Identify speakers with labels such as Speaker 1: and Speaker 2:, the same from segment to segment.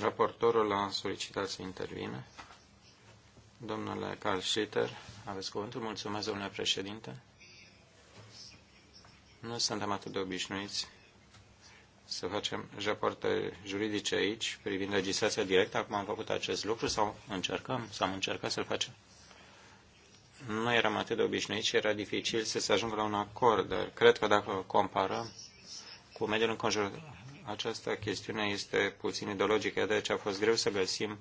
Speaker 1: Raportorul a solicitat să intervine. Domnule Carl Schitter, aveți cuvântul. Mulțumesc, domnule președinte. Nu suntem atât de obișnuiți să facem raporte juridice aici privind legislația directă. Acum am făcut acest lucru sau încercăm, sau am încercat să-l facem. Nu eram atât de obișnuiți și era dificil să se ajungă la un acord. Cred că dacă comparăm cu mediul înconjurător, această chestiune este puțin ideologică, de aceea a fost greu să găsim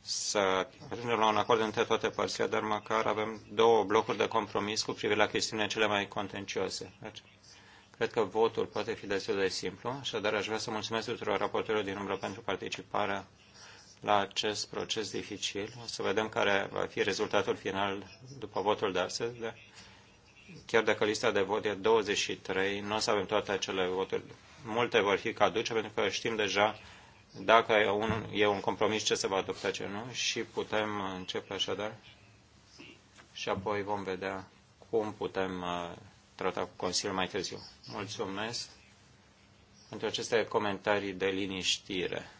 Speaker 1: să ajungem la un acord între toate părțile, dar măcar avem două blocuri de compromis cu privire la chestiunile cele mai contencioase. Deci, cred că votul poate fi destul de simplu, așadar aș vrea să mulțumesc tuturor raportorilor din umbră pentru participarea la acest proces dificil. O să vedem care va fi rezultatul final după votul de astăzi, chiar dacă lista de vot e 23, nu o să avem toate acele voturi multe vor fi caduce pentru că știm deja dacă e un, e un compromis ce se va adopta, ce nu, și putem începe așadar și apoi vom vedea cum putem uh, trata cu Consiliul mai târziu. Mulțumesc pentru aceste comentarii de liniștire.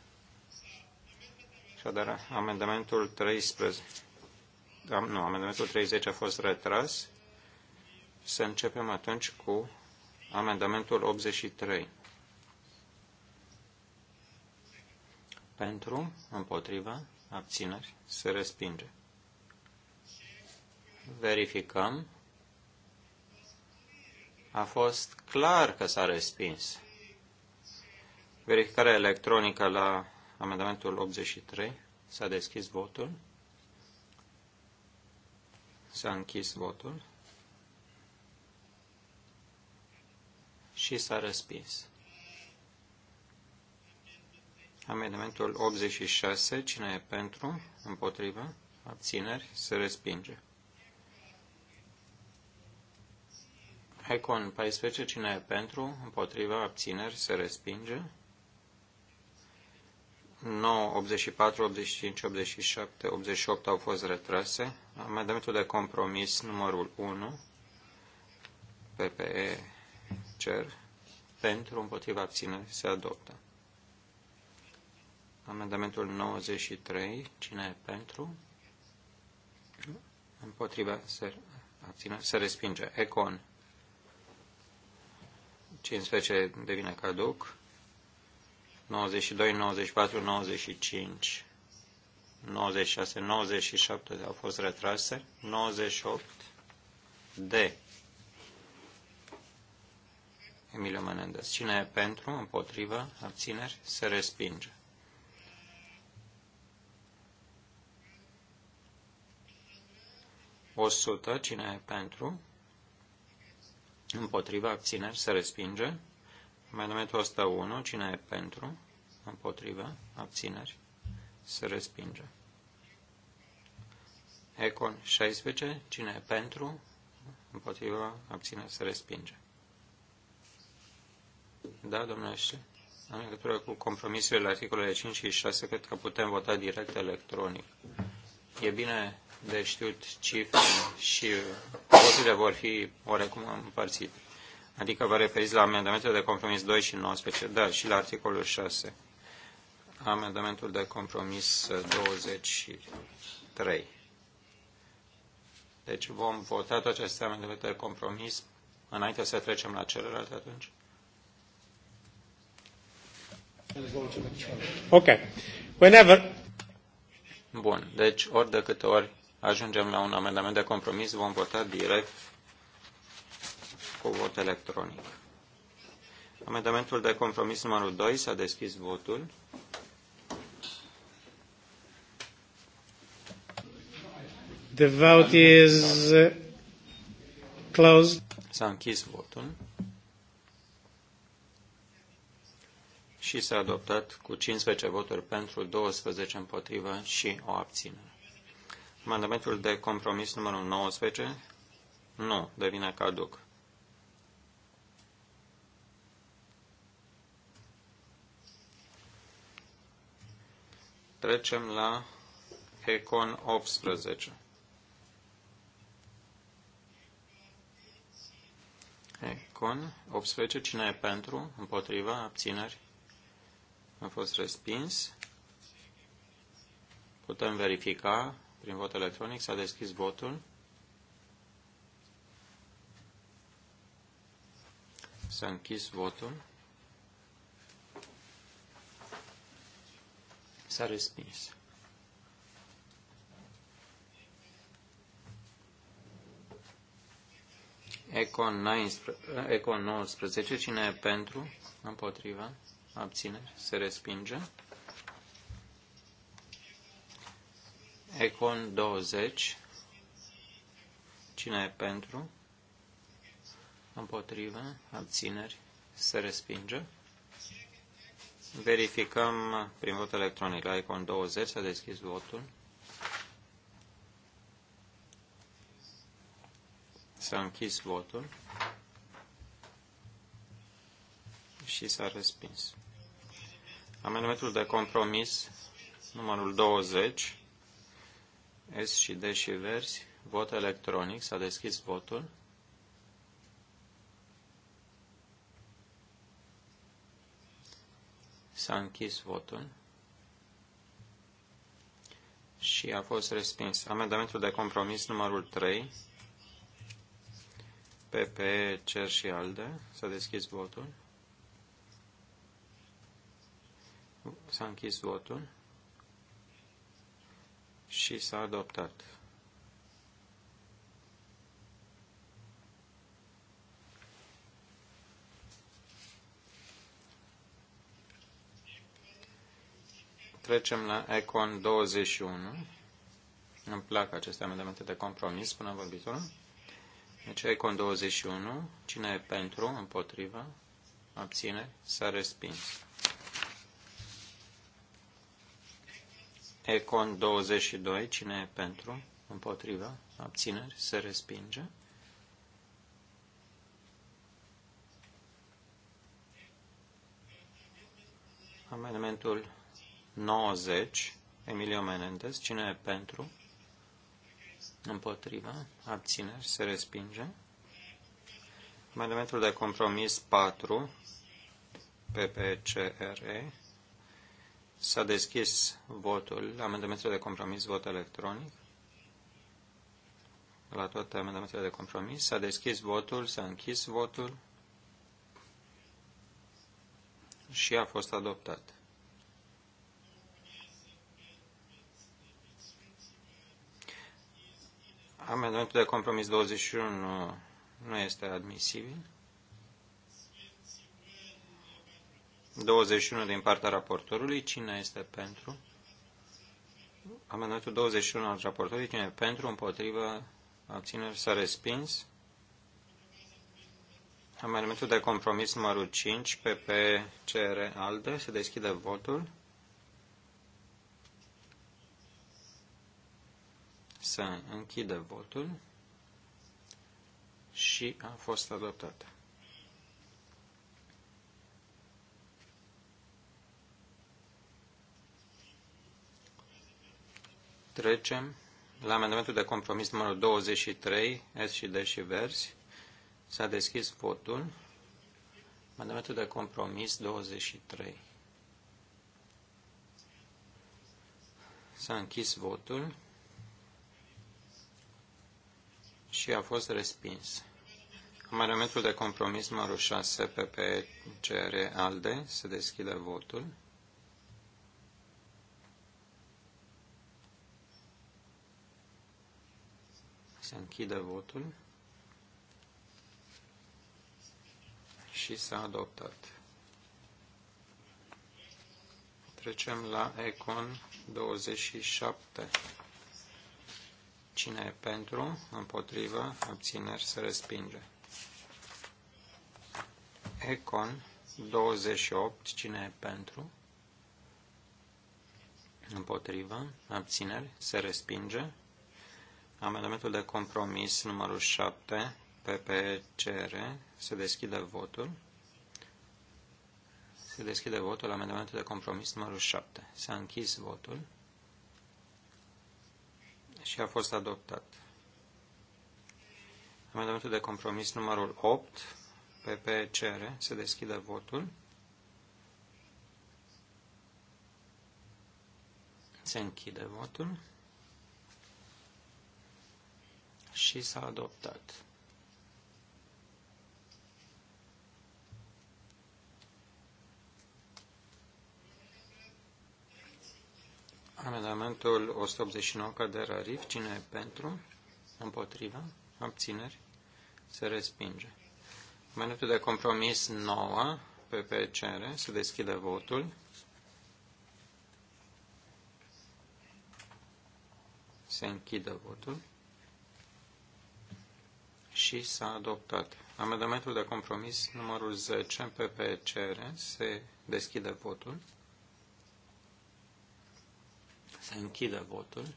Speaker 1: Așadar, amendamentul 13, nu, amendamentul 30 a fost retras. Să începem atunci cu amendamentul 83. pentru, împotriva, abțineri, se respinge. Verificăm. A fost clar că s-a respins. Verificarea electronică la amendamentul 83. S-a deschis votul. S-a închis votul. Și s-a respins. Amendamentul 86, cine e pentru, împotrivă, abțineri, se respinge. Icon 14, cine e pentru, Împotrivă? abțineri, se respinge. 9, 84, 85, 87, 88 au fost retrase. Amendamentul de compromis numărul 1, PPE, cer, pentru, împotriva, abțineri, se adoptă. Amendamentul 93. Cine e pentru? Împotriva se abține, se respinge. Econ. 15 devine caduc. 92, 94, 95, 96, 97 au fost retrase. 98 D. Emilio Menendez. Cine e pentru, împotriva, abțineri, se respinge. 100. Cine e pentru? Împotriva abțineri se respinge. Amendamentul 101. Cine e pentru? Împotriva abțineri se respinge. Econ 16. Cine e pentru? Împotriva abțineri se respinge. Da, domnule în legătură cu compromisurile articolele 5 și 6, cred că putem vota direct electronic. E bine de știut cifre și voturile vor fi orecum împărțite. Adică vă referiți la amendamentul de compromis 2 și 19, da, și la articolul 6, amendamentul de compromis 23. Deci vom vota toate aceste amendamente de compromis înainte să trecem la celelalte atunci.
Speaker 2: Ok. Whenever.
Speaker 1: Bun. Deci ori de câte ori ajungem la un amendament de compromis, vom vota direct cu vot electronic. Amendamentul de compromis numărul 2 s-a deschis votul.
Speaker 2: The vote is uh, closed.
Speaker 1: S-a închis votul și s-a adoptat cu 15 voturi pentru, 12 împotrivă și o abținere. Amendamentul de compromis numărul 19 nu devine caduc. Trecem la Econ 18. Econ 18. Cine e pentru? Împotriva? Abțineri? A fost respins. Putem verifica prin vot electronic. S-a deschis votul. S-a închis votul. S-a respins. Econ 19, Econ 19, cine e pentru, împotriva, abține, se respinge. Econ 20. Cine e pentru? Împotrivă. Abțineri. Se respinge. Verificăm prin vot electronic la Econ 20. S-a deschis votul. S-a închis votul și s-a respins. Amendamentul de compromis numărul 20 S și D și verzi, vot electronic, s-a deschis votul. S-a închis votul și a fost respins. Amendamentul de compromis numărul 3, PP, Cer și ALDE, s-a deschis votul. S-a închis votul și s-a adoptat. Trecem la Econ 21. Îmi plac aceste amendamente de compromis, spune vorbitorul. Deci Econ 21. Cine e pentru, împotriva, abține, s-a respins. Econ 22, cine e pentru, împotriva, abțineri, se respinge. Amendamentul 90, Emilio Menendez, cine e pentru, împotriva, abțineri, se respinge. Amendamentul de compromis 4, PPCRE, S-a deschis votul. Amendamentele de compromis, vot electronic. La toate amendamentele de compromis. S-a deschis votul, s-a închis votul și a fost adoptat. Amendamentul de compromis 21 nu este admisibil. 21 din partea raportorului. Cine este pentru? Amendamentul 21 al raportorului. Cine pentru? Împotrivă? Abțineri? S-a respins. Amendamentul de compromis numărul 5, PP, CR, ALDE. Se deschide votul. Se închide votul și a fost adoptată. Trecem la amendamentul de compromis numărul 23, S și D și Verzi. S-a deschis votul. Amendamentul de compromis 23. S-a închis votul și a fost respins. Amendamentul de compromis numărul 6 PPCR ALDE se deschide votul. Se închide votul și s-a adoptat. Trecem la Econ 27. Cine e pentru, împotrivă, abțineri, se respinge. Econ 28. Cine e pentru, împotrivă, abțineri, se respinge. Amendamentul de compromis numărul 7, PPCR, se deschide votul. Se deschide votul amendamentul de compromis numărul 7. S-a închis votul și a fost adoptat. Amendamentul de compromis numărul 8, PPCR, se deschide votul. Se închide votul și s-a adoptat. Amendamentul 189 de RIF. Cine e pentru? Împotriva? Abțineri? Se respinge. Amendamentul de compromis 9 pe Se deschide votul. Se închide votul și s-a adoptat. Amendamentul de compromis numărul 10 PPCR se deschide votul. Se închide votul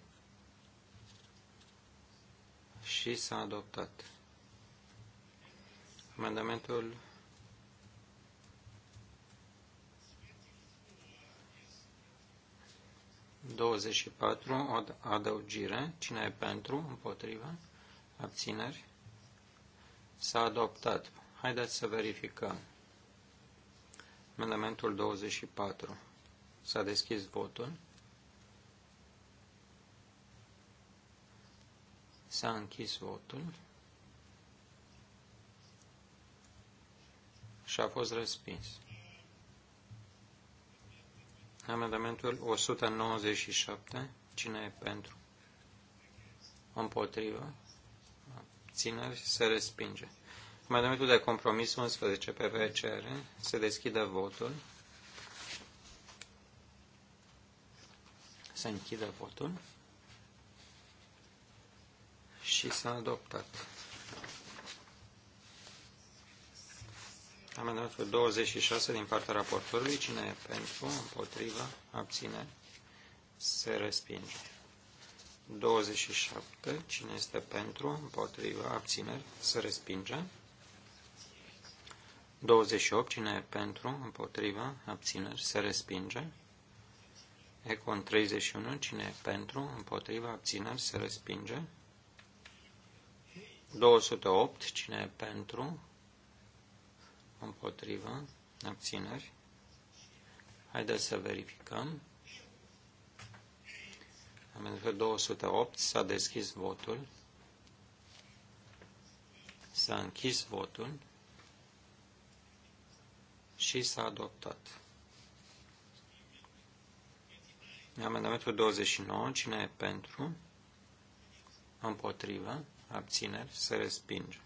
Speaker 1: și s-a adoptat. Amendamentul douăzeci și patru, adăugire, cine e pentru, împotriva, abțineri, S-a adoptat. Haideți să verificăm. Amendamentul 24. S-a deschis votul. S-a închis votul. Și a fost respins. Amendamentul 197. Cine e pentru? Împotrivă? abțineri, se respinge. Amendamentul de compromis 11 pe VCR, se deschide votul. Se închide votul și s-a adoptat. Amendamentul 26 din partea raportorului. Cine e pentru, împotriva, abține, se respinge. 27. Cine este pentru, împotriva, abțineri, să respinge. 28. Cine e pentru, împotriva, abțineri, să respinge. Econ 31. Cine e pentru, împotriva, abțineri, să respinge. 208. Cine e pentru, împotriva, abțineri. Haideți să verificăm. Amendamentul 208 s-a deschis votul. S-a închis votul și s-a adoptat. Amendamentul 29, cine e pentru? Împotrivă, abțineri, se respinge.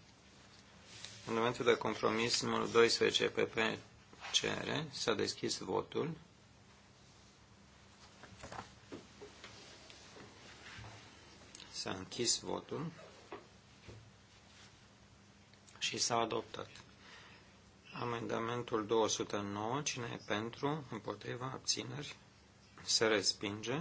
Speaker 1: Amendamentul de compromis numărul 12 pe PCR s-a deschis votul. S-a închis votul și s-a adoptat. Amendamentul 209, cine e pentru, împotriva, abțineri, se respinge.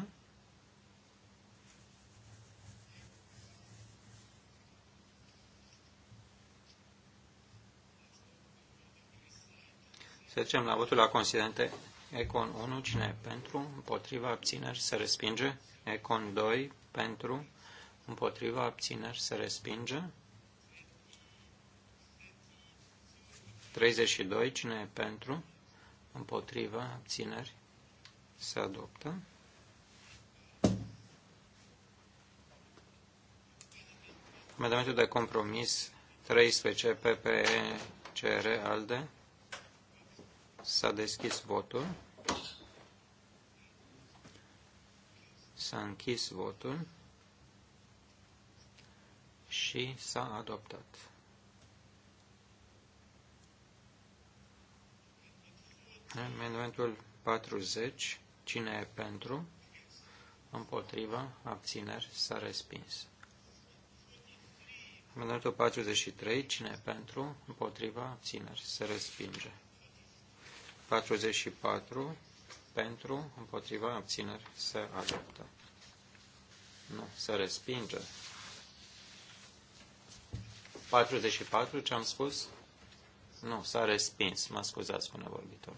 Speaker 1: Să trecem la votul la considerente. Econ 1, cine e pentru, împotriva, abțineri, se respinge. Econ 2, pentru, împotriva abțineri se respinge. 32. Cine e pentru? Împotriva abțineri se adoptă. Amendamentul de compromis 13 PPE CR ALDE s-a deschis votul. S-a închis votul și s-a adoptat. Amendamentul 40, cine e pentru, împotriva, abțineri, s-a respins. Amendamentul 43, cine e pentru, împotriva, abțineri, se respinge. 44, pentru, împotriva, abțineri, se adoptă. Nu, se respinge. 44, ce am spus? Nu, s-a respins, mă scuzați, spune vorbitor.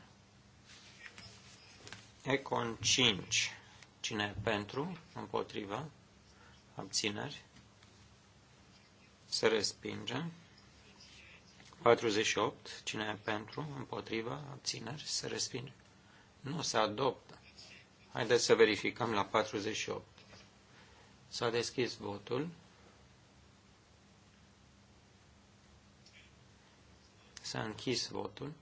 Speaker 1: Econ 5. Cine e pentru, împotriva, abțineri, se respinge. 48. Cine e pentru, împotriva, abțineri, se respinge. Nu, se adoptă. Haideți să verificăm la 48. S-a deschis votul. S-a închis votul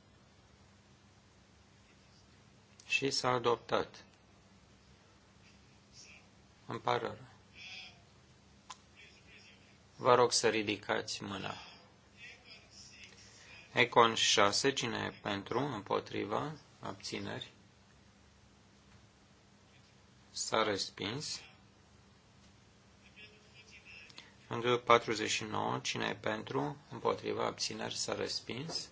Speaker 1: și s-a adoptat. Îmi pare Vă rog să ridicați mâna. Econ 6, cine e pentru, împotriva, abțineri, s-a respins. Amendul 49. Cine e pentru? Împotriva. Abțineri. S-a respins.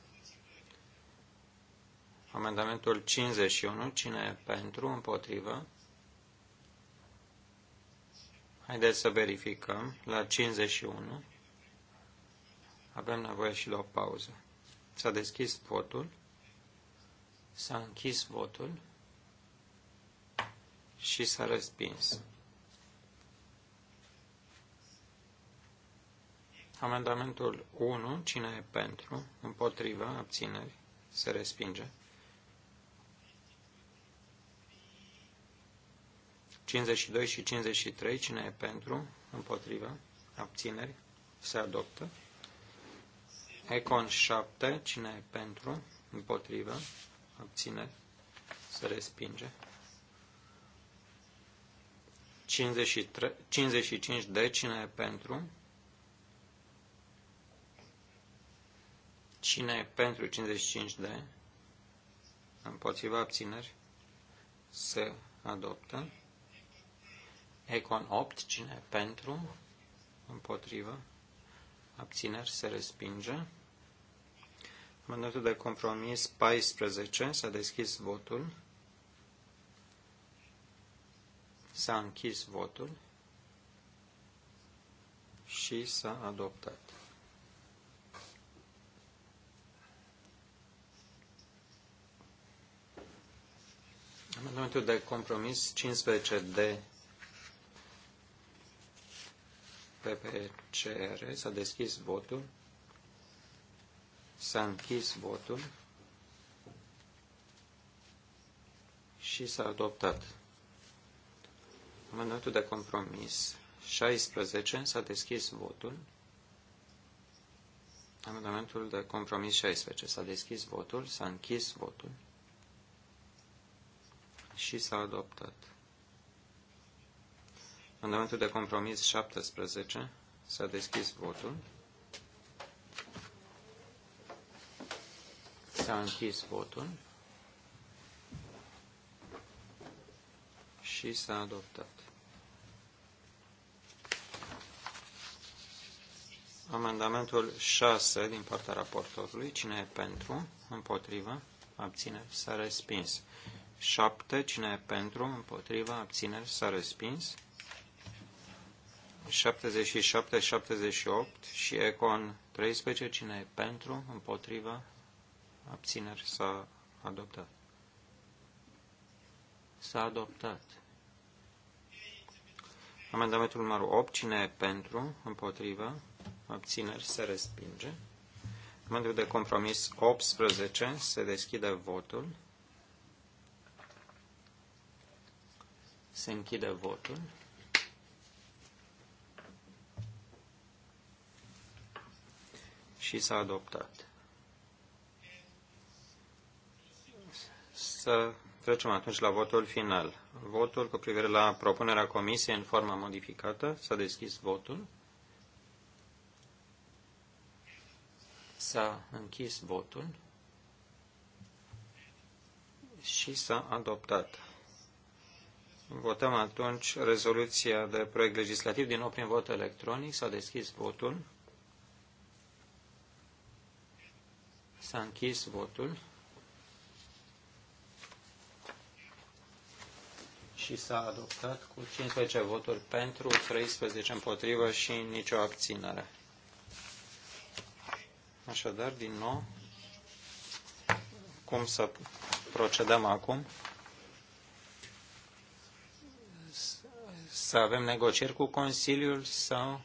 Speaker 1: Amendamentul 51. Cine e pentru? Împotrivă. Haideți să verificăm. La 51 avem nevoie și la o pauză. S-a deschis votul. S-a închis votul și s-a respins. Amendamentul 1, cine e pentru, împotrivă, abțineri, se respinge. 52 și 53, cine e pentru, împotrivă, abțineri, se adoptă. Econ 7, cine e pentru, împotrivă, abțineri, se respinge. 53, 55 de, cine e pentru, Cine pentru 55 de? Împotriva abțineri? Se adoptă. Econ 8. Cine pentru? Împotriva? Abțineri? Se respinge. Mandatul de compromis 14. S-a deschis votul. S-a închis votul și s-a adoptat. Amendamentul de compromis 15D PPCR s-a deschis votul, s-a închis votul și s-a adoptat. Amendamentul de compromis 16 s-a deschis votul. Amendamentul de compromis 16 s-a deschis votul, s-a închis votul și s-a adoptat. Amendamentul de compromis 17 s-a deschis votul. S-a închis votul și s-a adoptat. Amendamentul 6 din partea raportorului. Cine e pentru? Împotrivă? Abține? S-a respins. 7. Cine e pentru? Împotriva? Abțineri? S-a respins. 77, 78 și Econ 13. Cine e pentru? Împotriva? Abțineri? S-a adoptat. S-a adoptat. Amendamentul numărul 8. Cine e pentru? Împotriva? Abțineri? Se respinge. Amendamentul de compromis 18. Se deschide votul. Se închide votul. Și s-a adoptat. Să trecem atunci la votul final. Votul cu privire la propunerea comisiei în forma modificată. S-a deschis votul. S-a închis votul și s-a adoptat. Votăm atunci rezoluția de proiect legislativ din nou prin vot electronic. S-a deschis votul. S-a închis votul. Și s-a adoptat cu 15 voturi pentru, 13 împotrivă și nicio abținere. Așadar, din nou, cum să procedăm acum? să avem negocieri cu Consiliul sau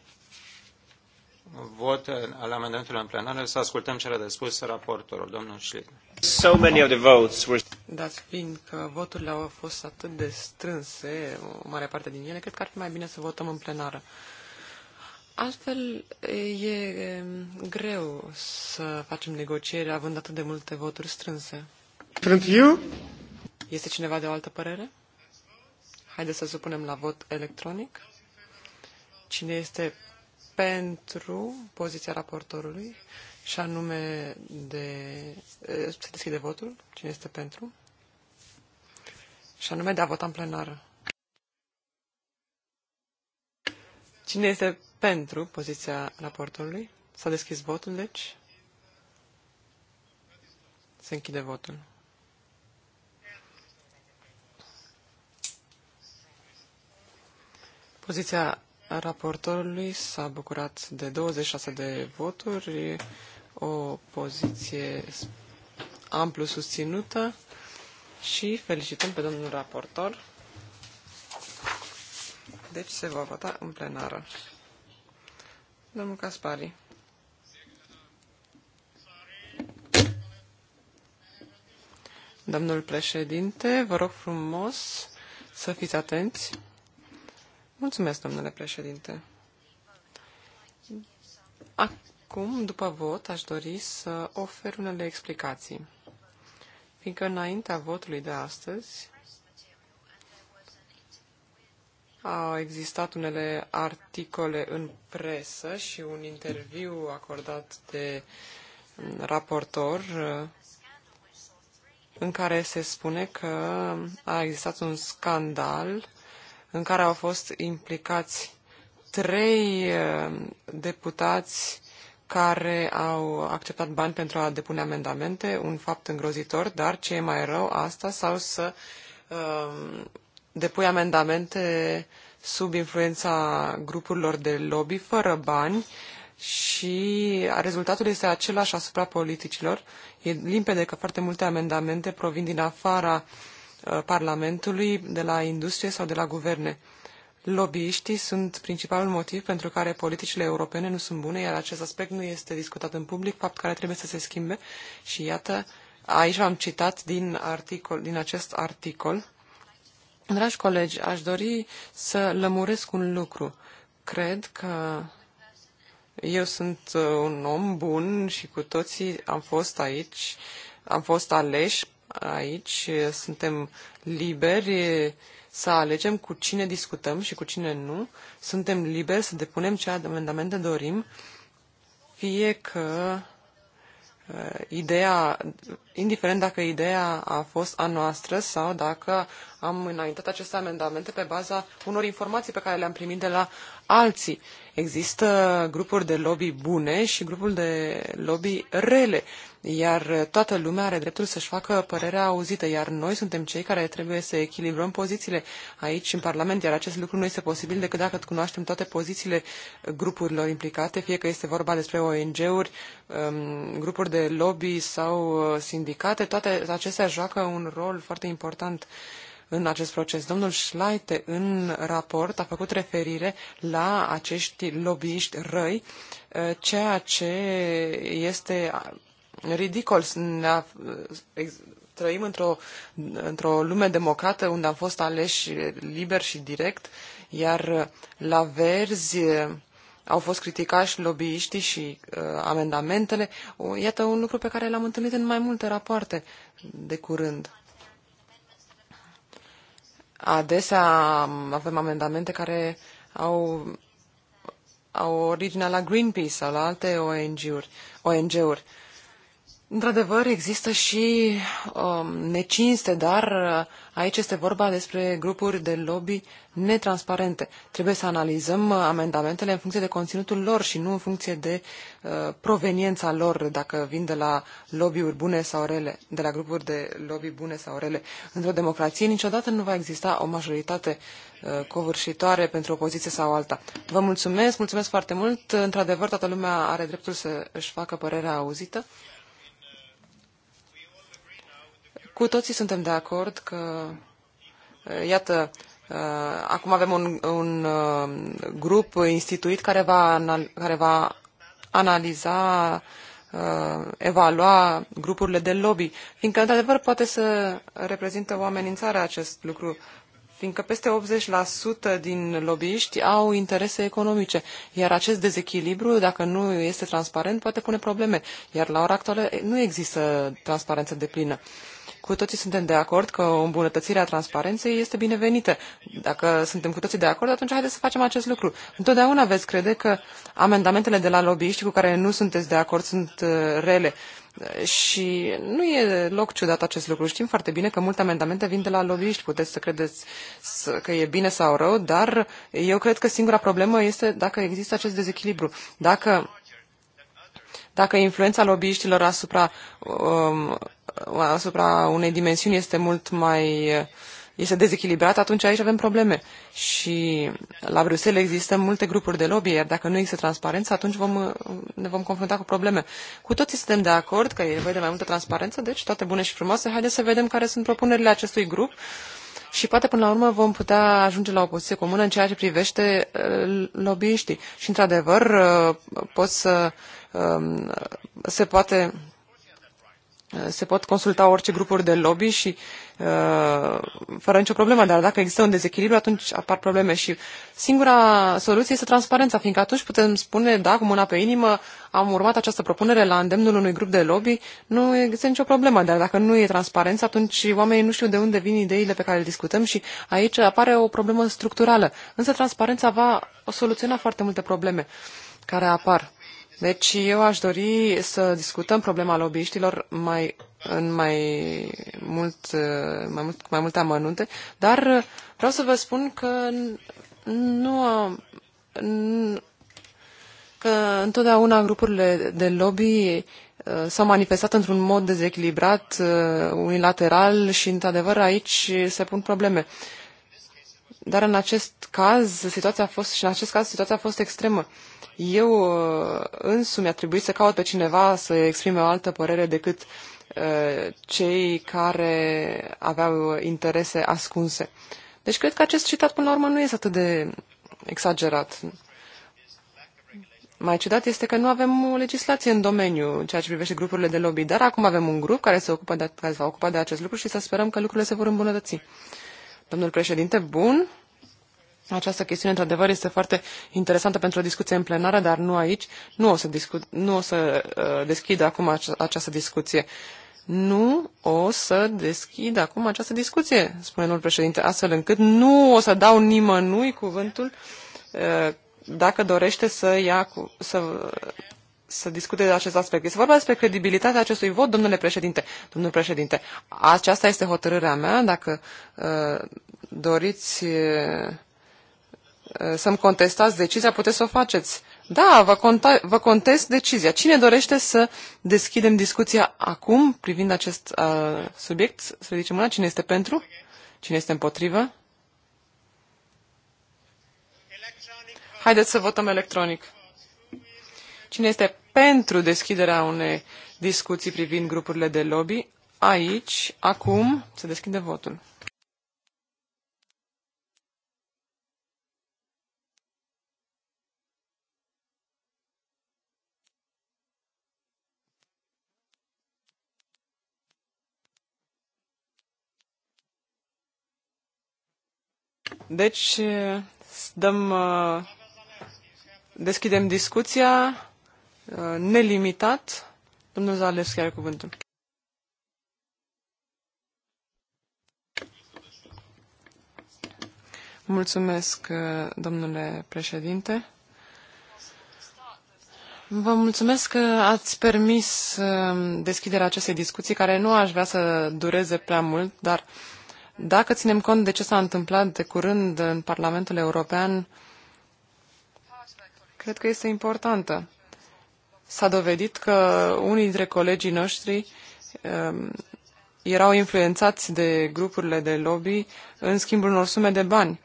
Speaker 1: vot al amendamentului în plenară, să ascultăm ce a de spus raportorul, domnul Schlitt. So many of the votes were...
Speaker 3: Dat fiind că voturile au fost atât de strânse, o mare parte din ele, cred că ar fi mai bine să votăm în plenară. Altfel, e greu să facem negocieri având atât de multe voturi strânse. Sunt Este cineva de o altă părere? Haideți să supunem la vot electronic. Cine este pentru poziția raportorului și anume de... Se deschide votul. Cine este pentru? Și anume de a vota în plenară. Cine este pentru poziția raportorului? S-a deschis votul, deci. Se închide votul. Poziția raportorului s-a bucurat de 26 de voturi, o poziție amplu susținută și felicităm pe domnul raportor. Deci se va vota în plenară. Domnul Caspari. Domnul președinte, vă rog frumos să fiți atenți. Mulțumesc, domnule președinte. Acum, după vot, aș dori să ofer unele explicații, fiindcă înaintea votului de astăzi au existat unele articole în presă și un interviu acordat de mm, raportor în care se spune că a existat un scandal în care au fost implicați trei eh, deputați care au acceptat bani pentru a depune amendamente, un fapt îngrozitor, dar ce e mai rău asta sau să uh, depui amendamente sub influența grupurilor de lobby fără bani și rezultatul este același asupra politicilor. E limpede că foarte multe amendamente provin din afara uh, Uh, Parlamentului, de la industrie sau de la guverne. Lobbyiștii sunt principalul motiv pentru care politicile europene nu sunt bune, iar acest aspect nu este discutat în public, fapt care trebuie să se schimbe. Și iată, aici v-am citat din, articol, din acest articol. Dragi colegi, aș dori să lămuresc un lucru. Cred că eu sunt uh, un om bun și cu toții am fost aici, am fost aleși aici, suntem liberi să alegem cu cine discutăm și cu cine nu, suntem liberi să depunem ce amendamente dorim, fie că uh, ideea, indiferent dacă ideea a fost a noastră sau dacă am înaintat aceste amendamente pe baza unor informații pe care le-am primit de la alții. Există grupuri de lobby bune și grupuri de lobby rele iar uh, toată lumea are dreptul să-și facă părerea auzită, iar noi suntem cei care trebuie să echilibrăm pozițiile aici în Parlament, iar acest lucru nu este posibil decât dacă cunoaștem toate pozițiile grupurilor implicate, fie că este vorba despre ONG-uri, um, grupuri de lobby sau uh, sindicate, toate acestea joacă un rol foarte important în acest proces. Domnul Schleite, în raport, a făcut referire la acești lobbyiști răi, uh, ceea ce este ridicol. Ne trăim într-o, într-o lume democrată unde am fost aleși liber și direct, iar la verzi eh, au fost criticați lobbyiștii și uh, amendamentele. O, iată un lucru pe care l-am întâlnit în mai multe rapoarte de curând. Adesea avem amendamente care au, au originea la Greenpeace sau la alte ONG-uri. ONG-uri. Uh, Într-adevăr, există și um, necinste, dar uh, aici este vorba despre grupuri de lobby netransparente. Trebuie să analizăm uh, amendamentele în funcție de conținutul lor și nu în funcție de uh, proveniența lor, dacă vin de la lobby-uri bune sau rele, de la grupuri de lobby bune sau rele. Într-o democrație niciodată nu va exista o majoritate uh, covârșitoare pentru o poziție sau alta. Vă mulțumesc, mulțumesc foarte mult. Într-adevăr, toată lumea are dreptul să își facă părerea auzită. Cu toții suntem de acord că, uh, iată, uh, acum avem un, un uh, grup instituit care va, care va analiza, evalua grupurile de lobby, fiindcă, într-adevăr, poate să reprezintă o amenințare acest lucru, fiindcă peste 80% din lobbyiști au interese economice, iar acest dezechilibru, dacă nu este transparent, poate pune probleme, iar la ora actuală eh, nu există transparență deplină. plină. Cu toții suntem de acord că o îmbunătățire a transparenței este binevenită. Dacă suntem cu toții de acord, atunci haideți să facem acest lucru. Întotdeauna veți crede că amendamentele de la lobbyiști cu care nu sunteți de acord sunt uh, rele. Și nu e loc ciudat acest lucru. Știm foarte bine că multe amendamente vin de la lobbyiști. Puteți să credeți că e bine sau rău, dar eu cred că singura problemă este dacă există acest dezechilibru. Dacă dacă influența lobbyiștilor asupra, um, asupra unei dimensiuni este mult mai este dezechilibrat, atunci aici avem probleme. Și la Bruxelles există multe grupuri de lobby, iar dacă nu există transparență, atunci vom, ne vom confrunta cu probleme. Cu toții suntem de acord că e nevoie de mai multă transparență, deci toate bune și frumoase. Haideți să vedem care sunt propunerile acestui grup și poate până la urmă vom putea ajunge la o poziție comună în ceea ce privește uh, lobbyiștii. Și într-adevăr uh, pot să Um, se poate uh, se pot consulta orice grupuri de lobby și uh, fără nicio problemă, dar dacă există un dezechilibru, atunci apar probleme și singura soluție este transparența, fiindcă atunci putem spune, da, cu mâna pe inimă, am urmat această propunere la îndemnul unui grup de lobby, nu există nicio problemă, dar dacă nu e transparență, atunci oamenii nu știu de unde vin ideile pe care le discutăm și aici apare o problemă structurală. Însă transparența va soluționa foarte multe probleme care apar. Deci eu aș dori să discutăm problema lobbyiștilor mai, în mai, mult, mai, mult, mai multe amănunte, dar vreau să vă spun că nu am, că întotdeauna grupurile de lobby uh, s-au manifestat într-un mod dezechilibrat, uh, unilateral și, într-adevăr, aici se pun probleme. Uh, dar în acest caz, situația a fost, și în acest caz, situația a fost extremă. Eu uh, însumi a trebuit să caut pe cineva să exprime o altă părere decât uh, cei care aveau interese ascunse. Deci cred că acest citat până la urmă nu este atât de exagerat. Mai ciudat este că nu avem o legislație în domeniu ceea ce privește grupurile de lobby, dar acum avem un grup care se ocupă de, care se va ocupa de acest lucru și să sperăm că lucrurile se vor îmbunătăți. Domnul președinte, bun. Această chestiune, într-adevăr, este foarte interesantă pentru o discuție în plenară, dar nu aici. Nu o să, discu- nu o să uh, deschid acum ace- această discuție. Nu o să deschid acum această discuție, spune domnul președinte, astfel încât nu o să dau nimănui cuvântul uh, dacă dorește să ia, cu, să să discute de acest aspect. Este vorba despre credibilitatea acestui vot, domnule președinte. Domnule președinte, aceasta este hotărârea mea. Dacă uh, doriți uh, să-mi contestați decizia, puteți să o faceți. Da, vă, conta, vă contest decizia. Cine dorește să deschidem discuția acum privind acest uh, subiect? Să ridicem mâna. Cine este pentru? Cine este împotrivă? Haideți să votăm electronic. Cine este pentru deschiderea unei discuții privind grupurile de lobby? Aici, acum, se deschide votul. Deci, dăm, uh, deschidem discuția. Uh, nelimitat. Domnul Zalewski are cuvântul. Mulțumesc, uh, domnule președinte. Vă mulțumesc că ați permis uh, deschiderea acestei discuții, care nu aș vrea să dureze prea mult, dar dacă ținem cont de ce s-a întâmplat de curând în Parlamentul European, cred că este importantă s-a dovedit că unii dintre colegii noștri um, erau influențați de grupurile de lobby în schimbul unor sume de bani.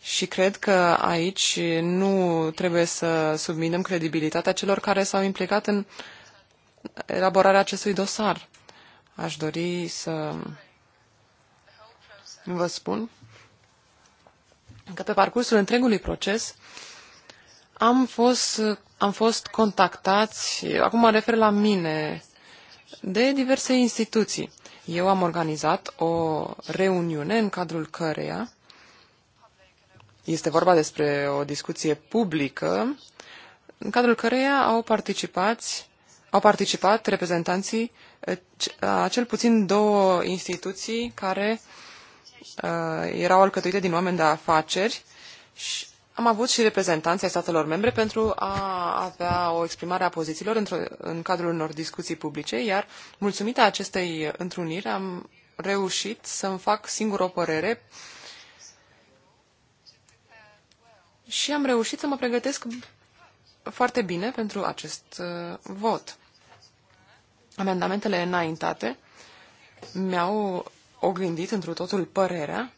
Speaker 3: Și cred că aici nu trebuie să subminăm credibilitatea celor care s-au implicat în elaborarea acestui dosar. Aș dori să vă spun că pe parcursul întregului proces am fost, am fost contactați, acum mă refer la mine, de diverse instituții. Eu am organizat o reuniune în cadrul căreia este vorba despre o discuție publică, în cadrul căreia au participat, au participat reprezentanții a cel puțin două instituții care uh, erau alcătuite din oameni de afaceri și, am avut și reprezentanții statelor membre pentru a avea o exprimare a pozițiilor în cadrul unor discuții publice, iar mulțumită acestei întruniri am reușit să-mi fac singur o părere și am reușit să mă pregătesc foarte bine pentru acest uh, vot. Amendamentele înaintate mi-au oglindit întru totul părerea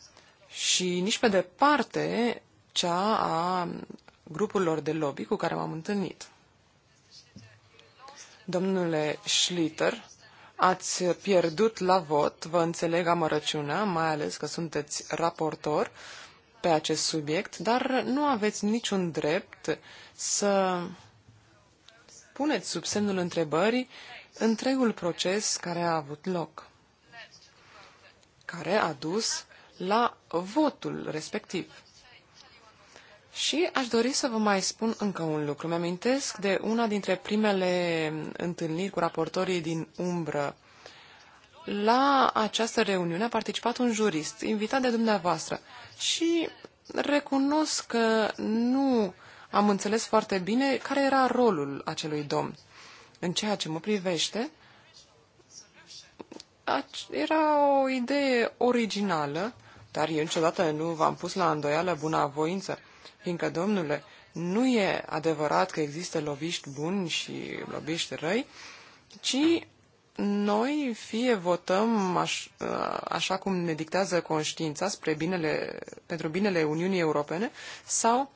Speaker 3: și nici pe departe cea a grupurilor de lobby cu care m-am întâlnit. Domnule Schlitter, ați pierdut la vot, vă înțeleg amărăciunea, mai ales că sunteți raportor pe acest subiect, dar nu aveți niciun drept să puneți sub semnul întrebării întregul proces care a avut loc, care a dus la votul respectiv. Și aș dori să vă mai spun încă un lucru. Mi-amintesc de una dintre primele întâlniri cu raportorii din umbră. La această reuniune a participat un jurist, invitat de dumneavoastră, și recunosc că nu am înțeles foarte bine care era rolul acelui domn. În ceea ce mă privește, era o idee originală, dar eu niciodată nu v-am pus la îndoială bunavoință. voință Fiindcă, domnule, nu e adevărat că există loviști buni și loviști răi, ci noi fie votăm aș, ă, așa cum ne dictează conștiința spre binele, pentru binele Uniunii Europene sau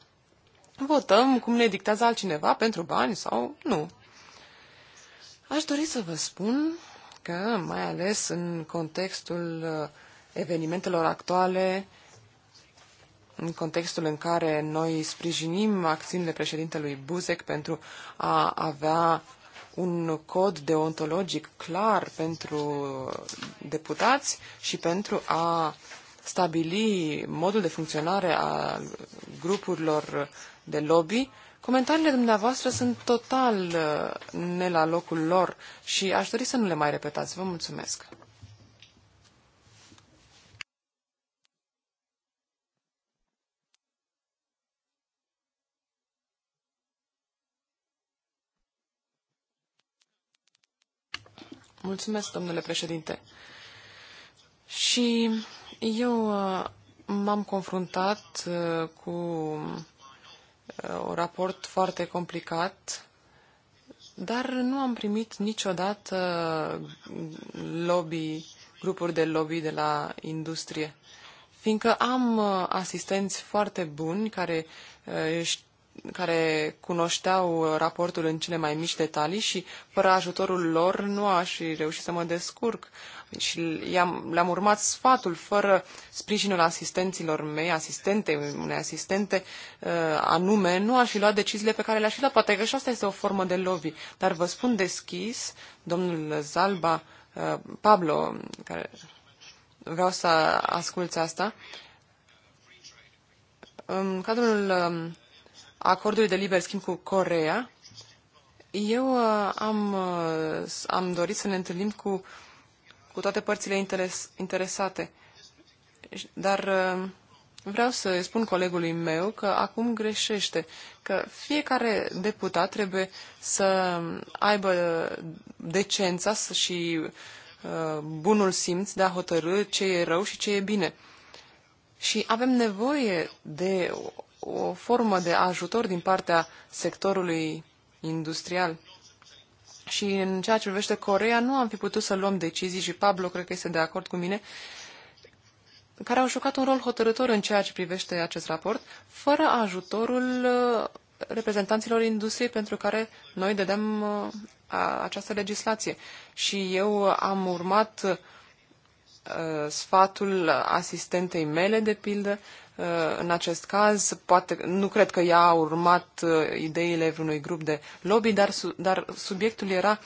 Speaker 3: votăm cum ne dictează altcineva pentru bani sau nu. Aș dori să vă spun că, mai ales în contextul ă, evenimentelor actuale, în contextul în care noi sprijinim acțiunile președintelui Buzek pentru a avea un cod deontologic clar pentru deputați și pentru a stabili modul de funcționare a grupurilor de lobby, comentariile dumneavoastră sunt total uh, ne la locul lor și aș dori să nu le mai repetați. Vă mulțumesc. Mulțumesc, domnule președinte. Și eu uh, m-am confruntat uh, cu uh, un raport foarte complicat, dar nu am primit niciodată lobby, grupuri de lobby de la industrie fiindcă am asistenți foarte buni care își care cunoșteau raportul în cele mai mici detalii și fără ajutorul lor nu aș fi reușit să mă descurc. Și le-am, le-am urmat sfatul fără sprijinul asistenților mei, asistente, unei asistente uh, anume, nu aș fi luat deciziile pe care le-aș fi luat. Poate că și asta este o formă de lobby. Dar vă spun deschis, domnul Zalba, uh, Pablo, care vreau să asculți asta, în cadrul um, acordului de liber schimb cu Corea, eu uh, am, uh, am dorit să ne întâlnim cu, cu toate părțile interes, interesate. Dar uh, vreau să spun colegului meu că acum greșește, că fiecare deputat trebuie să aibă decența și bunul simț de a hotărâ ce e rău și ce e bine. Și avem nevoie de o formă de ajutor din partea sectorului industrial. Și în ceea ce privește Corea, nu am fi putut să luăm decizii și Pablo cred că este de acord cu mine, care au jucat un rol hotărător în ceea ce privește acest raport, fără ajutorul uh, reprezentanților industriei pentru care noi dădeam uh, această legislație. Și eu am urmat uh, Uh, sfatul asistentei mele, de pildă, uh, în acest caz, poate, nu cred că ea a urmat uh, ideile vreunui grup de lobby, dar, dar subiectul era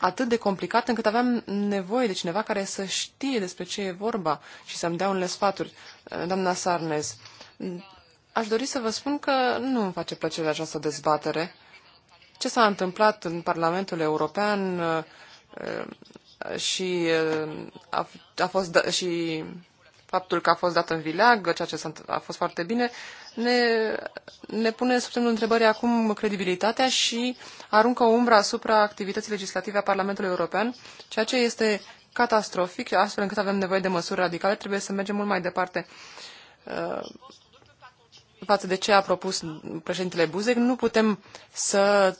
Speaker 3: atât de complicat încât aveam nevoie de cineva care să știe despre ce e vorba și să-mi dea unele sfaturi. Doamna Sarnez, aș dori să vă spun că nu îmi face plăcere această dezbatere. Ce s-a întâmplat în Parlamentul European și a, a fost da, și faptul că a fost dat în vileag, ceea ce a fost foarte bine, ne, ne pune sub semnul întrebării acum credibilitatea și aruncă umbra asupra activității legislative a Parlamentului European, ceea ce este catastrofic, astfel încât avem nevoie de măsuri radicale, trebuie să mergem mult mai departe față de ce a propus președintele Buzek, nu putem să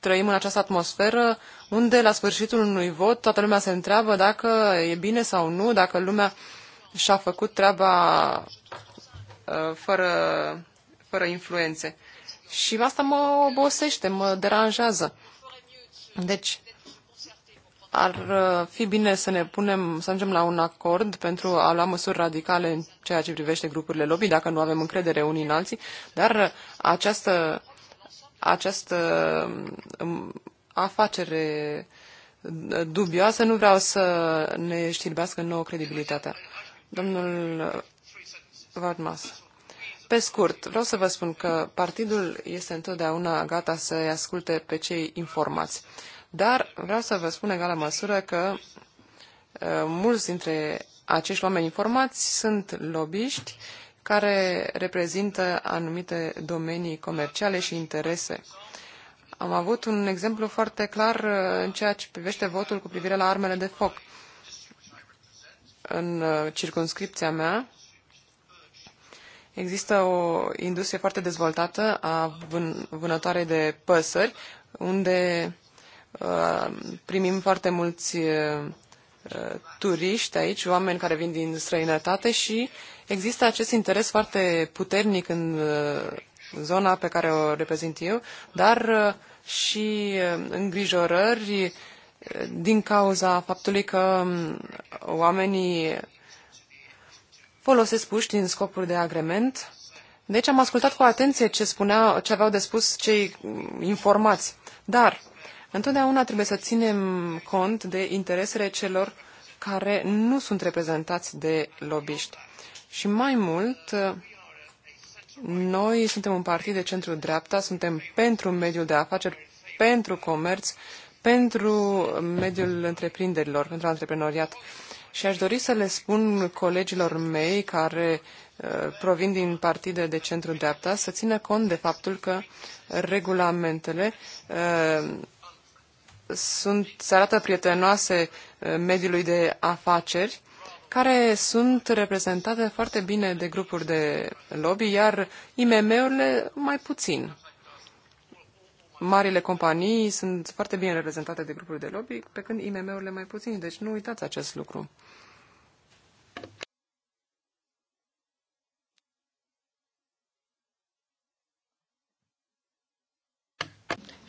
Speaker 3: trăim în această atmosferă unde la sfârșitul unui vot toată lumea se întreabă dacă e bine sau nu, dacă lumea și-a făcut treaba uh, fără, fără influențe. Și asta mă obosește, mă deranjează. Deci, ar uh, fi bine să ne punem, să ajungem la un acord pentru a lua măsuri radicale în ceea ce privește grupurile lobby, dacă nu avem încredere unii în alții, dar uh, această, această um, afacere uh, dubioasă nu vreau să ne știrbească nouă credibilitatea. Domnul Vardmas, Pe scurt, vreau să vă spun că partidul este întotdeauna gata să-i asculte pe cei informați. Dar vreau să vă spun egală măsură că uh, mulți dintre acești oameni informați sunt lobiști care reprezintă anumite domenii comerciale și interese. Am avut un exemplu foarte clar uh, în ceea ce privește votul cu privire la armele de foc. În uh, circunscripția mea există o industrie foarte dezvoltată a vân vânătoarei de păsări, unde Uh, primim foarte mulți uh, uh, turiști aici, oameni care vin din străinătate și există acest interes foarte puternic în zona pe care o reprezint eu, dar și îngrijorări din cauza faptului că um, oamenii folosesc puști din scopuri de agrement. Deci am ascultat cu atenție ce, spunea, ce aveau de spus cei um, informați. Dar Întotdeauna trebuie să ținem cont de interesele celor care nu sunt reprezentați de lobiști. Și mai mult, noi suntem un partid de centru-dreapta, suntem pentru mediul de afaceri, pentru comerț, pentru mediul întreprinderilor, pentru antreprenoriat. Și aș dori să le spun colegilor mei care uh, provin din partide de centru-dreapta să țină cont de faptul că regulamentele uh, sunt, se arată prietenoase eh, mediului de afaceri, care sunt reprezentate foarte bine de grupuri de lobby, iar IMM-urile mai puțin. Marile companii sunt foarte bine reprezentate de grupuri de lobby, pe când IMM-urile mai puțin. Deci nu uitați acest lucru.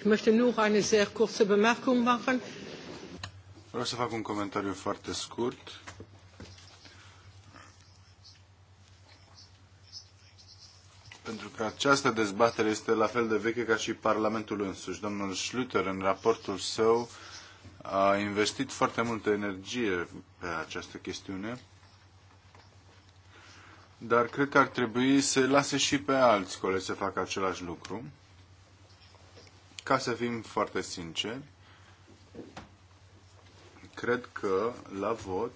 Speaker 4: möchte nur eine sehr kurze Bemerkung machen.
Speaker 5: Vreau să fac un comentariu foarte scurt. Pentru că această dezbatere este la fel de veche ca și Parlamentul însuși. Domnul Schlüter, în raportul său, a investit foarte multă energie pe această chestiune, dar cred că ar trebui să lase și pe alți colegi să facă același lucru ca să fim foarte sinceri, cred că la vot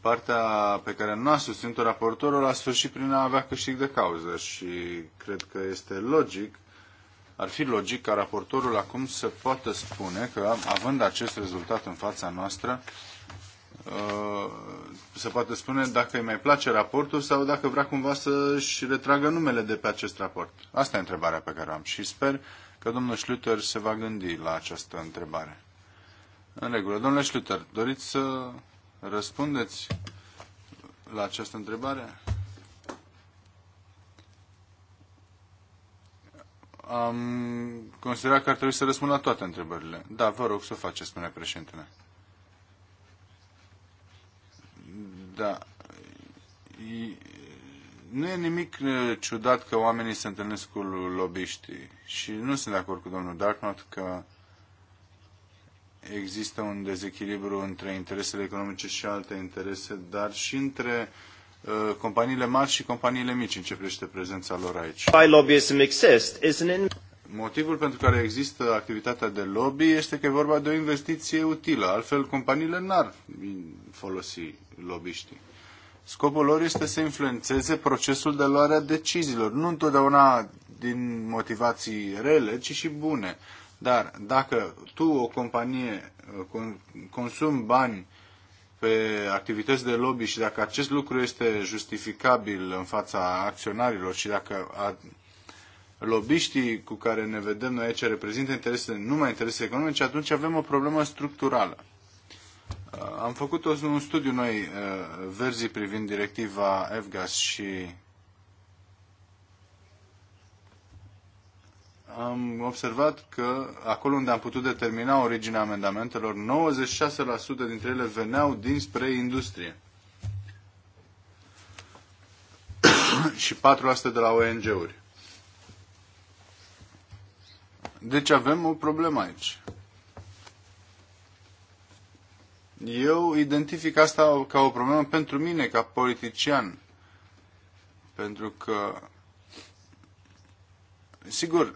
Speaker 5: partea pe care nu a susținut-o raportorul a sfârșit prin a avea câștig de cauză și cred că este logic, ar fi logic ca raportorul acum să poată spune că, având acest rezultat în fața noastră, Uh, se poate spune dacă îi mai place raportul sau dacă vrea cumva să-și retragă numele de pe acest raport. Asta e întrebarea pe care o am și sper că domnul Schluter se va gândi la această întrebare. În regulă. Domnule Schluter, doriți să răspundeți la această întrebare? Am considerat că ar trebui să răspund la toate întrebările. Da, vă rog să o faceți, spune președintele. Da. Nu e nimic ciudat că oamenii se întâlnesc cu lobiștii și nu sunt de acord cu domnul Darknot că există un dezechilibru între interesele economice și alte interese, dar și între companiile mari și companiile mici în ce privește prezența lor aici. Motivul pentru care există activitatea de lobby este că e vorba de o investiție utilă, altfel companiile n-ar folosi Lobiști. Scopul lor este să influențeze procesul de luare a deciziilor, nu întotdeauna din motivații rele, ci și bune. Dar dacă tu, o companie, consumi bani pe activități de lobby și dacă acest lucru este justificabil în fața acționarilor și dacă a, lobiștii cu care ne vedem noi aici reprezintă interese, numai interese economice, atunci avem o problemă structurală. Uh, am făcut un studiu noi, uh, verzii, privind directiva FGAS și am observat că acolo unde am putut determina originea amendamentelor, 96% dintre ele veneau dinspre industrie. și 4% de la ONG-uri. Deci avem o problemă aici. Eu identific asta ca o problemă pentru mine, ca politician. Pentru că, sigur,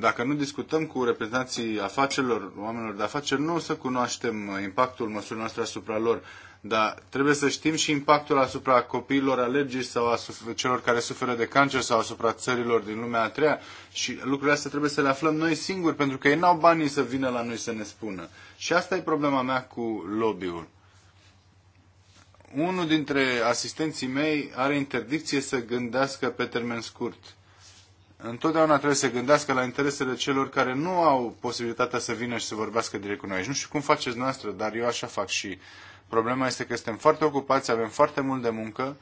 Speaker 5: dacă nu discutăm cu reprezentanții afacerilor, oamenilor de afaceri, nu o să cunoaștem impactul măsurilor noastre asupra lor dar trebuie să știm și impactul asupra copiilor alergici sau asupra celor care suferă de cancer sau asupra țărilor din lumea a treia și lucrurile astea trebuie să le aflăm noi singuri pentru că ei n-au banii să vină la noi să ne spună. Și asta e problema mea cu lobby-ul. Unul dintre asistenții mei are interdicție să gândească pe termen scurt. Întotdeauna trebuie să gândească la interesele celor care nu au posibilitatea să vină și să vorbească direct cu noi. Și nu știu cum faceți noastră, dar eu așa fac și uh, Problema este că suntem foarte ocupați, avem foarte mult de muncă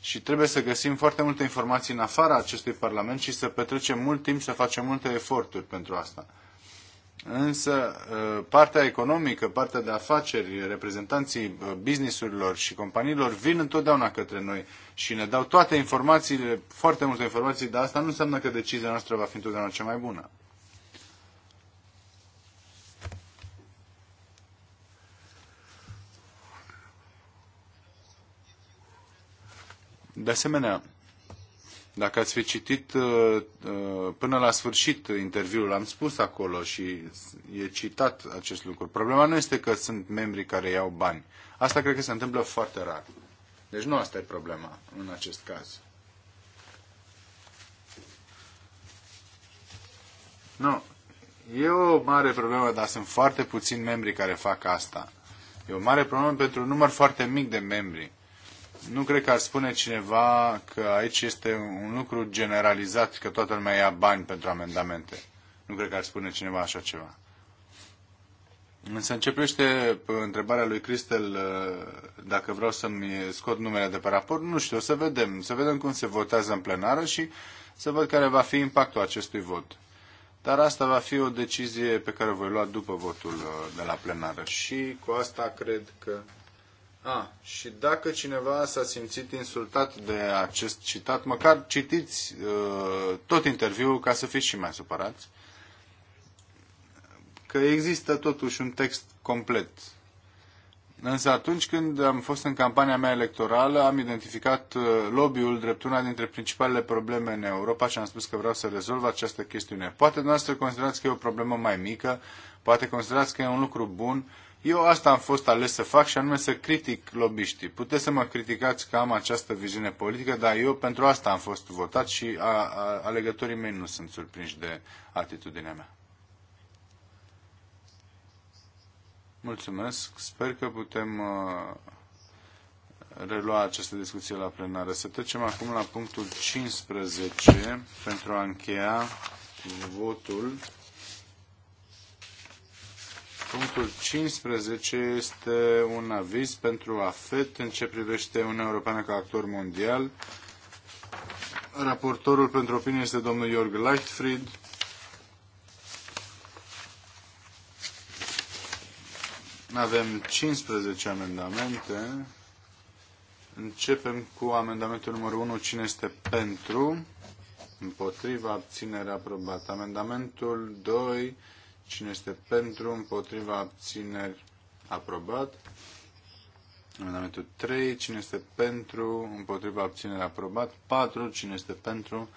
Speaker 5: și trebuie să găsim foarte multe informații în afara acestui Parlament și să petrecem mult timp să facem multe eforturi pentru asta. Însă ă, partea economică, partea de afaceri, reprezentanții ă, businessurilor și companiilor vin întotdeauna către noi și ne dau toate informațiile, foarte multe informații, dar asta nu înseamnă că decizia noastră va fi întotdeauna cea mai bună. De asemenea, dacă ați fi citit uh, uh, până la sfârșit interviul, am spus acolo și e citat acest lucru. Problema nu este că sunt membri care iau bani. Asta cred că se întâmplă foarte rar. Deci nu asta e problema în acest caz. Nu. E o mare problemă, dar sunt foarte puțini membri care fac asta. E o mare problemă pentru un număr foarte mic de membri. Nu cred că ar spune cineva că aici este un lucru generalizat, că toată lumea ia bani pentru amendamente. Nu cred că ar spune cineva așa ceva. Însă începește întrebarea lui Cristel uh, dacă vreau să-mi scot numele de pe raport. Nu știu, să vedem. Să vedem cum se votează în plenară și să văd care va fi impactul acestui vot. Dar asta va fi o decizie pe care o voi lua după votul uh, de la plenară. Și cu asta cred că a, și dacă cineva s-a simțit insultat de acest citat, măcar citiți uh, tot interviul ca să fiți și mai supărați, că există totuși un text complet. Însă atunci când am fost în campania mea electorală, am identificat uh, lobby-ul drept una dintre principalele probleme în Europa și am spus că vreau să rezolv această chestiune. Poate dumneavoastră considerați că e o problemă mai mică, poate considerați că e un lucru bun, eu asta am fost ales să fac și anume să critic lobiștii. Puteți să mă criticați că am această viziune politică, dar eu pentru asta am fost votat și a, a, alegătorii mei nu sunt surprinși de atitudinea mea. Mulțumesc. Sper că putem uh, relua această discuție la plenară. Să trecem acum la punctul 15 pentru a încheia votul. Punctul 15 este un aviz pentru AFET în ce privește Uniunea Europeană ca actor mondial. Raportorul pentru opinie este domnul Jorg Leichtfried. Avem 15 amendamente. Începem cu amendamentul numărul 1. Cine este pentru? Împotriva, abținere, aprobat. Amendamentul 2 Cine este pentru, împotriva, abțineri, aprobat. Amendamentul 3. Cine este pentru, împotriva, abțineri, aprobat. 4. Cine este pentru,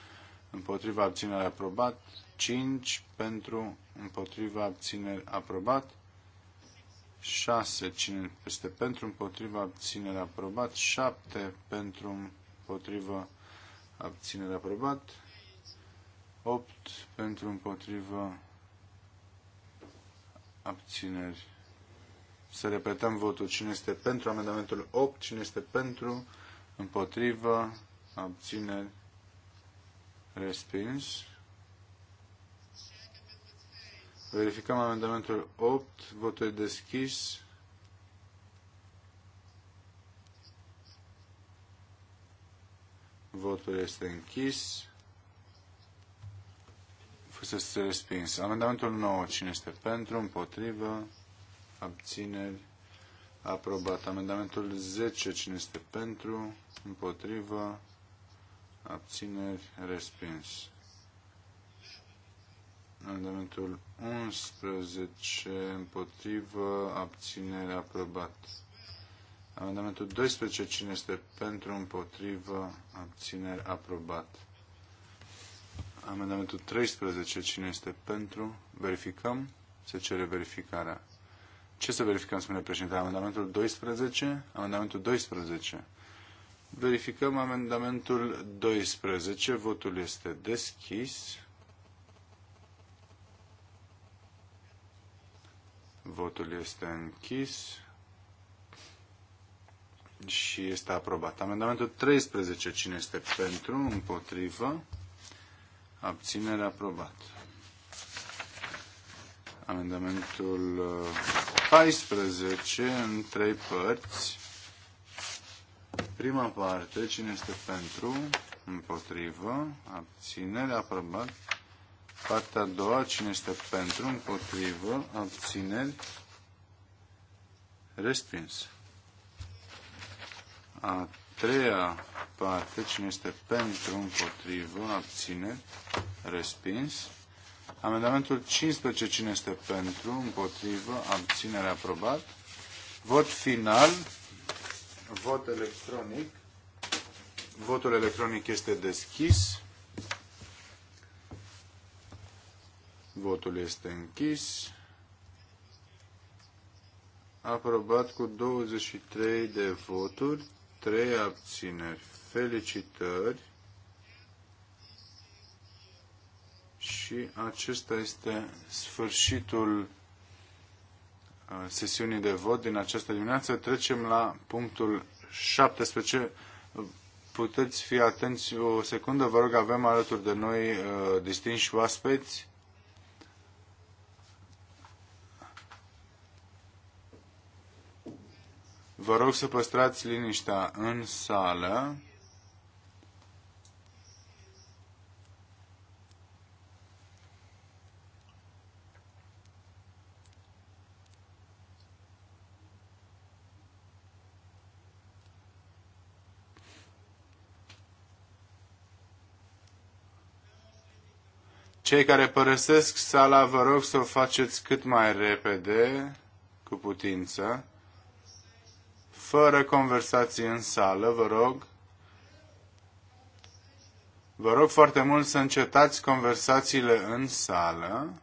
Speaker 5: împotriva, abțineri, aprobat. 5. Pentru, împotriva, abțineri, aprobat. 6. Cine este pentru, împotriva, abțineri, aprobat. 7. Pentru, împotriva, abțineri, aprobat. 8. Pentru, împotriva, abțineri. Să repetăm votul. Cine este pentru amendamentul 8? Cine este pentru? Împotrivă? Abțineri? Respins. Verificăm amendamentul 8. Votul e deschis. Votul este închis fusese respins. Amendamentul 9. Cine este pentru? Împotrivă? Abțineri? Aprobat. Amendamentul 10. Cine este pentru? Împotrivă? Abțineri? Respins. Amendamentul 11. Împotrivă? Abțineri? Aprobat. Amendamentul 12. Cine este pentru? Împotrivă? Abțineri? Aprobat. Amendamentul 13. Cine este pentru? Verificăm. Se cere verificarea. Ce să verificăm, spune președinte? Amendamentul 12? Amendamentul 12. Verificăm amendamentul 12. Votul este deschis. Votul este închis și este aprobat. Amendamentul 13. Cine este pentru? Împotrivă? Abținere aprobat. Amendamentul 14 uh, în trei părți. Prima parte, cine este pentru, împotrivă, abținere, aprobat. Partea a doua, cine este pentru, împotrivă, abțineri, respins. A treia parte, cine este pentru, împotrivă, abține, respins. Amendamentul 15, cine este pentru, împotrivă, abținere, aprobat. Vot final, vot electronic. Votul electronic este deschis. Votul este închis. Aprobat cu 23 de voturi trei abțineri. Felicitări! Și acesta este sfârșitul uh, sesiunii de vot din această dimineață. Trecem la punctul 17. Puteți fi atenți o secundă, vă rog, avem alături de noi uh, distinși oaspeți Vă rog să păstrați liniștea în sală. Cei care părăsesc sala, vă rog să o faceți cât mai repede, cu putință fără conversații în sală, vă rog. Vă rog foarte mult să încetați conversațiile în sală.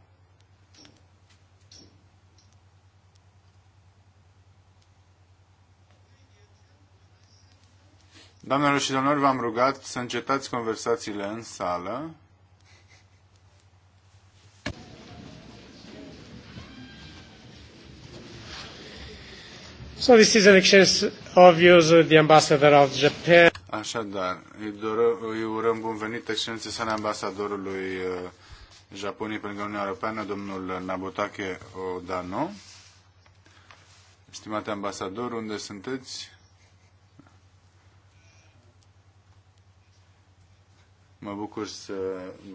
Speaker 5: Doamnelor și domnilor, v-am rugat să încetați conversațiile în sală.
Speaker 2: So this is an exchange of views with the ambassador of Japan.
Speaker 5: Așadar, îi, doră, îi urăm bun venit excelenței sale ambasadorului uh, Japoniei pentru Uniunea Europeană, domnul Nabutake Odano. Stimate ambasador, unde sunteți? Mă bucur să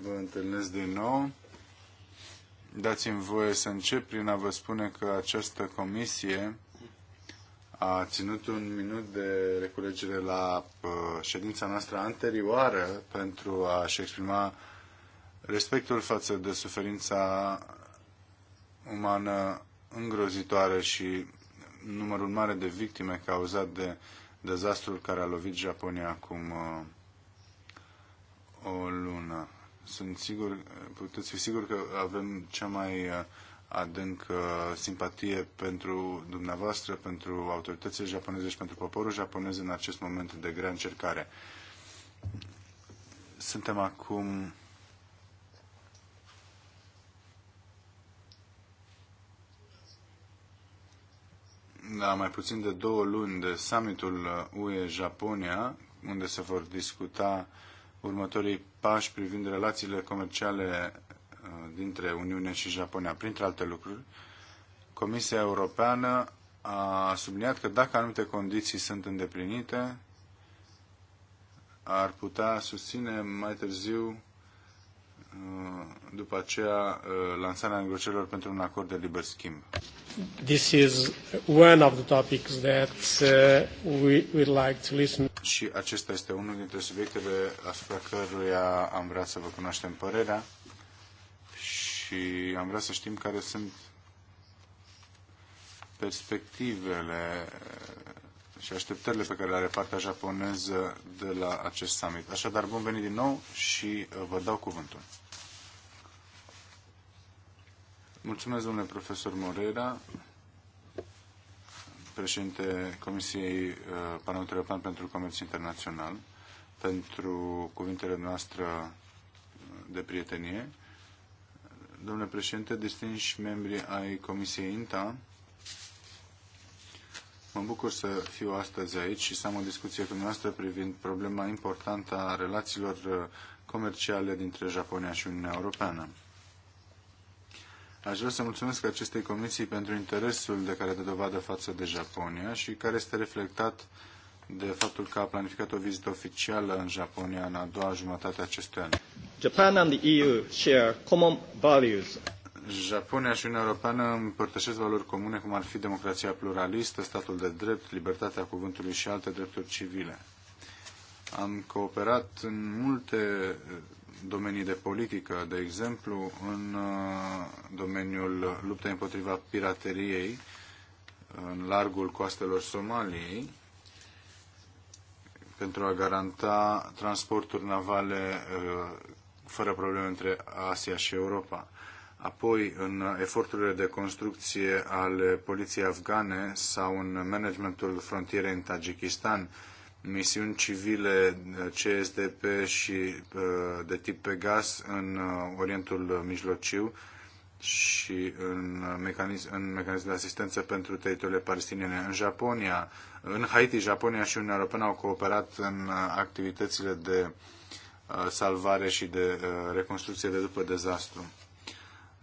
Speaker 5: vă întâlnesc din nou. Dați-mi voie să încep prin a vă spune că această comisie a ținut un minut de reculegere la uh, ședința noastră anterioară pentru a-și exprima respectul față de suferința umană îngrozitoare și numărul mare de victime cauzat de dezastrul care a lovit Japonia acum uh, o lună. Sunt sigur, puteți fi sigur că avem cea mai uh, adânc uh, simpatie pentru dumneavoastră, pentru autoritățile japoneze și pentru poporul japonez în acest moment de grea încercare. Suntem acum la mai puțin de două luni de summitul UE-Japonia, unde se vor discuta următorii pași privind relațiile comerciale dintre Uniunea și Japonia, printre alte lucruri, Comisia Europeană a subliniat că dacă anumite condiții sunt îndeplinite, ar putea susține mai târziu, uh, după aceea, uh, lansarea negocierilor pentru un acord de liber schimb. This is one of
Speaker 2: the topics that uh,
Speaker 5: we would like to listen. Și acesta este unul dintre subiectele asupra căruia am vrea să vă cunoaștem părerea și am vrea să știm care sunt perspectivele uh, și așteptările pe care le are partea japoneză de la acest summit. Așadar, bun venit din nou și uh, vă dau cuvântul. Mulțumesc, domnule profesor Morera, președinte Comisiei uh, Parlamentului European pentru Comerț Internațional, pentru cuvintele noastre de prietenie domnule președinte, distinși membri ai Comisiei INTA. Mă bucur să fiu astăzi aici și să am o discuție cu dumneavoastră privind problema importantă a relațiilor uh, comerciale dintre Japonia și Uniunea Europeană. Aș vrea să mulțumesc acestei comisii pentru interesul de care dă dovadă față de Japonia și care este reflectat uh, de faptul că a planificat o vizită oficială în Japonia în a doua jumătate a acestui an. Japan and the EU share common values. Japonia și Uniunea Europeană împărtășesc valori comune, cum ar fi democrația pluralistă, statul de drept, libertatea cuvântului și alte drepturi civile. Am cooperat în multe eh, domenii de politică, de exemplu, în eh, domeniul luptei împotriva pirateriei, în largul coastelor Somaliei, pentru a garanta transporturi navale uh, fără probleme între Asia și Europa. Apoi, în eforturile de construcție ale poliției afgane sau în managementul frontierei în Tajikistan, misiuni civile uh, CSDP și uh, de tip Pegas în Orientul Mijlociu, și în, mecanism, în mecanism de asistență pentru teritoriile palestiniene. În Japonia, în Haiti, Japonia și Uniunea Europeană au cooperat în uh, activitățile de uh, salvare și de uh, reconstrucție de după dezastru.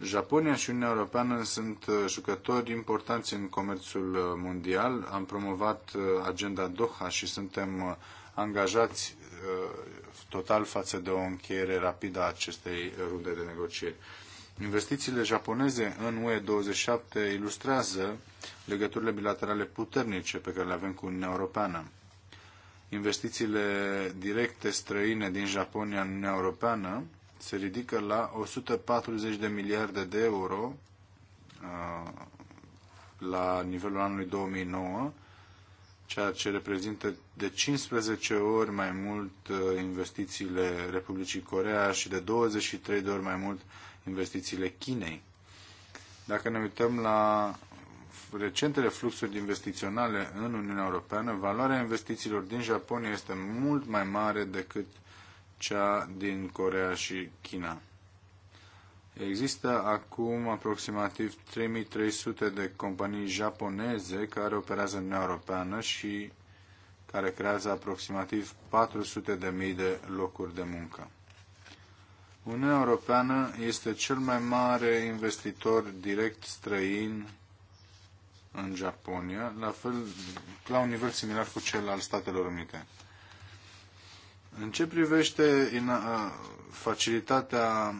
Speaker 5: Japonia și Uniunea Europeană sunt jucători importanți în comerțul mondial. Am promovat agenda Doha și suntem angajați total față de o încheiere rapidă a acestei runde de negocieri. Investițiile japoneze în UE27 ilustrează legăturile bilaterale puternice pe care le avem cu Uniunea Europeană. Investițiile directe străine din Japonia în Uniunea Europeană se ridică la 140 de miliarde de euro uh, la nivelul anului 2009, ceea ce reprezintă de 15 ori mai mult uh, investițiile Republicii Corea și de 23 de ori mai mult investițiile Chinei. Dacă ne uităm la recentele fluxuri investiționale în Uniunea Europeană, valoarea investițiilor din Japonia este mult mai mare decât cea din Corea și China. Există acum aproximativ 3300 de companii japoneze care operează în Uniunea Europeană și care creează aproximativ 400 de mii de locuri de muncă. Uniunea Europeană este cel mai mare investitor direct străin în Japonia, la fel la un nivel similar cu cel al Statelor Unite. În ce privește in, facilitatea,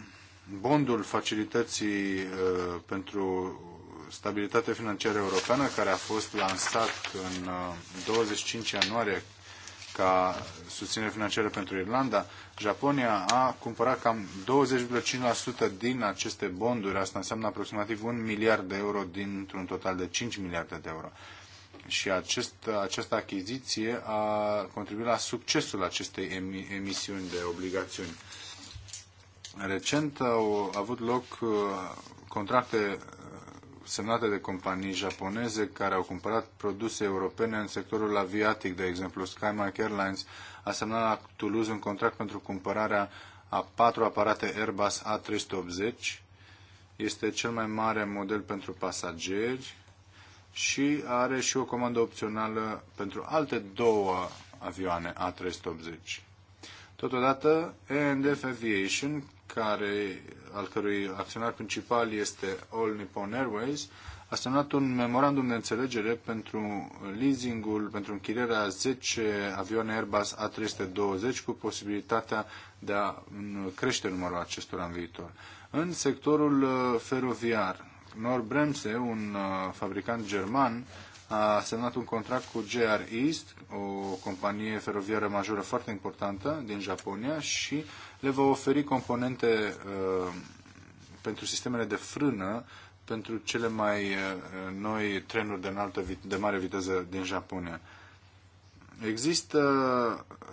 Speaker 5: bondul facilității pentru stabilitate financiară europeană, care a fost lansat în 25 ianuarie ca susținere financiară pentru Irlanda, Japonia a cumpărat cam 20,5% din aceste bonduri, asta înseamnă aproximativ 1 miliard de euro dintr-un total de 5 miliarde de euro. Și acest, această achiziție a contribuit la succesul acestei emisiuni de obligațiuni. Recent au avut loc uh, contracte semnate de companii japoneze care au cumpărat produse europene în sectorul aviatic, de exemplu Skymark Airlines a semnat la Toulouse un contract pentru cumpărarea a patru aparate Airbus A380. Este cel mai mare model pentru pasageri și are și o comandă opțională pentru alte două avioane A380. Totodată, ANF Aviation care, al cărui acționar principal este All Nippon Airways, a semnat un memorandum de înțelegere pentru leasingul, pentru închirierea 10 avioane Airbus A320 cu posibilitatea de a crește numărul acestora în viitor. În sectorul uh, feroviar, Norbremse, un uh, fabricant german, a semnat un contract cu JR East, o companie feroviară majoră foarte importantă din Japonia și le va oferi componente uh, pentru sistemele de frână pentru cele mai uh, noi trenuri de, înaltă, de mare viteză din Japonia. Există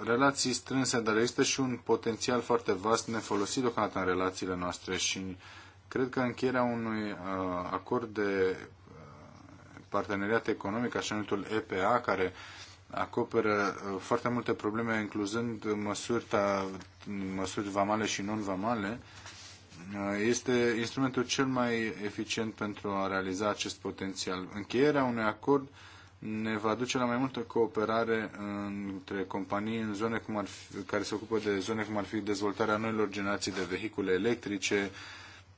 Speaker 5: relații strânse, dar există și un potențial foarte vast nefolosit deocamdată în relațiile noastre și cred că încheierea unui uh, acord de parteneriat economic, așa numitul EPA, care acoperă uh, foarte multe probleme, incluzând măsuri, ta, măsuri vamale și non-vamale, uh, este instrumentul cel mai eficient pentru a realiza acest potențial. Încheierea unui acord ne va duce la mai multă cooperare între companii în zone cum ar fi, care se ocupă de zone cum ar fi dezvoltarea noilor generații de vehicule electrice,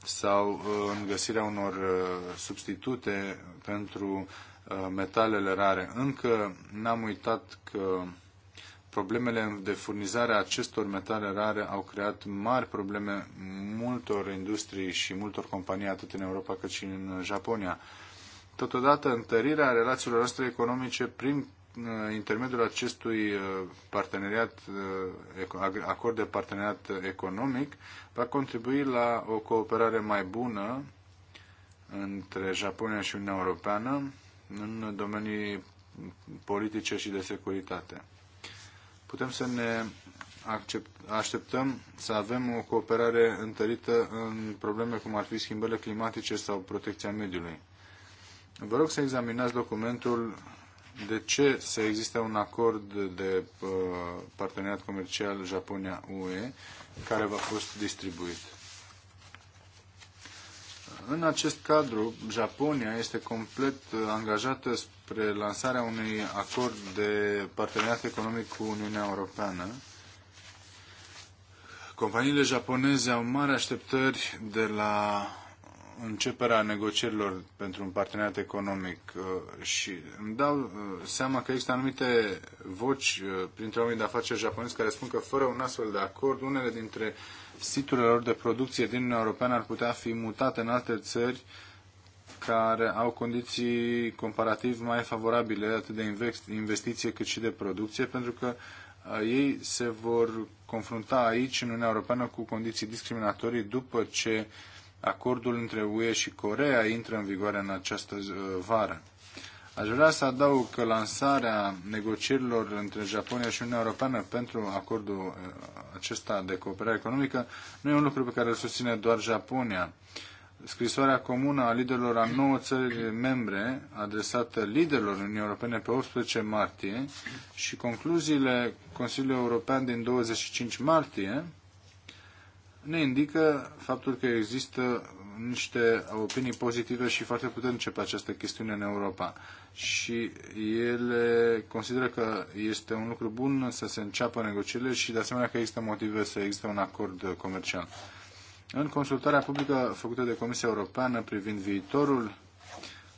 Speaker 5: sau uh, în găsirea unor uh, substitute pentru uh, metalele rare. Încă n-am uitat că problemele de furnizare a acestor metale rare au creat mari probleme multor industrii și multor companii, atât în Europa cât și în Japonia. Totodată, întărirea relațiilor noastre economice prin Uh, intermediul acestui uh, parteneriat, uh, acord de parteneriat economic va contribui la o cooperare mai bună între Japonia și Uniunea Europeană în domenii politice și de securitate. Putem să ne accept, așteptăm să avem o cooperare întărită în probleme cum ar fi schimbările climatice sau protecția mediului. Vă rog să examinați documentul de ce să existe un acord de uh, parteneriat comercial Japonia-UE care v-a fost distribuit. În acest cadru, Japonia este complet uh, angajată spre lansarea unui acord de parteneriat economic cu Uniunea Europeană. Companiile japoneze au mari așteptări de la începerea negocierilor pentru un parteneriat economic uh, și îmi dau uh, seama că există anumite voci uh, printre oamenii de afaceri japonezi care spun că fără un astfel de acord, unele dintre siturile lor de producție din Uniunea Europeană ar putea fi mutate în alte țări care au condiții comparativ mai favorabile atât de investiție cât și de producție, pentru că ei se vor confrunta aici, în Uniunea Europeană, cu condiții discriminatorii după ce uh, Acordul între UE și Corea intră în vigoare în această uh, vară. Aș vrea să adaug că lansarea negocierilor între Japonia și Uniunea Europeană pentru acordul uh, acesta de cooperare economică nu e un lucru pe care îl susține doar Japonia. Scrisoarea comună a liderilor a nouă țări membre, adresată liderilor Uniunii Europene pe 18 martie și concluziile Consiliului European din 25 martie, ne indică faptul că există niște opinii pozitive și foarte puternice pe această chestiune în Europa. Și ele consideră că este un lucru bun să se înceapă negocierile și de asemenea că există motive să existe un acord comercial. În consultarea publică făcută de Comisia Europeană privind viitorul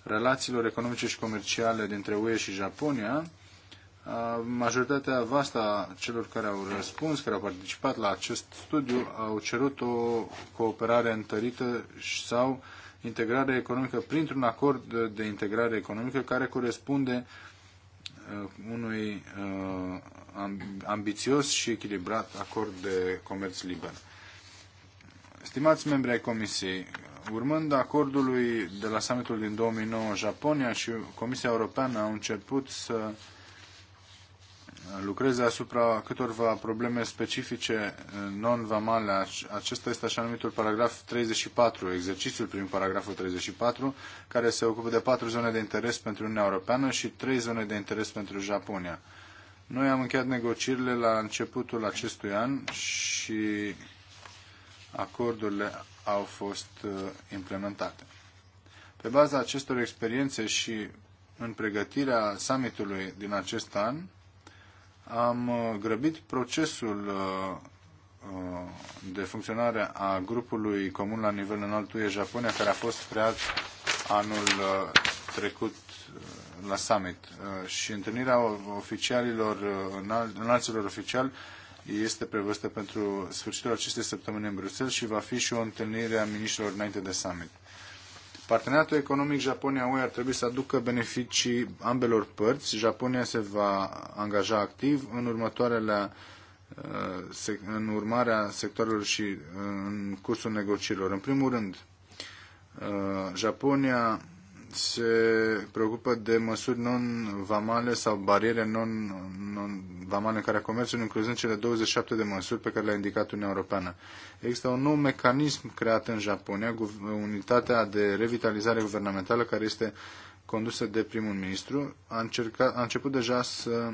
Speaker 5: relațiilor economice și comerciale dintre UE și Japonia, Majoritatea vastă a celor care au răspuns, care au participat la acest studiu, au cerut o cooperare întărită sau integrare economică printr-un acord de integrare economică care corespunde unui ambițios și echilibrat acord de comerț liber. Stimați membri ai Comisiei, urmând acordului de la summitul din 2009 în Japonia și Comisia Europeană au început să lucreze asupra câtorva probleme specifice eh, non-vamale. Acesta este așa numitul paragraf 34, exercițiul prin paragraful 34, care se ocupă de patru zone de interes pentru Uniunea Europeană și trei zone de interes pentru Japonia. Noi am încheiat negocierile la începutul acestui an și acordurile au fost eh, implementate. Pe baza acestor experiențe și în pregătirea summitului din acest an, am uh, grăbit procesul uh, uh, de funcționare a grupului comun la nivel înalt UE Japonia, care a fost creat anul trecut la summit. Și întâlnirea oficialilor, înalților oficiali, este prevăzută pentru sfârșitul acestei săptămâni în Bruxelles și va fi și o întâlnire a miniștrilor înainte de summit. Parteneriatul economic Japonia-UE ar trebui să aducă beneficii ambelor părți. Japonia se va angaja activ în următoarele uh, în urmarea sectorilor și uh, în cursul negocierilor. În primul rând, uh, Japonia se preocupă de măsuri non-vamale sau bariere non-vamale în care comerțul, incluzând cele 27 de măsuri pe care le-a indicat Uniunea Europeană. Există un nou mecanism creat în Japonia, unitatea de revitalizare guvernamentală care este condusă de primul ministru, a, încercat, a început deja să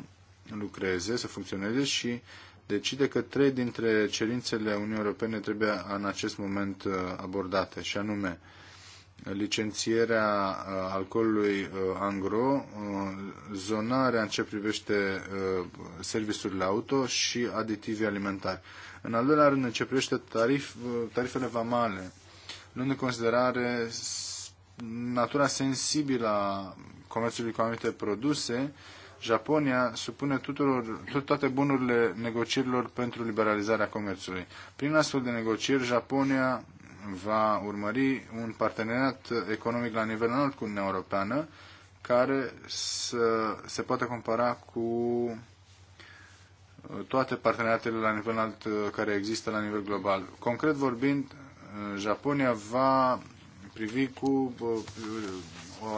Speaker 5: lucreze, să funcționeze și decide că trei dintre cerințele Uniunii Europene trebuie în acest moment uh, abordate, și anume licențierea uh, alcoolului uh, angro, uh, zonarea în ce privește serviciurile auto și aditivi alimentari. În al doilea rând, în ce privește tarif, tarifele vamale, luând în considerare natura sensibilă a comerțului cu anumite produse, Japonia supune tuturor, tot, toate bunurile negocierilor pentru liberalizarea comerțului. Prin astfel de negocieri, Japonia va urmări un parteneriat economic la nivel înalt cu Uniunea Europeană, care să se poată compara cu uh, toate parteneriatele la nivel înalt uh, care există la nivel global. Concret vorbind, uh, Japonia va privi cu o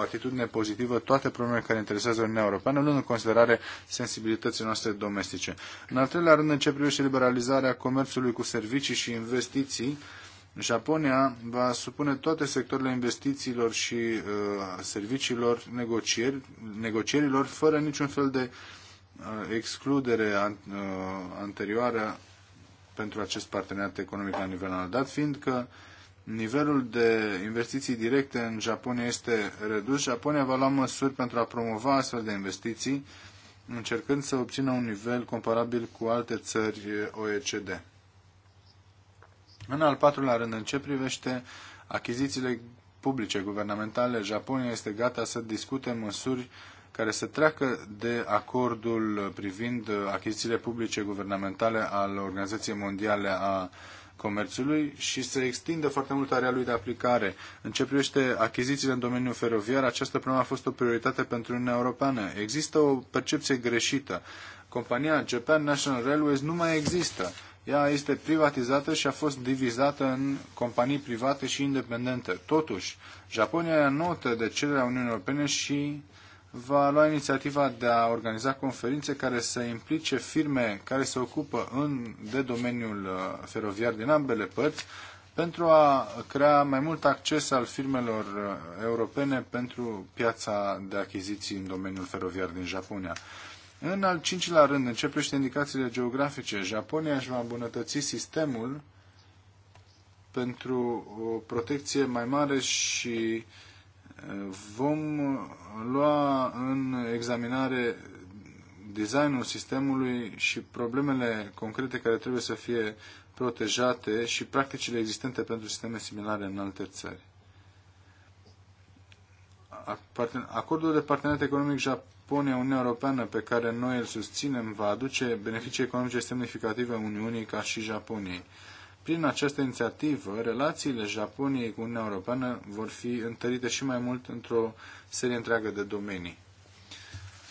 Speaker 5: atitudine pozitivă toate problemele care interesează Uniunea Europeană, luând în considerare sensibilității noastre domestice. În al treilea rând, în ce privește liberalizarea comerțului cu servicii și investiții, Japonia va supune toate sectorile investițiilor și uh, serviciilor negocieri, negocierilor fără niciun fel de uh, excludere an, uh, anterioară pentru acest parteneriat economic la nivel înalt, dat fiind că nivelul de investiții directe în Japonia este redus, Japonia va lua măsuri pentru a promova astfel de investiții, încercând să obțină un nivel comparabil cu alte țări uh, OECD. În al patrulea rând, în ce privește achizițiile publice guvernamentale, Japonia este gata să discute măsuri care să treacă de acordul privind achizițiile publice guvernamentale al Organizației Mondiale a Comerțului și să extindă foarte mult area lui de aplicare. În ce privește achizițiile în domeniul feroviar, această problemă a fost o prioritate pentru Uniunea Europeană. Există o percepție greșită. Compania Japan National Railways nu mai există ea este privatizată și a fost divizată în companii private și independente. Totuși, Japonia ia notă de cererea Uniunii Europene și va lua inițiativa de a organiza conferințe care să implice firme care se ocupă în, de domeniul uh, feroviar din ambele părți pentru a crea mai mult acces al firmelor uh, europene pentru piața de achiziții în domeniul feroviar din Japonia. În al cincilea rând, în ce privește indicațiile geografice, Japonia își va îmbunătăți sistemul pentru o protecție mai mare și uh, vom uh, lua în examinare designul sistemului și problemele concrete care trebuie să fie protejate și practicile existente pentru sisteme similare în alte țări. Acordul de parteneriat economic propune Uniunea Europeană pe care noi îl susținem va aduce beneficii economice semnificative Uniunii ca și Japoniei. Prin această inițiativă, relațiile Japoniei cu Uniunea Europeană vor fi întărite și mai mult într-o serie întreagă de domenii.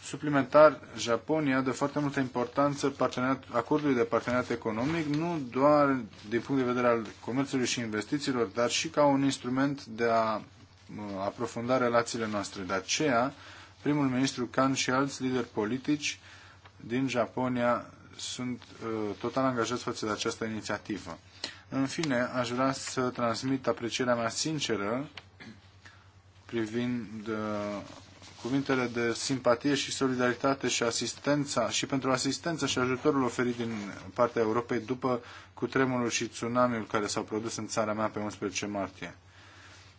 Speaker 5: Suplimentar, Japonia dă foarte multă importanță acordului de parteneriat economic, nu doar din punct de vedere al comerțului și investițiilor, dar și ca un instrument de a uh, aprofunda relațiile noastre. De aceea, primul ministru Kan și alți lideri politici din Japonia sunt uh, total angajați față de această inițiativă. În fine, aș vrea să transmit aprecierea mea sinceră privind uh, cuvintele de simpatie și solidaritate și asistența și pentru asistența și ajutorul oferit din partea Europei după cutremurul și tsunamiul care s-au produs în țara mea pe 11 martie.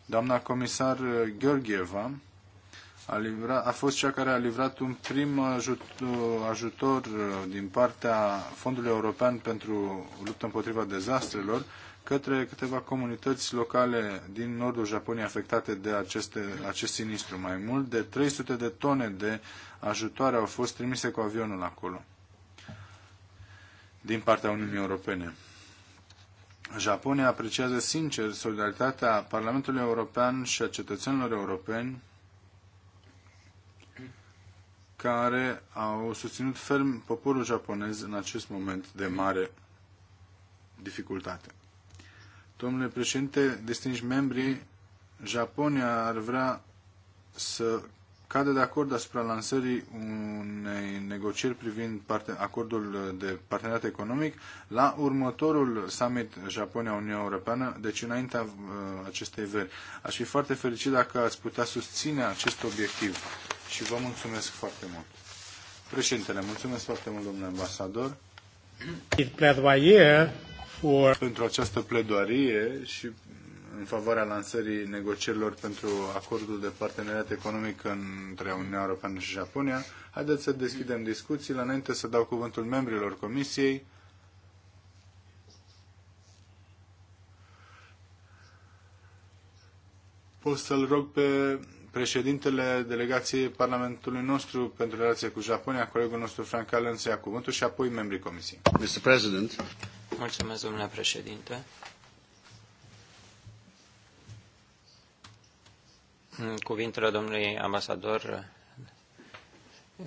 Speaker 5: Doamna comisar uh, Gheorgheva a, livra, a fost cea care a livrat un prim ajutor, ajutor uh, din partea Fondului European pentru luptă împotriva dezastrelor către câteva comunități locale din nordul Japoniei afectate de aceste, acest sinistru. Mai mult de 300 de tone de ajutoare au fost trimise cu avionul acolo din partea Uniunii Europene. Japonia apreciază sincer solidaritatea Parlamentului European și a cetățenilor europeni care au susținut ferm poporul japonez în acest moment de mare dificultate. Domnule președinte, distinși membri, Japonia ar vrea să cadă de acord asupra lansării unei negocieri privind parte, acordul de parteneriat economic la următorul summit Japonia-Uniunea Europeană, deci înaintea uh, acestei veri. Aș fi foarte fericit dacă ați putea susține acest obiectiv și vă mulțumesc foarte mult. Președintele, mulțumesc foarte mult, domnule ambasador, for... pentru această pledoarie și în favoarea lansării negocierilor pentru acordul de parteneriat economic între Uniunea Europeană și Japonia. Haideți să deschidem discuțiile înainte să dau cuvântul membrilor comisiei. Pot să-l rog pe președintele delegației Parlamentului nostru pentru relația cu Japonia, colegul nostru Frank Allen, se ia cuvântul și apoi membrii comisiei. Mr. President. Mulțumesc, domnule președinte.
Speaker 1: Cuvintele domnului ambasador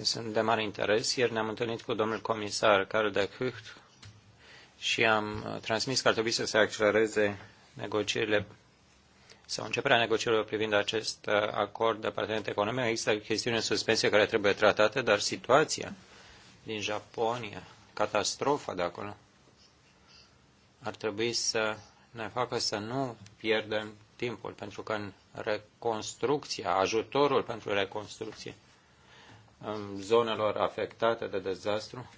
Speaker 1: sunt de mare interes. Ieri ne-am întâlnit cu domnul comisar Karl de Hucht și am transmis că ar trebui să se accelereze negocierile sau începerea negocierilor privind acest uh, acord de parteneriat economic, există chestiuni în suspensie care trebuie tratate, dar situația din Japonia, catastrofa de acolo, ar trebui să ne facă să nu pierdem timpul, pentru că în reconstrucția, ajutorul pentru reconstrucție zonelor afectate de dezastru,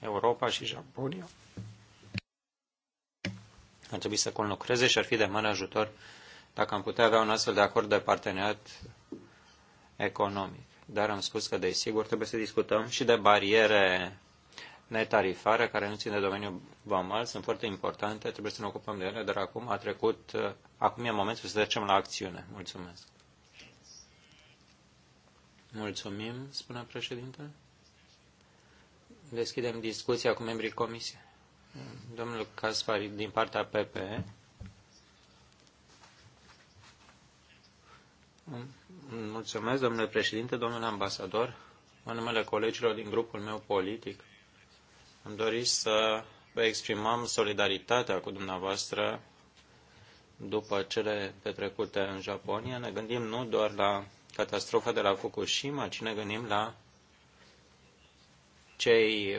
Speaker 1: Europa și Japonia ar trebui să conlucreze și ar fi de mare ajutor dacă am putea avea un astfel de acord de parteneriat economic. Dar am spus că, desigur, trebuie să discutăm și de bariere netarifare care nu țin de domeniul vamal, sunt foarte importante, trebuie să ne ocupăm de ele, dar acum a trecut, acum e momentul să trecem la acțiune. Mulțumesc. Mulțumim, spune președinte. Deschidem discuția cu membrii comisiei. Domnul Caspari, din partea PPE. Mulțumesc, domnule președinte, domnule ambasador. În numele colegilor din grupul meu politic, am dorit să vă exprimăm solidaritatea cu dumneavoastră după cele petrecute în Japonia. Ne gândim nu doar la catastrofa de la Fukushima, ci ne gândim la cei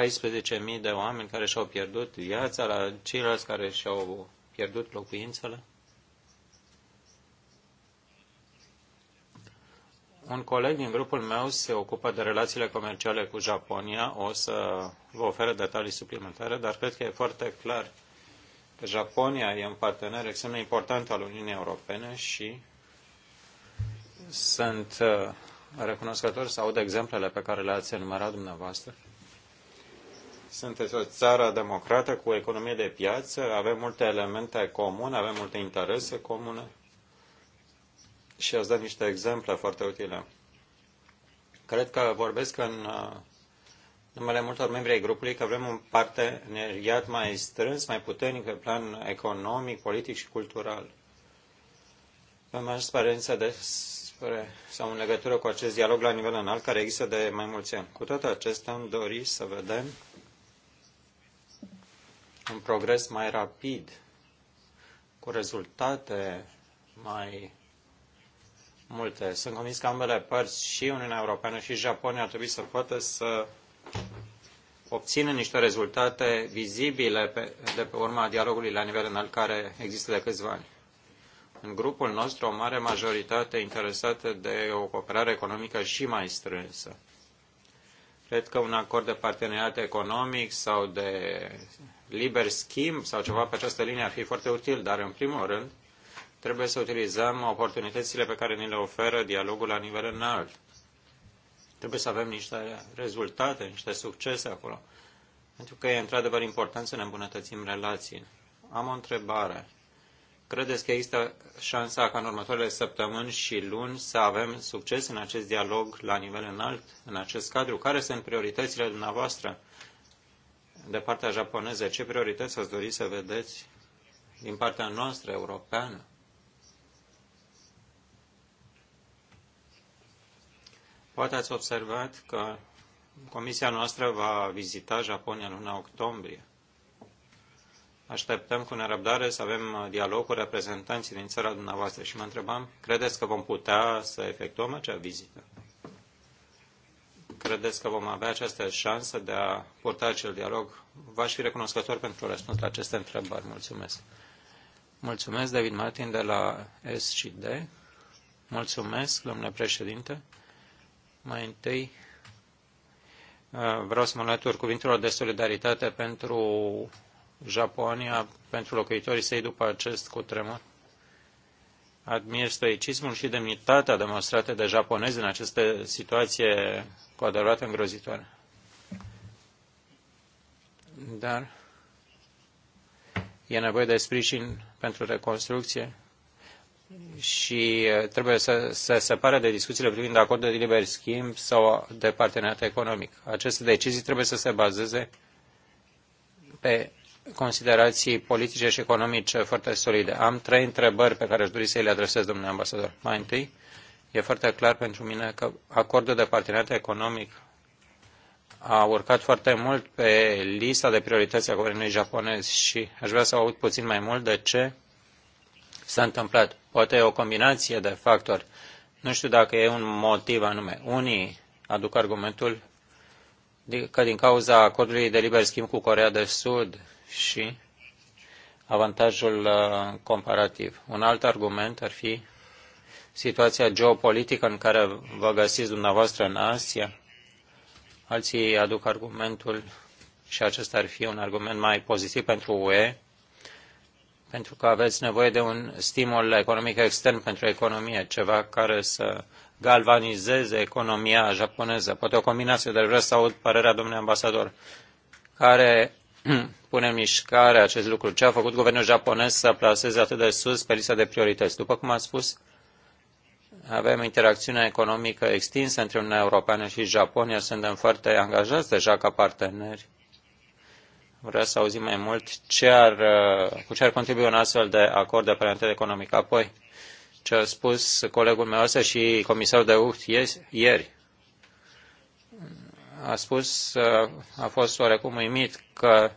Speaker 1: 14.000 de oameni care și-au pierdut viața, la ceilalți care și-au pierdut locuințele? Un coleg din grupul meu se ocupă de relațiile comerciale cu Japonia. O să vă oferă detalii suplimentare, dar cred că e foarte clar că Japonia e un partener extrem de important al Uniunii Europene și sunt uh, recunoscător să aud exemplele pe care le-ați enumerat dumneavoastră. Sunteți o țară democrată cu economie de piață, avem multe elemente comune, avem multe interese comune și ați dat niște exemple foarte utile. Cred că vorbesc în uh, numele multor membri ai grupului că avem un parteneriat mai strâns, mai puternic pe plan economic, politic și cultural. Avem experiență despre sau în legătură cu acest dialog la nivel înalt care există de mai mulți ani. Cu toate acestea am dorit să vedem un progres mai rapid, cu rezultate mai multe. Sunt convins că ambele părți, și Uniunea Europeană și Japonia, ar trebui să poată să obțină niște rezultate vizibile pe, de pe urma dialogului la nivel înalt care există de câțiva ani. În grupul nostru, o mare majoritate interesată de o cooperare economică și mai strânsă. Cred că un acord de parteneriat economic sau de liber schimb sau ceva pe această linie ar fi foarte util, dar în primul rând trebuie să utilizăm oportunitățile pe care ni le oferă dialogul la nivel înalt. Trebuie să avem niște rezultate, niște succese acolo. Pentru că e într-adevăr important să ne îmbunătățim relații. Am o întrebare Credeți că există șansa ca în următoarele săptămâni și luni să avem succes în acest dialog la nivel înalt, în acest cadru? Care sunt prioritățile dumneavoastră de partea japoneză? Ce priorități ați dori să vedeți din partea noastră europeană? Poate ați observat că comisia noastră va vizita Japonia în luna octombrie. Așteptăm cu nerăbdare să avem uh, dialog cu reprezentanții din țara dumneavoastră și mă întrebam, credeți că vom putea să efectuăm acea vizită? Credeți că vom avea această șansă de a purta acel dialog? V-aș fi recunoscător pentru răspuns la aceste întrebări. Mulțumesc. Mulțumesc, David Martin, de la SCD. Mulțumesc, domnule președinte. Mai întâi, uh, vreau să mă alătur cuvintelor de solidaritate pentru Japonia pentru locuitorii săi după acest cutremur. Admir stoicismul și demnitatea demonstrate de japonezi în această situație cu adevărat îngrozitoare. Dar e nevoie de sprijin pentru reconstrucție și trebuie să se separe de discuțiile privind acordul de liber schimb sau de parteneriat economic. Aceste decizii trebuie să se bazeze pe considerații politice și economice foarte solide. Am trei întrebări pe care aș dori să le adresez, domnule ambasador. Mai întâi, e foarte clar pentru mine că acordul de parteneriat economic a urcat foarte mult pe lista de priorități a guvernului japonez și aș vrea să aud puțin mai mult de ce s-a întâmplat. Poate e o combinație de factori. Nu știu dacă e un motiv anume. Unii aduc argumentul că din cauza acordului de liber schimb cu Corea de Sud și avantajul uh, comparativ. Un alt argument ar fi situația geopolitică în care vă găsiți dumneavoastră în Asia. Alții aduc argumentul și acesta ar fi un argument mai pozitiv pentru UE, pentru că aveți nevoie de un stimul economic extern pentru economie, ceva care să galvanizeze economia japoneză. Poate o combinație, dar vreau să aud părerea domnului ambasador, care pune în mișcare acest lucru? Ce a făcut guvernul japonez să plaseze atât de sus pe lista de priorități? După cum am spus, avem interacțiune economică extinsă între Uniunea Europeană și Japonia, suntem foarte angajați deja ca parteneri. Vreau să auzim mai mult ce ar, cu ce ar contribui un astfel de acord de parentele economică. Apoi, ce a spus colegul meu astăzi și comisarul de UCT ieri, a spus, a fost oarecum uimit că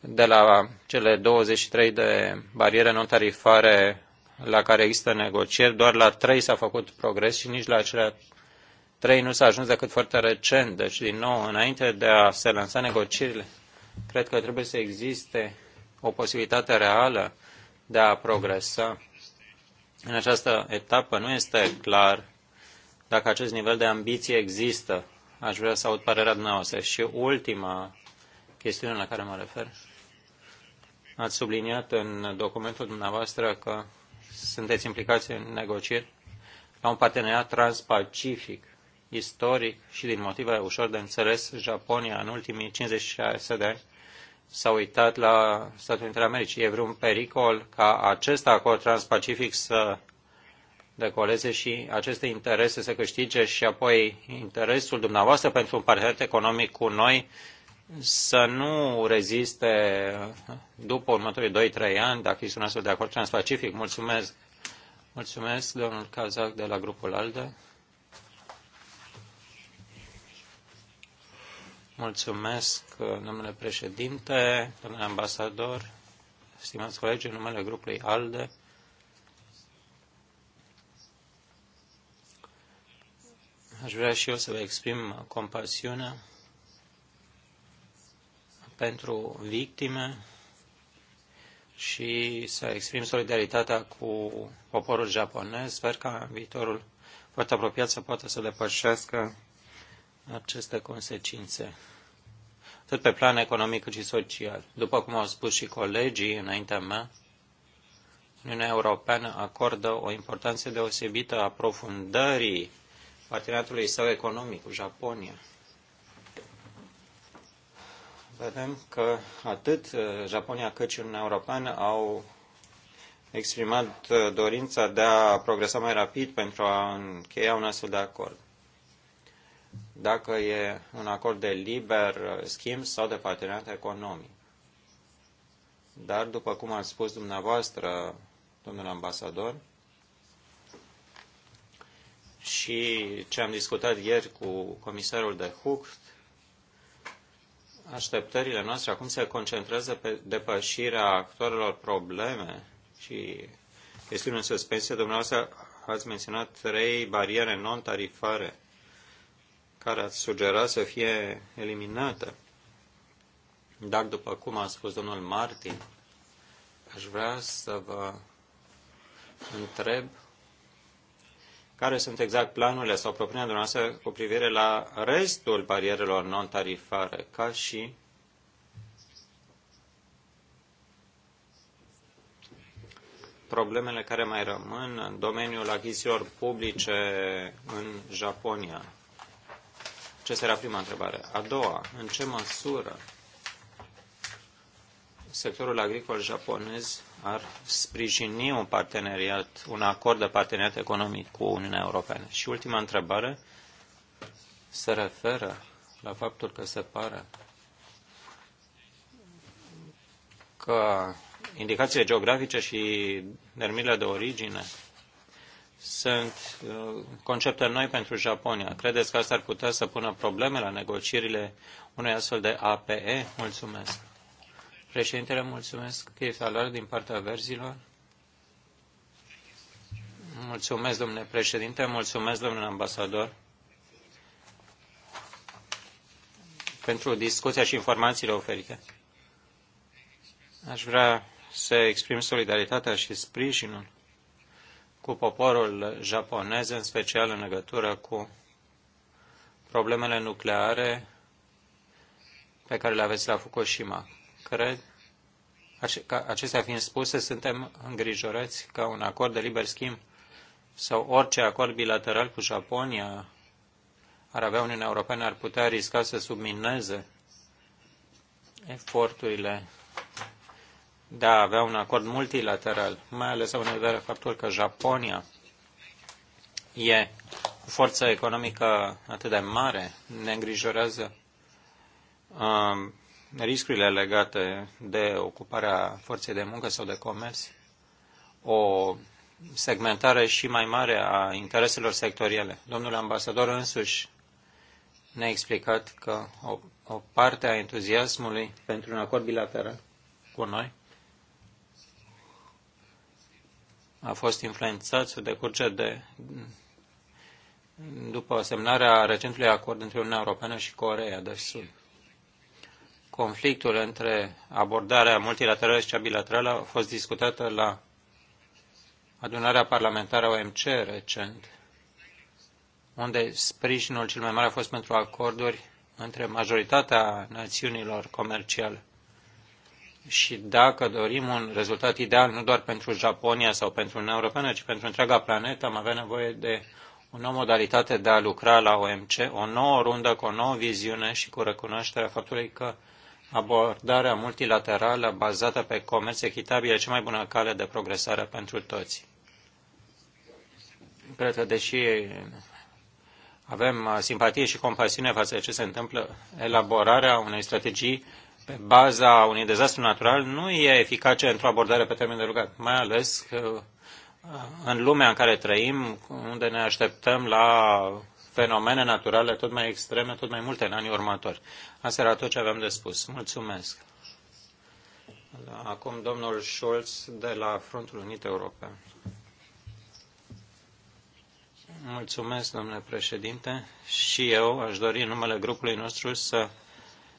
Speaker 1: de la cele 23 de bariere non-tarifare la care există negocieri, doar la trei s-a făcut progres și nici la acelea trei nu s-a ajuns decât foarte recent. Deci, din nou, înainte de a se lansa negocierile, cred că trebuie să existe o posibilitate reală de a progresa. În această etapă nu este clar dacă acest nivel de ambiție există. Aș vrea să aud părerea dumneavoastră. Și ultima chestiune la care mă refer Ați subliniat în documentul dumneavoastră că sunteți implicați în negocieri la un parteneriat transpacific, istoric și din motive ușor de înțeles, Japonia în ultimii 56 de ani s-a uitat la Statele Unite ale Americii. E vreun pericol ca acest acord transpacific să decoleze și aceste interese să câștige și apoi interesul dumneavoastră pentru un parteneriat economic cu noi să nu reziste după următorii 2-3 ani, dacă este un astfel de acord transpacific. Mulțumesc! Mulțumesc, domnul Cazac de la grupul ALDE. Mulțumesc, domnule președinte, domnule ambasador, stimați colegi, în numele grupului ALDE. Aș vrea și eu să vă exprim compasiunea pentru victime și să exprim solidaritatea cu poporul japonez. Sper ca în viitorul foarte apropiat să poată să depășească aceste consecințe, atât pe plan economic cât și social. După cum au spus și colegii înaintea mea, Uniunea Europeană acordă o importanță deosebită aprofundării parteneriatului său economic cu Japonia vedem că atât uh, Japonia cât și Uniunea Europeană au exprimat uh, dorința de a progresa mai rapid pentru a încheia un astfel de acord. Dacă e un acord de liber uh, schimb sau de parteneriat economic. Dar, după cum ați spus dumneavoastră, domnul ambasador, și ce am discutat ieri cu comisarul de Hucht, Așteptările noastre acum se concentrează pe depășirea actualelor probleme și chestiuni în suspensie. Dumneavoastră ați menționat trei bariere non-tarifare care ați sugera să fie eliminate. Dar, după cum a spus domnul Martin, aș vrea să vă întreb care sunt exact planurile sau propunerile noastre cu privire la restul barierelor non-tarifare, ca și problemele care mai rămân în domeniul achizițiilor publice în Japonia? Ce era prima întrebare. A doua, în ce măsură sectorul agricol japonez ar sprijini un parteneriat, un acord de parteneriat economic cu Uniunea Europeană? Și ultima întrebare se referă la faptul că se pare că indicațiile geografice și nermile de origine sunt uh, concepte noi pentru Japonia. Credeți că asta ar putea să pună probleme la negocierile unei astfel de APE? Mulțumesc. Președintele, mulțumesc, Keith Allard, din partea verzilor. Mulțumesc, domnule președinte, mulțumesc, domnule ambasador, pentru discuția și informațiile oferite. Aș vrea să exprim solidaritatea și sprijinul cu poporul japonez, în special în legătură cu problemele nucleare pe care le aveți la Fukushima cred, acestea fiind spuse, suntem îngrijorați că un acord de liber schimb sau orice acord bilateral cu Japonia ar avea Uniunea Europeană ar putea risca să submineze eforturile de a avea un acord multilateral, mai ales având în vedere faptul că Japonia e o forță economică atât de mare, ne îngrijorează um, riscurile legate de ocuparea forței de muncă sau de comerț, o segmentare și mai mare a intereselor sectoriale. Domnul ambasador însuși ne-a explicat că o, o parte a entuziasmului pentru un acord bilateral cu noi a fost influențat, se decurge de după semnarea recentului acord între Uniunea Europeană și Coreea de Sud conflictul între abordarea multilaterală și cea bilaterală a fost discutată la adunarea parlamentară OMC recent, unde sprijinul cel mai mare a fost pentru acorduri între majoritatea națiunilor comerciale. Și dacă dorim un rezultat ideal, nu doar pentru Japonia sau pentru Uniunea Europeană, ci pentru întreaga planetă, am avea nevoie de o nouă modalitate de a lucra la OMC, o nouă rundă cu o nouă viziune și cu recunoașterea faptului că abordarea multilaterală bazată pe comerț echitabil e cea mai bună cale de progresare pentru toți. Cred că deși avem simpatie și compasiune față de ce se întâmplă, elaborarea unei strategii pe baza unui dezastru natural nu e eficace într-o abordare pe termen de lungat, mai ales că în lumea în care trăim, unde ne așteptăm la fenomene naturale tot mai extreme, tot mai multe în anii următori. Asta era tot ce aveam de spus. Mulțumesc. Acum domnul Scholz de la Frontul Unit European. Mulțumesc, domnule președinte. Și eu aș dori în numele grupului nostru să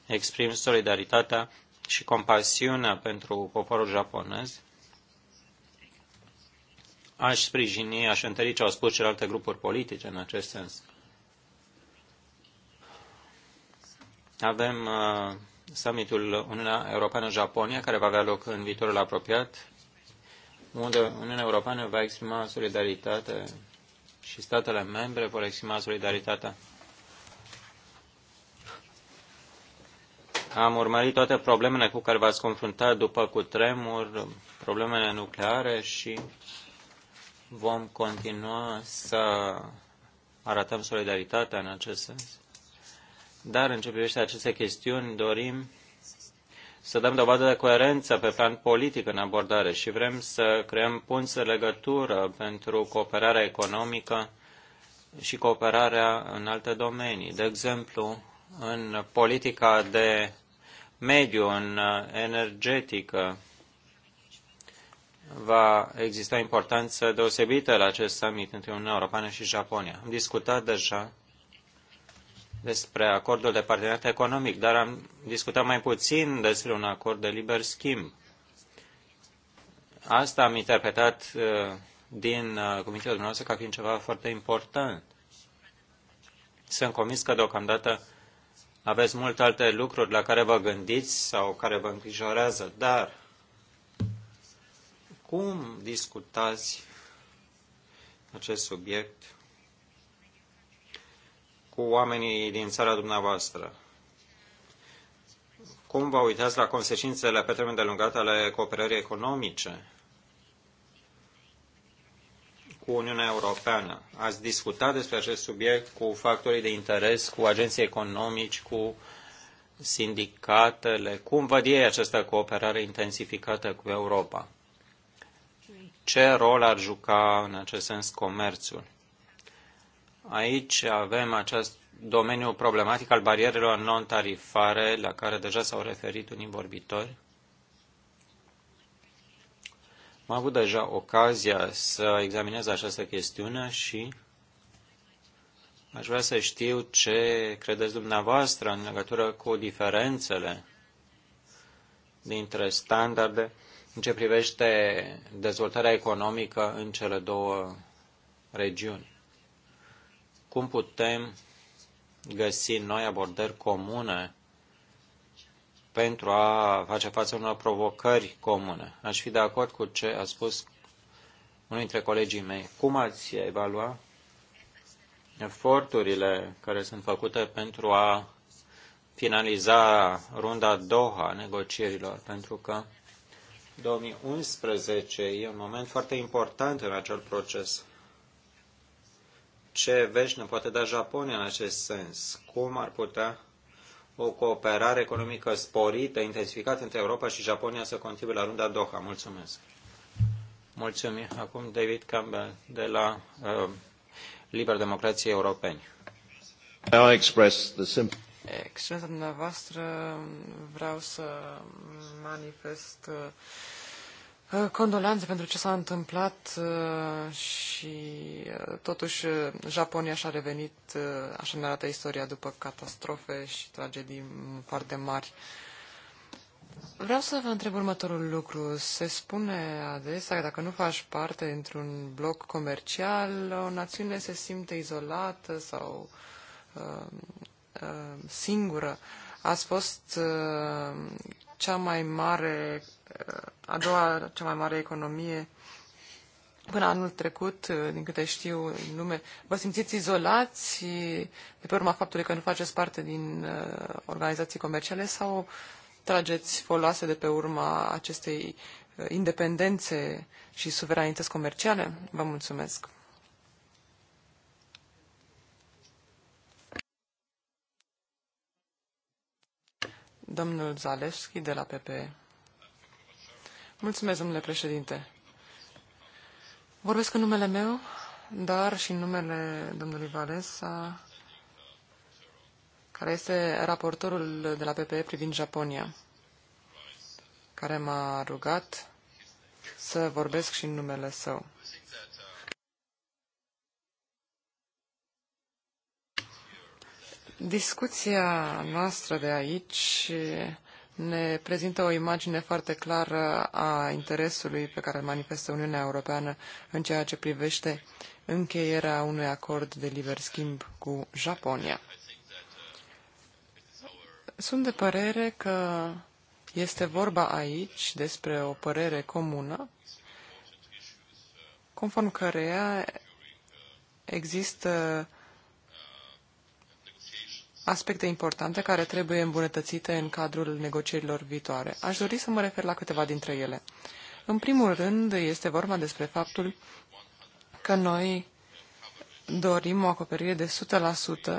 Speaker 1: exprim solidaritatea și compasiunea pentru poporul japonez. Aș sprijini, aș întări ce au spus celelalte grupuri politice în acest sens. Avem uh, summitul Uniunea Europeană-Japonia, care va avea loc în viitorul apropiat, unde Uniunea Europeană va exprima solidaritate și statele membre vor exprima solidaritatea. Am urmărit toate problemele cu care v-ați confruntat după cutremur, problemele nucleare și vom continua să arătăm solidaritatea în acest sens. Dar în ce privește aceste chestiuni dorim să dăm dovadă de coerență pe plan politic în abordare și vrem să creăm punți de legătură pentru cooperarea economică și cooperarea în alte domenii. De exemplu, în politica de mediu, în energetică, va exista importanță deosebită la acest summit între Uniunea Europeană și Japonia. Am discutat deja despre acordul de parteneriat economic, dar am discutat mai puțin despre un acord de liber schimb. Asta am interpretat uh, din uh, cuvintele dumneavoastră ca fiind ceva foarte important. Sunt convins că deocamdată aveți multe alte lucruri la care vă gândiți sau care vă îngrijorează, dar cum discutați acest subiect cu oamenii din țara dumneavoastră? Cum vă uitați la consecințele pe termen de lungat ale cooperării economice cu Uniunea Europeană? Ați discutat despre acest subiect cu factorii de interes, cu agenții economici, cu sindicatele? Cum văd ei această cooperare intensificată cu Europa? Ce rol ar juca în acest sens comerțul? Aici avem acest domeniu problematic al barierelor non-tarifare, la care deja s-au referit unii vorbitori. Am avut deja ocazia să examinez această chestiune și aș vrea să știu ce credeți dumneavoastră în legătură cu diferențele dintre standarde în ce privește dezvoltarea economică în cele două regiuni cum putem găsi noi abordări comune pentru a face față unor provocări comune. Aș fi de acord cu ce a spus unul dintre colegii mei. Cum ați evalua eforturile care sunt făcute pentru a finaliza runda a doua a negocierilor? Pentru că 2011 e un moment foarte important în acel proces ce vești ne poate da Japonia în acest sens? Cum ar putea o cooperare economică sporită, intensificată între Europa și Japonia să contribuie la runda Doha? Mulțumesc! Mulțumim. Acum David Campbell de la uh, Liber Democrație Europeni.
Speaker 2: I the simple...
Speaker 3: Excelența dumneavoastră, vreau să manifest uh, Uh, Condolanțe pentru ce s-a întâmplat uh, și uh, totuși Japonia și-a revenit, așa ne arată istoria, după catastrofe și tragedii foarte mari. Vreau să vă întreb următorul lucru. Se spune adesea că dacă nu faci parte dintr-un bloc comercial, o națiune se simte izolată sau uh, uh, singură. Ați fost uh, cea mai mare a doua cea mai mare economie până anul trecut, din câte știu, în lume. Vă simțiți izolați de pe urma faptului că nu faceți parte din uh, organizații comerciale sau trageți foloase de pe urma acestei uh, independențe și suveranități comerciale? Vă mulțumesc! Domnul Zalewski de la PP. Mulțumesc, domnule președinte. Vorbesc în numele meu, dar și în numele domnului Valesa, care este raportorul de la PPE privind Japonia, care m-a rugat să vorbesc și în numele său. Discuția noastră de aici ne prezintă o imagine foarte clară a interesului pe care îl manifestă Uniunea Europeană în ceea ce privește încheierea unui acord de liber schimb cu Japonia. Sunt de părere că este vorba aici despre o părere comună, conform căreia există aspecte importante care trebuie îmbunătățite în cadrul negocierilor viitoare. Aș dori să mă refer la câteva dintre ele. În primul rând, este vorba despre faptul că noi dorim o acoperire de 100%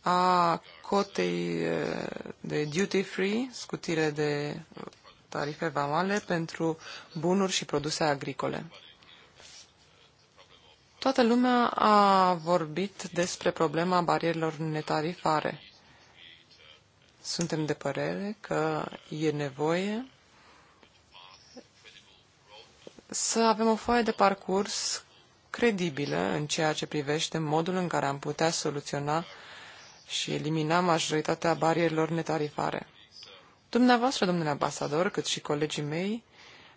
Speaker 3: a cotei eh, de duty free, scutire de tarife vamale pentru bunuri și produse agricole. Toată lumea a vorbit despre problema barierilor netarifare. Suntem de părere că e nevoie să avem o foaie de parcurs credibilă în ceea ce privește modul în care am putea soluționa și elimina majoritatea barierilor netarifare. Dumneavoastră, domnule ambasador, cât și colegii mei,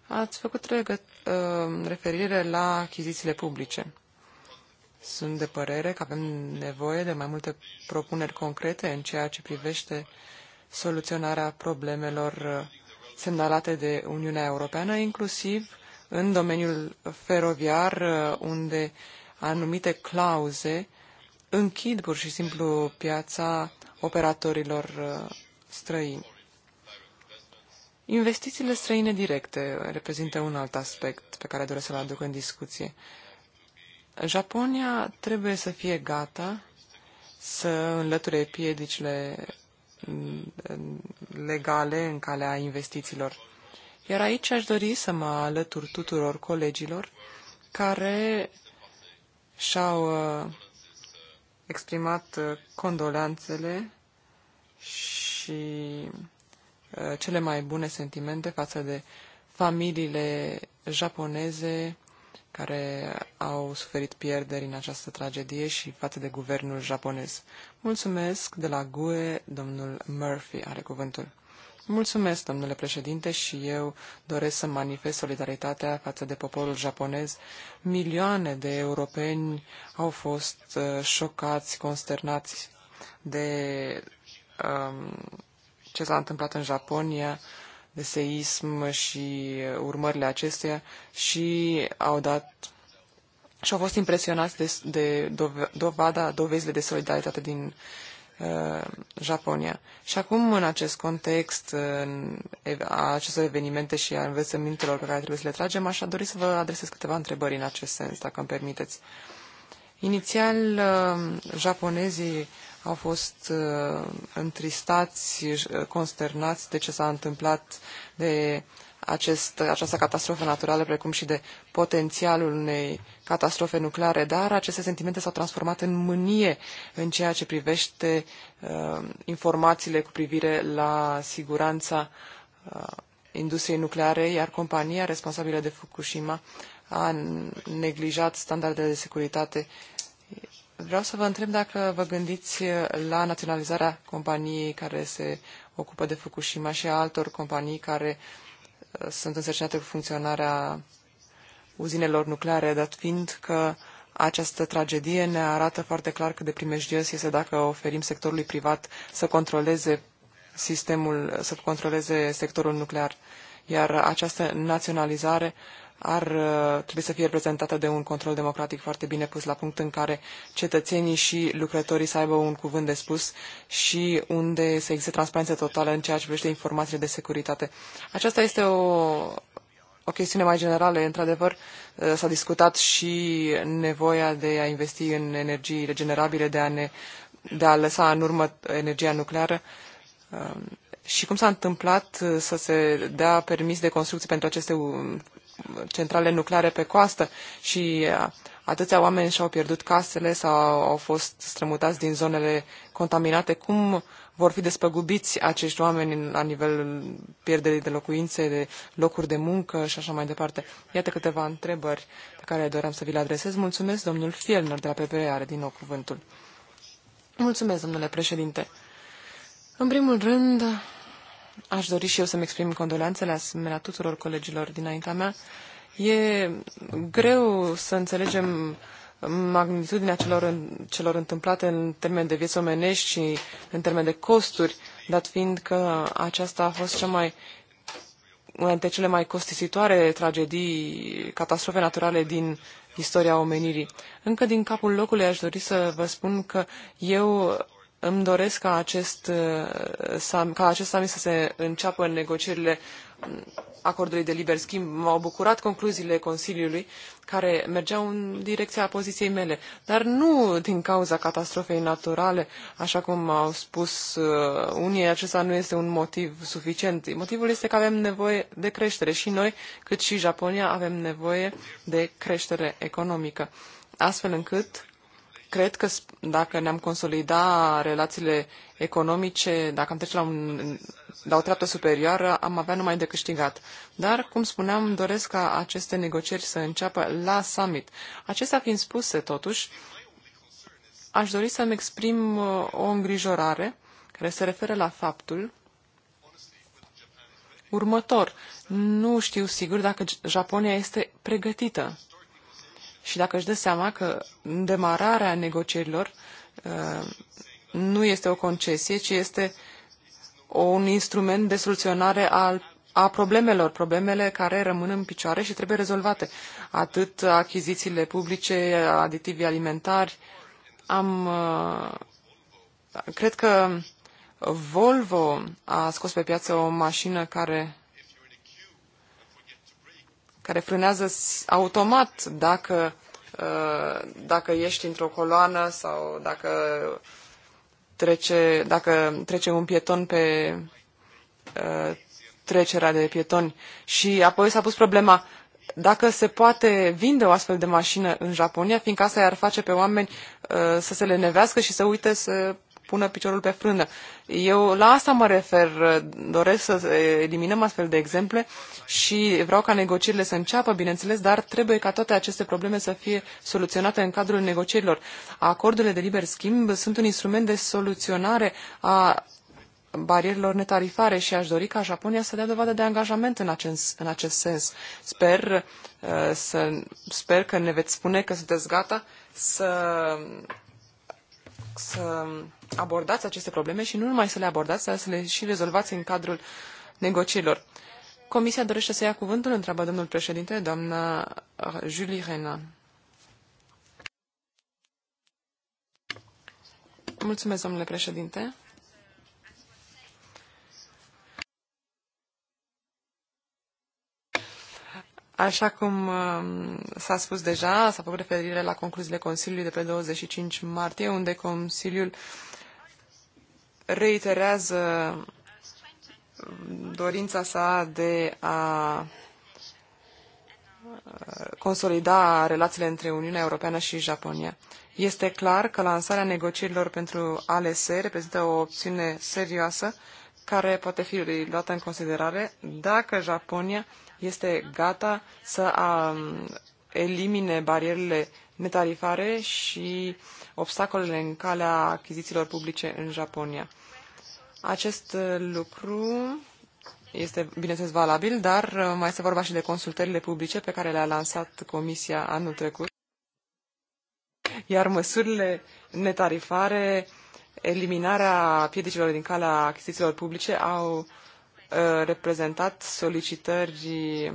Speaker 3: ați făcut uh, referire la achizițiile publice. Sunt de părere că avem nevoie de mai multe propuneri concrete în ceea ce privește soluționarea problemelor uh, semnalate de Uniunea Europeană, inclusiv în domeniul feroviar, uh, unde anumite clauze închid pur și simplu piața operatorilor uh, străini. Investițiile străine directe reprezintă un alt aspect pe care doresc să-l aduc în discuție. Japonia trebuie să fie gata să înlăture piedicile mm, legale în calea investițiilor. Iar aici aș dori să mă alătur tuturor colegilor care și-au uh, exprimat uh, condolanțele și uh, cele mai bune sentimente față de familiile japoneze care au suferit pierderi în această tragedie și față de guvernul japonez. Mulțumesc de la GUE, domnul Murphy are cuvântul. Mulțumesc, domnule președinte, și eu doresc să manifest solidaritatea față de poporul japonez. Milioane de europeni au fost uh, șocați, consternați de um, ce s-a întâmplat în Japonia de seism și urmările acesteia și au dat și au fost impresionați de, de dovada, dovezile de solidaritate din uh, Japonia. Și acum, în acest context în, a acestor evenimente și a învățămintelor pe care trebuie să le tragem, aș dori să vă adresez câteva întrebări în acest sens, dacă îmi permiteți. Uh, Inițial, uh, japonezii au fost uh, întristați, uh, consternați de ce s-a întâmplat de acest, această catastrofă naturală, precum și de potențialul unei catastrofe nucleare, dar aceste sentimente s-au transformat în mânie în ceea ce privește uh, informațiile cu privire la siguranța uh, industriei nucleare, iar compania responsabilă de Fukushima a neglijat standardele de securitate. Vreau să vă întreb dacă vă gândiți la naționalizarea companiei care se ocupă de Fukushima și a altor companii care uh, sunt însărcinate cu funcționarea uzinelor nucleare, dat fiind că această tragedie ne arată foarte clar cât de primejdios este dacă oferim sectorului privat să controleze sistemul, să controleze sectorul nuclear. Iar această naționalizare ar uh, trebui să fie reprezentată de un control democratic foarte bine pus la punct în care cetățenii și lucrătorii să aibă un cuvânt de spus și unde să existe transparență totală în ceea ce privește informațiile de securitate. Aceasta este o, o chestiune mai generală. Într-adevăr, uh, s-a discutat și nevoia de a investi în energii regenerabile, de a, ne, de a lăsa în urmă energia nucleară. Um, și cum s-a întâmplat uh, să se dea permis de construcție pentru aceste um, centrale nucleare pe coastă și uh, atâția oameni și-au pierdut casele sau au fost strămutați din zonele contaminate, cum vor fi despăgubiți acești oameni la nivelul pierderii de locuințe, de locuri de muncă și așa mai departe? Iată câteva întrebări pe care doream să vi le adresez. Mulțumesc, domnul Fielner de la PPE are din nou cuvântul. Mulțumesc, domnule președinte. În primul rând, Aș dori și eu să-mi exprim condolențele asemenea tuturor colegilor dinaintea mea. E greu să înțelegem magnitudinea celor, celor întâmplate în termen de vieți omenești și în termen de costuri, dat fiind că aceasta a fost cea mai una dintre cele mai costisitoare tragedii, catastrofe naturale din istoria omenirii. Încă din capul locului aș dori să vă spun că eu îmi doresc ca acest, uh, ca acest summit să se înceapă în negocierile acordului de liber schimb. M-au bucurat concluziile Consiliului care mergeau în direcția poziției mele, dar nu din cauza catastrofei naturale, așa cum au spus uh, unii, acesta nu este un motiv suficient. Motivul este că avem nevoie de creștere și noi, cât și Japonia, avem nevoie de creștere economică, astfel încât cred că dacă ne-am consolida relațiile economice, dacă am trece la, un, la o treaptă superioară, am avea numai de câștigat. Dar, cum spuneam, doresc ca aceste negocieri să înceapă la summit. Acestea fiind spuse, totuși, aș dori să-mi exprim uh, o îngrijorare care se referă la faptul următor. Nu știu sigur dacă Japonia este pregătită și dacă își dă seama că demararea negocierilor uh, nu este o concesie, ci este un instrument de soluționare al, a problemelor, problemele care rămân în picioare și trebuie rezolvate. Atât achizițiile publice, aditivi alimentari. Am, uh, cred că Volvo a scos pe piață o mașină care care frânează automat dacă, uh, dacă ești într-o coloană sau dacă trece, dacă trece un pieton pe uh, trecerea de pietoni. Și apoi s-a pus problema dacă se poate vinde o astfel de mașină în Japonia, fiindcă asta i-ar face pe oameni uh, să se lenevească și să uite să pună piciorul pe frână. Eu la asta mă refer, doresc să eliminăm astfel de exemple și vreau ca negocierile să înceapă, bineînțeles, dar trebuie ca toate aceste probleme să fie soluționate în cadrul negocierilor. Acordurile de liber schimb sunt un instrument de soluționare a barierelor netarifare și aș dori ca Japonia să dea dovadă de angajament în acest, în acest sens. Sper, uh, să, sper că ne veți spune că sunteți gata să să abordați aceste probleme și nu numai să le abordați, dar să le și rezolvați în cadrul negocierilor. Comisia dorește să ia cuvântul, întreabă domnul președinte, doamna uh, Julie Renan. Mulțumesc, domnule președinte. Așa cum um, s-a spus deja, s-a făcut referire la concluziile Consiliului de pe 25 martie, unde Consiliul reiterează dorința sa de a uh, consolida relațiile între Uniunea Europeană și Japonia. Este clar că lansarea negocierilor pentru ALS reprezintă o opțiune serioasă care poate fi luată în considerare dacă Japonia este gata să elimine barierele netarifare și obstacolele în calea achizițiilor publice în Japonia. Acest uh, lucru este, bineînțeles, valabil, dar uh, mai este vorba și de consultările publice pe care le-a lansat Comisia anul trecut. Iar măsurile netarifare, eliminarea piedicilor din calea achizițiilor publice au Uh, reprezentat solicitări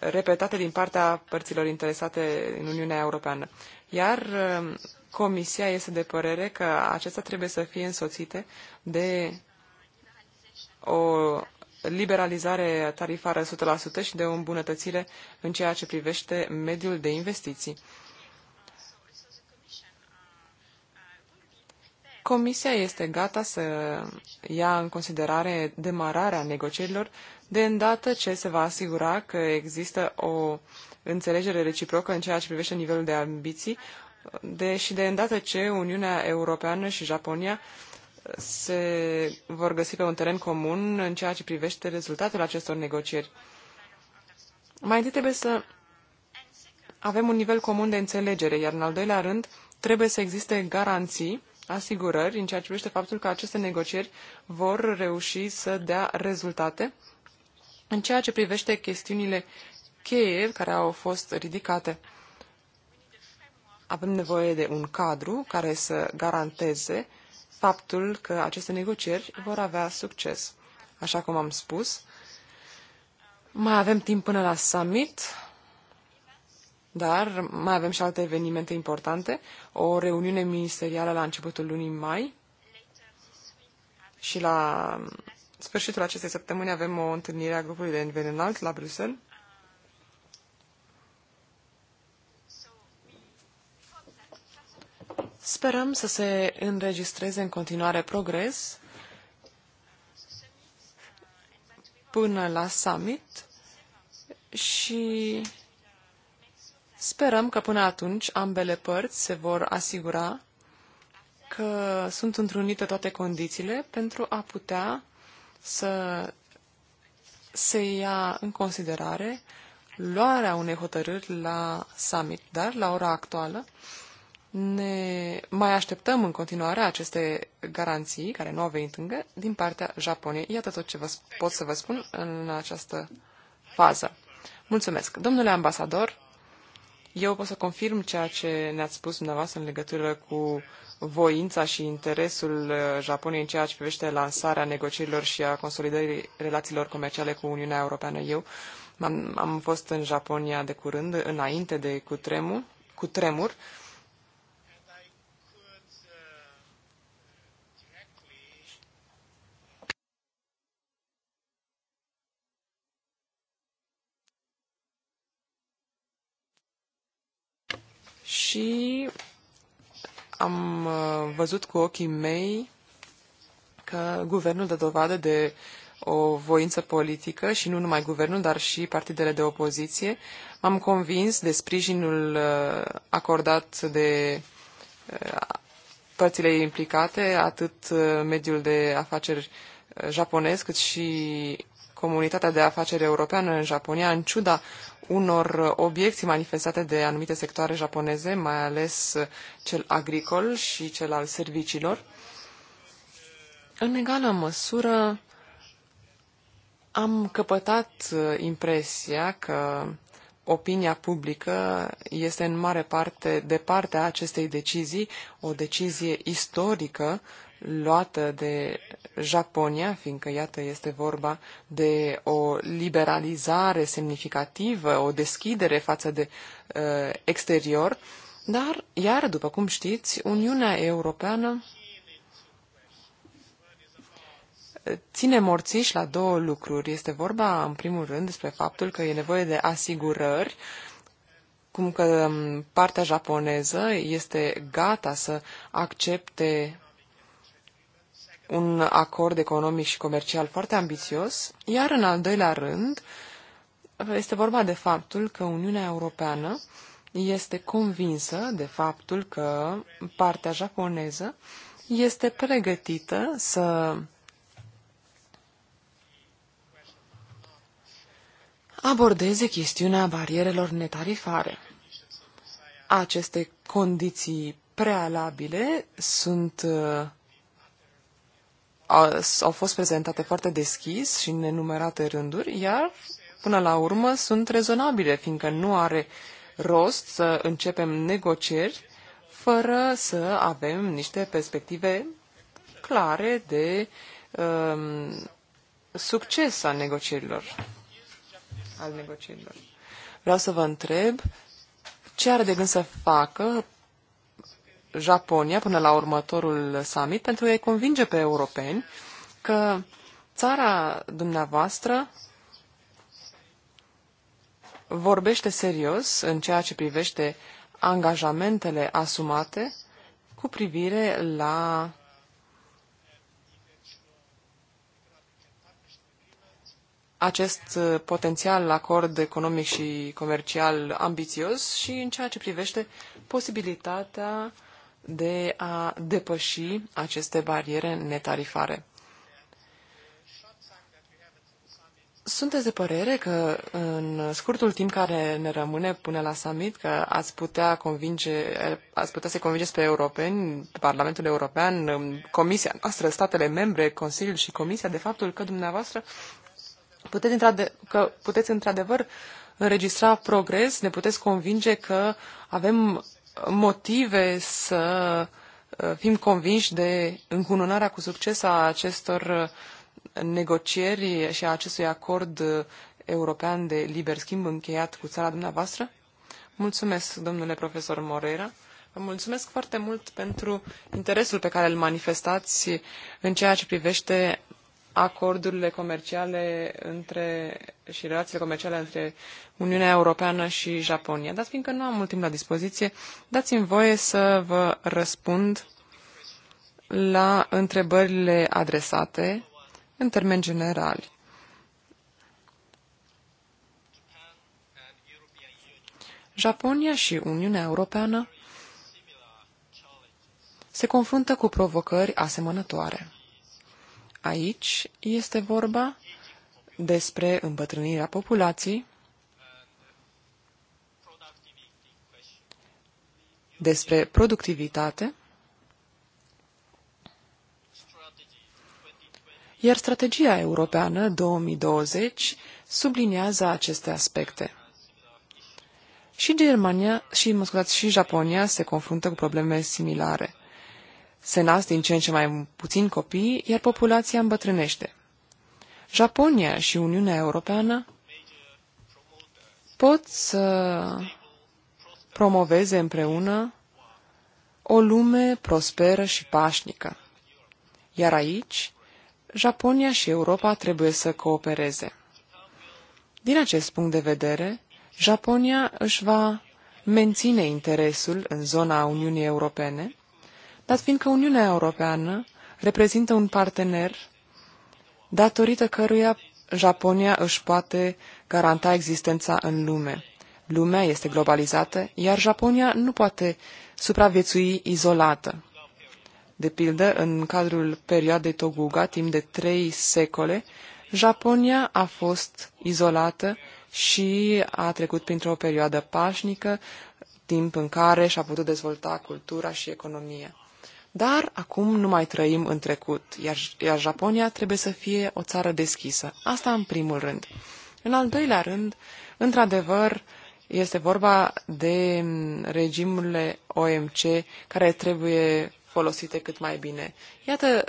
Speaker 3: repetate din partea părților interesate în Uniunea Europeană. Iar uh, Comisia este de părere că acestea trebuie să fie însoțite de o liberalizare tarifară 100% și de o îmbunătățire în ceea ce privește mediul de investiții. Comisia este gata să ia în considerare demararea negocierilor de îndată ce se va asigura că există o înțelegere reciprocă în ceea ce privește nivelul de ambiții de, și de îndată ce Uniunea Europeană și Japonia se vor găsi pe un teren comun în ceea ce privește rezultatul acestor negocieri. Mai întâi trebuie să avem un nivel comun de înțelegere, iar în al doilea rând trebuie să existe garanții asigurări în ceea ce privește faptul că aceste negocieri vor reuși să dea rezultate în ceea ce privește chestiunile cheie care au fost ridicate. Avem nevoie de un cadru care să garanteze faptul că aceste negocieri vor avea succes. Așa cum am spus, mai avem timp până la summit dar mai avem și alte evenimente importante, o reuniune ministerială la începutul lunii mai și la sfârșitul acestei săptămâni avem o întâlnire a grupului de nivel la Bruxelles. Sperăm să se înregistreze în continuare progres până la summit și Sperăm că până atunci ambele părți se vor asigura că sunt întrunite toate condițiile pentru a putea să se ia în considerare luarea unei hotărâri la summit, dar la ora actuală ne mai așteptăm în continuare aceste garanții care nu au venit încă din partea Japoniei. Iată tot ce vă, pot să vă spun în această fază. Mulțumesc. Domnule ambasador, eu pot să confirm ceea ce ne-ați spus dumneavoastră în legătură cu voința și interesul uh, Japoniei în ceea ce privește lansarea negocierilor și a consolidării relațiilor comerciale cu Uniunea Europeană. Eu am, am fost în Japonia de curând, înainte de cutremur, cutremur și am uh, văzut cu ochii mei că guvernul dă dovadă de o voință politică și nu numai guvernul, dar și partidele de opoziție. M-am convins de sprijinul uh, acordat de uh, părțile implicate, atât mediul de afaceri japonez, cât și comunitatea de afaceri europeană în Japonia, în ciuda unor obiecții manifestate de anumite sectoare japoneze, mai ales cel agricol și cel al serviciilor. În egală măsură, am căpătat impresia că opinia publică este în mare parte de partea acestei decizii, o decizie istorică luată de Japonia, fiindcă, iată, este vorba de o liberalizare semnificativă, o deschidere față de uh, exterior, dar, iar, după cum știți, Uniunea Europeană uh, ține morțiș la două lucruri. Este vorba, în primul rând, despre faptul că e nevoie de asigurări cum că um, partea japoneză este gata să accepte un acord economic și comercial foarte ambițios, iar în al doilea rând este vorba de faptul că Uniunea Europeană este convinsă de faptul că partea japoneză este pregătită să abordeze chestiunea barierelor netarifare. Aceste condiții prealabile sunt uh, au fost prezentate foarte deschis și în enumerate rânduri, iar până la urmă sunt rezonabile, fiindcă nu are rost să începem negocieri fără să avem niște perspective clare de um, succes al negocierilor. Al negocierilor. Vreau să vă întreb ce are de gând să facă Japonia până la următorul summit pentru a-i convinge pe europeni că țara dumneavoastră vorbește serios în ceea ce privește angajamentele asumate cu privire la acest potențial acord economic și comercial ambițios și în ceea ce privește posibilitatea de a depăși aceste bariere netarifare. Sunteți de părere că în scurtul timp care ne rămâne până la summit, că ați putea, convinge, ați putea să convingeți pe europeni, Parlamentul European, Comisia noastră, statele membre, Consiliul și Comisia, de faptul că dumneavoastră puteți, într-ade- că puteți într-adevăr înregistra progres, ne puteți convinge că avem motive să uh, fim convinși de încununarea cu succes a acestor uh, negocieri și a acestui acord uh, european de liber schimb încheiat cu țara dumneavoastră? Mulțumesc, domnule profesor Morera. Vă mulțumesc foarte mult pentru interesul pe care îl manifestați în ceea ce privește acordurile comerciale între, și relațiile comerciale între Uniunea Europeană și Japonia. Dar fiindcă nu am mult timp la dispoziție, dați-mi voie să vă răspund la întrebările adresate în termeni generali. Japonia și Uniunea Europeană se confruntă cu provocări asemănătoare. Aici este vorba despre îmbătrânirea populației, despre productivitate, iar strategia europeană 2020 subliniază aceste aspecte. Și Germania, și, mă scuzați, și Japonia se confruntă cu probleme similare se nasc din ce în ce mai puțin copii, iar populația îmbătrânește. Japonia și Uniunea Europeană pot să promoveze împreună o lume prosperă și pașnică. Iar aici, Japonia și Europa trebuie să coopereze. Din acest punct de vedere, Japonia își va menține interesul în zona Uniunii Europene, dat fiindcă Uniunea Europeană reprezintă un partener datorită căruia Japonia își poate garanta existența în lume. Lumea este globalizată, iar Japonia nu poate supraviețui izolată. De pildă, în cadrul perioadei Toguga, timp de trei secole, Japonia a fost izolată și a trecut printr-o perioadă pașnică, timp în care și-a putut dezvolta cultura și economia. Dar acum nu mai trăim în trecut, iar, iar Japonia trebuie să fie o țară deschisă. Asta în primul rând. În al doilea rând, într-adevăr, este vorba de regimurile OMC care trebuie folosite cât mai bine. Iată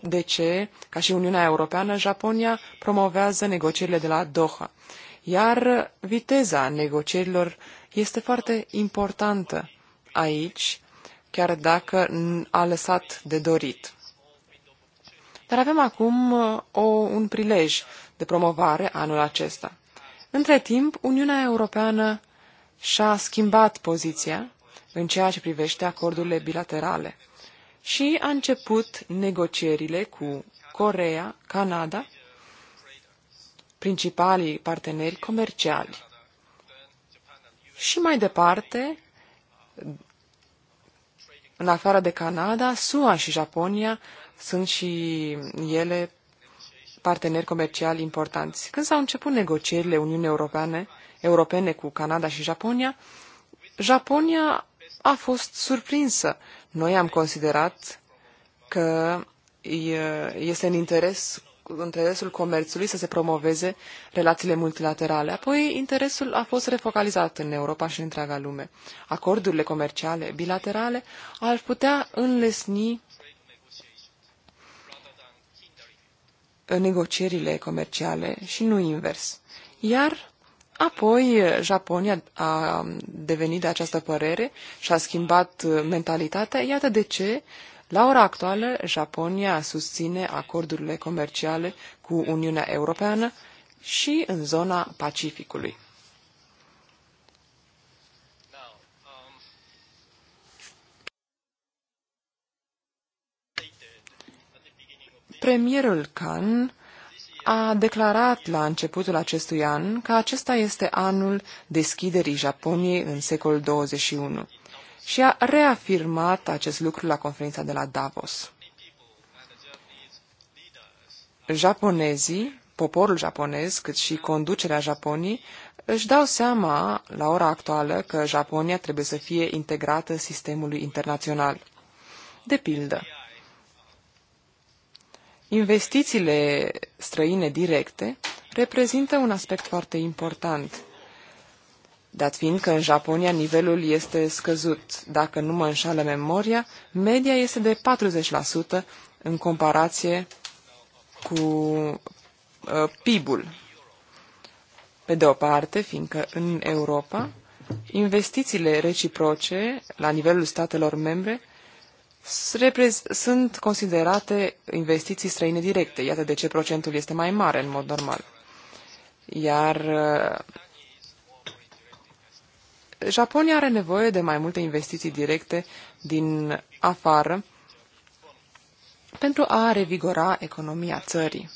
Speaker 3: de ce, ca și Uniunea Europeană, Japonia promovează negocierile de la Doha. Iar viteza negocierilor este foarte importantă aici chiar dacă a lăsat de dorit. Dar avem acum uh, o, un prilej de promovare anul acesta. Între timp, Uniunea Europeană și-a schimbat poziția în ceea ce privește acordurile bilaterale și a început negocierile cu Corea, Canada, principalii parteneri comerciali. Și mai departe, în afară de Canada, SUA și Japonia sunt și ele parteneri comerciali importanți. Când s-au început negocierile Uniunii Europene, europene cu Canada și Japonia, Japonia a fost surprinsă. Noi am considerat că este în interes interesul comerțului să se promoveze relațiile multilaterale. Apoi, interesul a fost refocalizat în Europa și în întreaga lume. Acordurile comerciale bilaterale ar putea înlesni negocierile comerciale și nu invers. Iar apoi Japonia a devenit de această părere și a schimbat mentalitatea. Iată de ce la ora actuală, Japonia susține acordurile comerciale cu Uniunea Europeană și în zona Pacificului. Premierul Khan a declarat la începutul acestui an că acesta este anul deschiderii Japoniei în secolul 21 și a reafirmat acest lucru la conferința de la Davos. Japonezii, poporul japonez, cât și conducerea Japoniei, își dau seama, la ora actuală, că Japonia trebuie să fie integrată sistemului internațional. De pildă, investițiile străine directe reprezintă un aspect foarte important Dat fiind că în Japonia nivelul este scăzut, dacă nu mă înșală memoria, media este de 40% în comparație cu uh, PIB-ul. Pe de o parte, fiindcă în Europa investițiile reciproce la nivelul statelor membre sunt considerate investiții străine directe. Iată de ce procentul este mai mare în mod normal. Iar uh, Japonia are nevoie de mai multe investiții directe din afară pentru a revigora economia țării.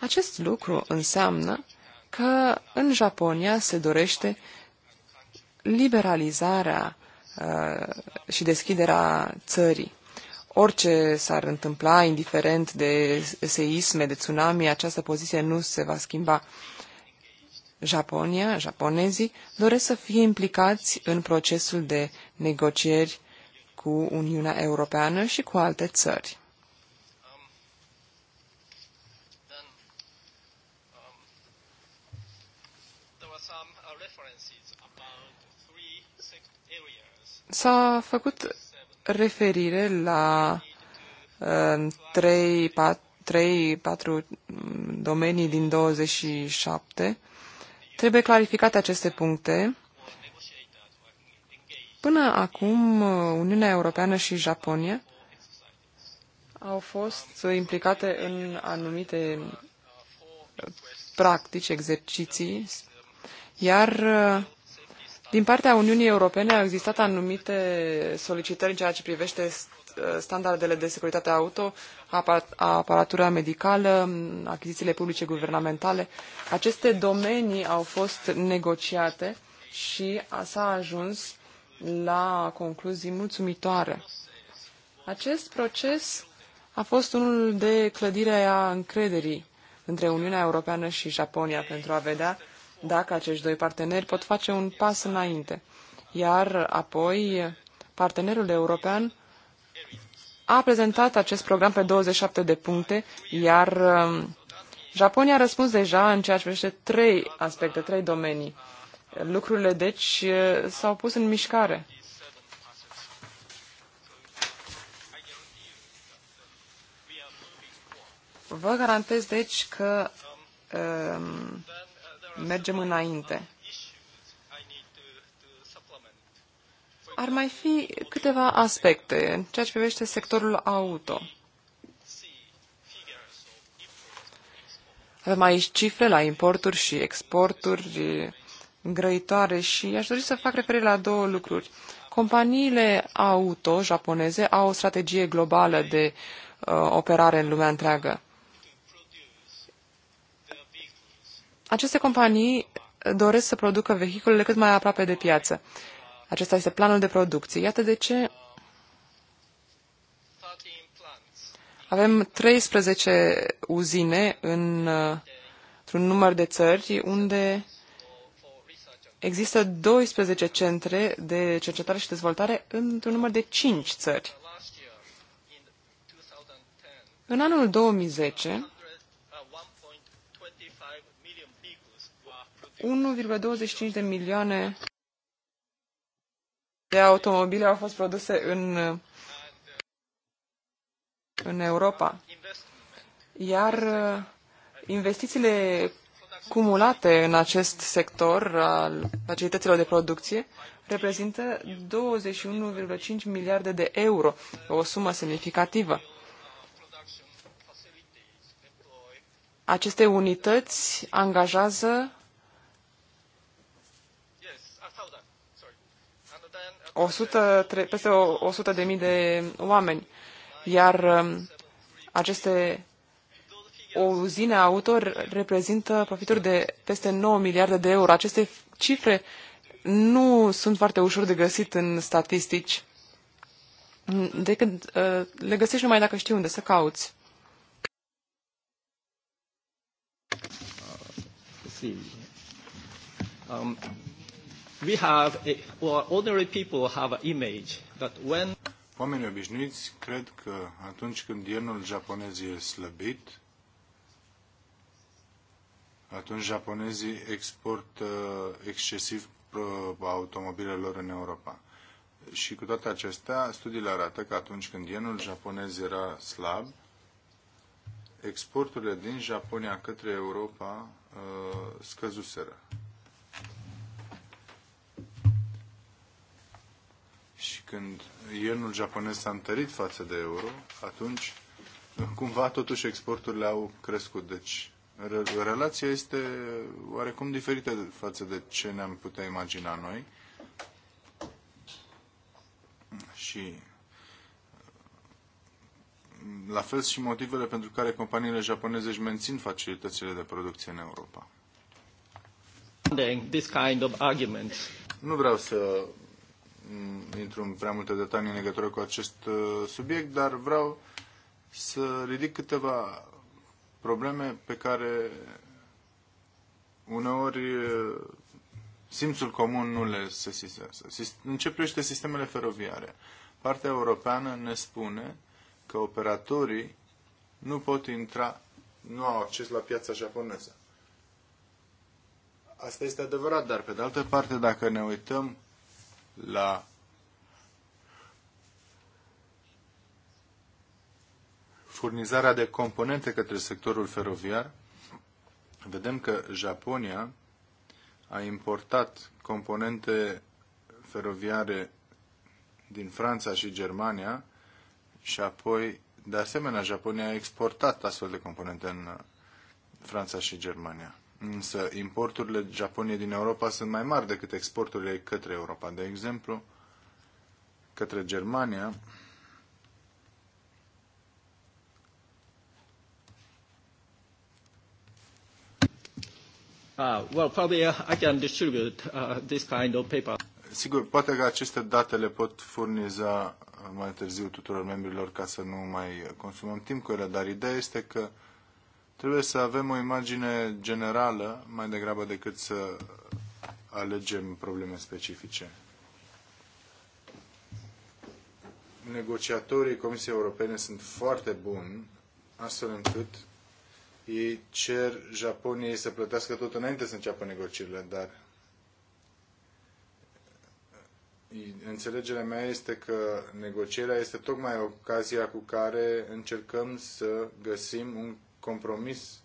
Speaker 3: Acest lucru înseamnă că în Japonia se dorește liberalizarea uh, și deschiderea țării. Orice s-ar întâmpla, indiferent de seisme, de tsunami, această poziție nu se va schimba. Japonia, japonezii, doresc să fie implicați în procesul de negocieri cu Uniunea Europeană și cu alte țări. S-a făcut referire la uh, patru mm, domenii din 27 Trebuie clarificate aceste puncte. Până acum, Uniunea Europeană și Japonia au fost implicate în anumite uh, practici, exerciții, iar uh, din partea Uniunii Europene au existat anumite solicitări în ceea ce privește Ă, standardele de securitate auto, aparatura medicală, achizițiile publice guvernamentale. Aceste domenii au fost negociate și s-a ajuns la concluzii mulțumitoare. Acest proces a fost unul de clădire a încrederii între Uniunea Europeană și Japonia pentru a vedea dacă acești doi parteneri pot face un pas înainte. Iar apoi partenerul european a prezentat acest program pe 27 de puncte, iar um, Japonia a răspuns deja în ceea ce privește trei aspecte, trei domenii. Lucrurile, deci, uh, s-au pus în mișcare. Vă garantez, deci, că um, mergem înainte. Ar mai fi câteva aspecte în ceea ce privește sectorul auto. Avem aici cifre la importuri și exporturi îngrăitoare și aș dori să fac referire la două lucruri. Companiile auto japoneze au o strategie globală de uh, operare în lumea întreagă. Aceste companii doresc să producă vehiculele cât mai aproape de piață. Acesta este planul de producție. Iată de ce avem 13 uzine în, într-un număr de țări unde există 12 centre de cercetare și dezvoltare într-un număr de 5 țări. În anul 2010, 1,25 de milioane de automobile au fost produse în, în Europa. Iar uh, investițiile cumulate în acest sector al facilităților de producție reprezintă 21,5 miliarde de euro, o sumă semnificativă. Aceste unități angajează 100, peste 100 de mii de oameni. Iar um, aceste uzine auto reprezintă profituri de peste 9 miliarde de euro. Aceste cifre nu sunt foarte ușor de găsit în statistici. când uh, le găsești numai dacă știi unde să cauți.
Speaker 1: Uh, um,
Speaker 5: we have, a, eh, or ordinary people have an image that when Oamenii obișnuiți cred că atunci când ienul japonez e slăbit, atunci japonezii exportă excesiv automobilele lor în Europa. Și cu toate acestea, studiile arată că atunci când ienul japonez era slab, exporturile din Japonia către Europa eh, scăzuseră. și când ienul japonez s-a întărit față de euro, atunci cumva totuși exporturile au crescut. Deci relația este oarecum diferită față de ce ne-am putea imagina noi. Și la fel și motivele pentru care companiile japoneze își mențin facilitățile de producție în Europa. Nu vreau să Mm, intru în prea multe detalii în legătură cu acest uh, subiect, dar vreau să ridic câteva probleme pe care uneori uh, simțul comun nu le sesizează. privește sistemele feroviare. Partea europeană ne spune că operatorii nu pot intra, nu au acces la piața japoneză. Asta este adevărat, dar pe de altă parte, dacă ne uităm la furnizarea de componente către sectorul feroviar, vedem că Japonia a importat componente feroviare din Franța și Germania și apoi, de asemenea, Japonia a exportat astfel de componente în Franța și Germania. Însă importurile Japoniei din Europa sunt mai mari decât exporturile către Europa. De exemplu, către Germania,
Speaker 4: Uh, well, probably uh, I can distribute uh, this kind
Speaker 5: of paper. Sigur, poate că aceste date le pot furniza uh, mai târziu tuturor membrilor ca să nu mai consumăm timp cu ele, dar ideea este că Trebuie să avem o imagine generală mai degrabă decât să alegem probleme specifice. Negociatorii Comisiei Europene sunt foarte buni, astfel încât ei cer Japoniei să plătească tot înainte să înceapă negocierile, dar înțelegerea mea este că negocierea este tocmai ocazia cu care încercăm să găsim un compromis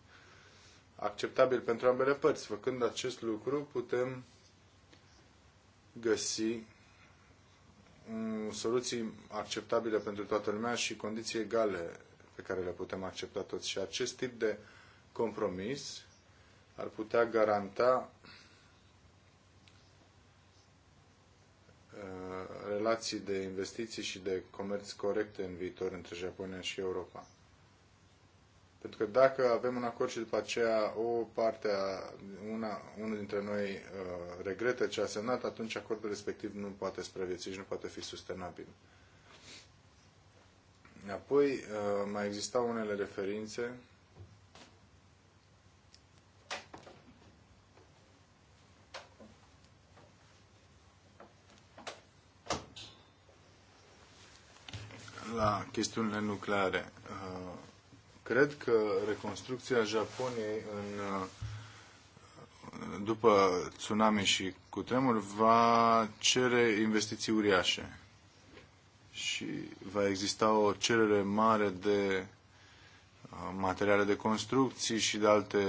Speaker 5: acceptabil pentru ambele părți. Făcând acest lucru, putem găsi mm, soluții acceptabile pentru toată lumea și condiții egale pe care le putem accepta toți. Și acest tip de compromis ar putea garanta uh, relații de investiții și de comerț corecte în viitor între Japonia și Europa. Pentru că dacă avem un acord și după aceea o parte, a, una, unul dintre noi uh, regretă ce a semnat, atunci acordul respectiv nu poate supraviețui și nu poate fi sustenabil. Apoi uh, mai existau unele referințe la chestiunile nucleare. Cred că reconstrucția Japoniei în, uh, după tsunami și cutremur va cere investiții uriașe și va exista o cerere mare de uh, materiale de construcții și de alte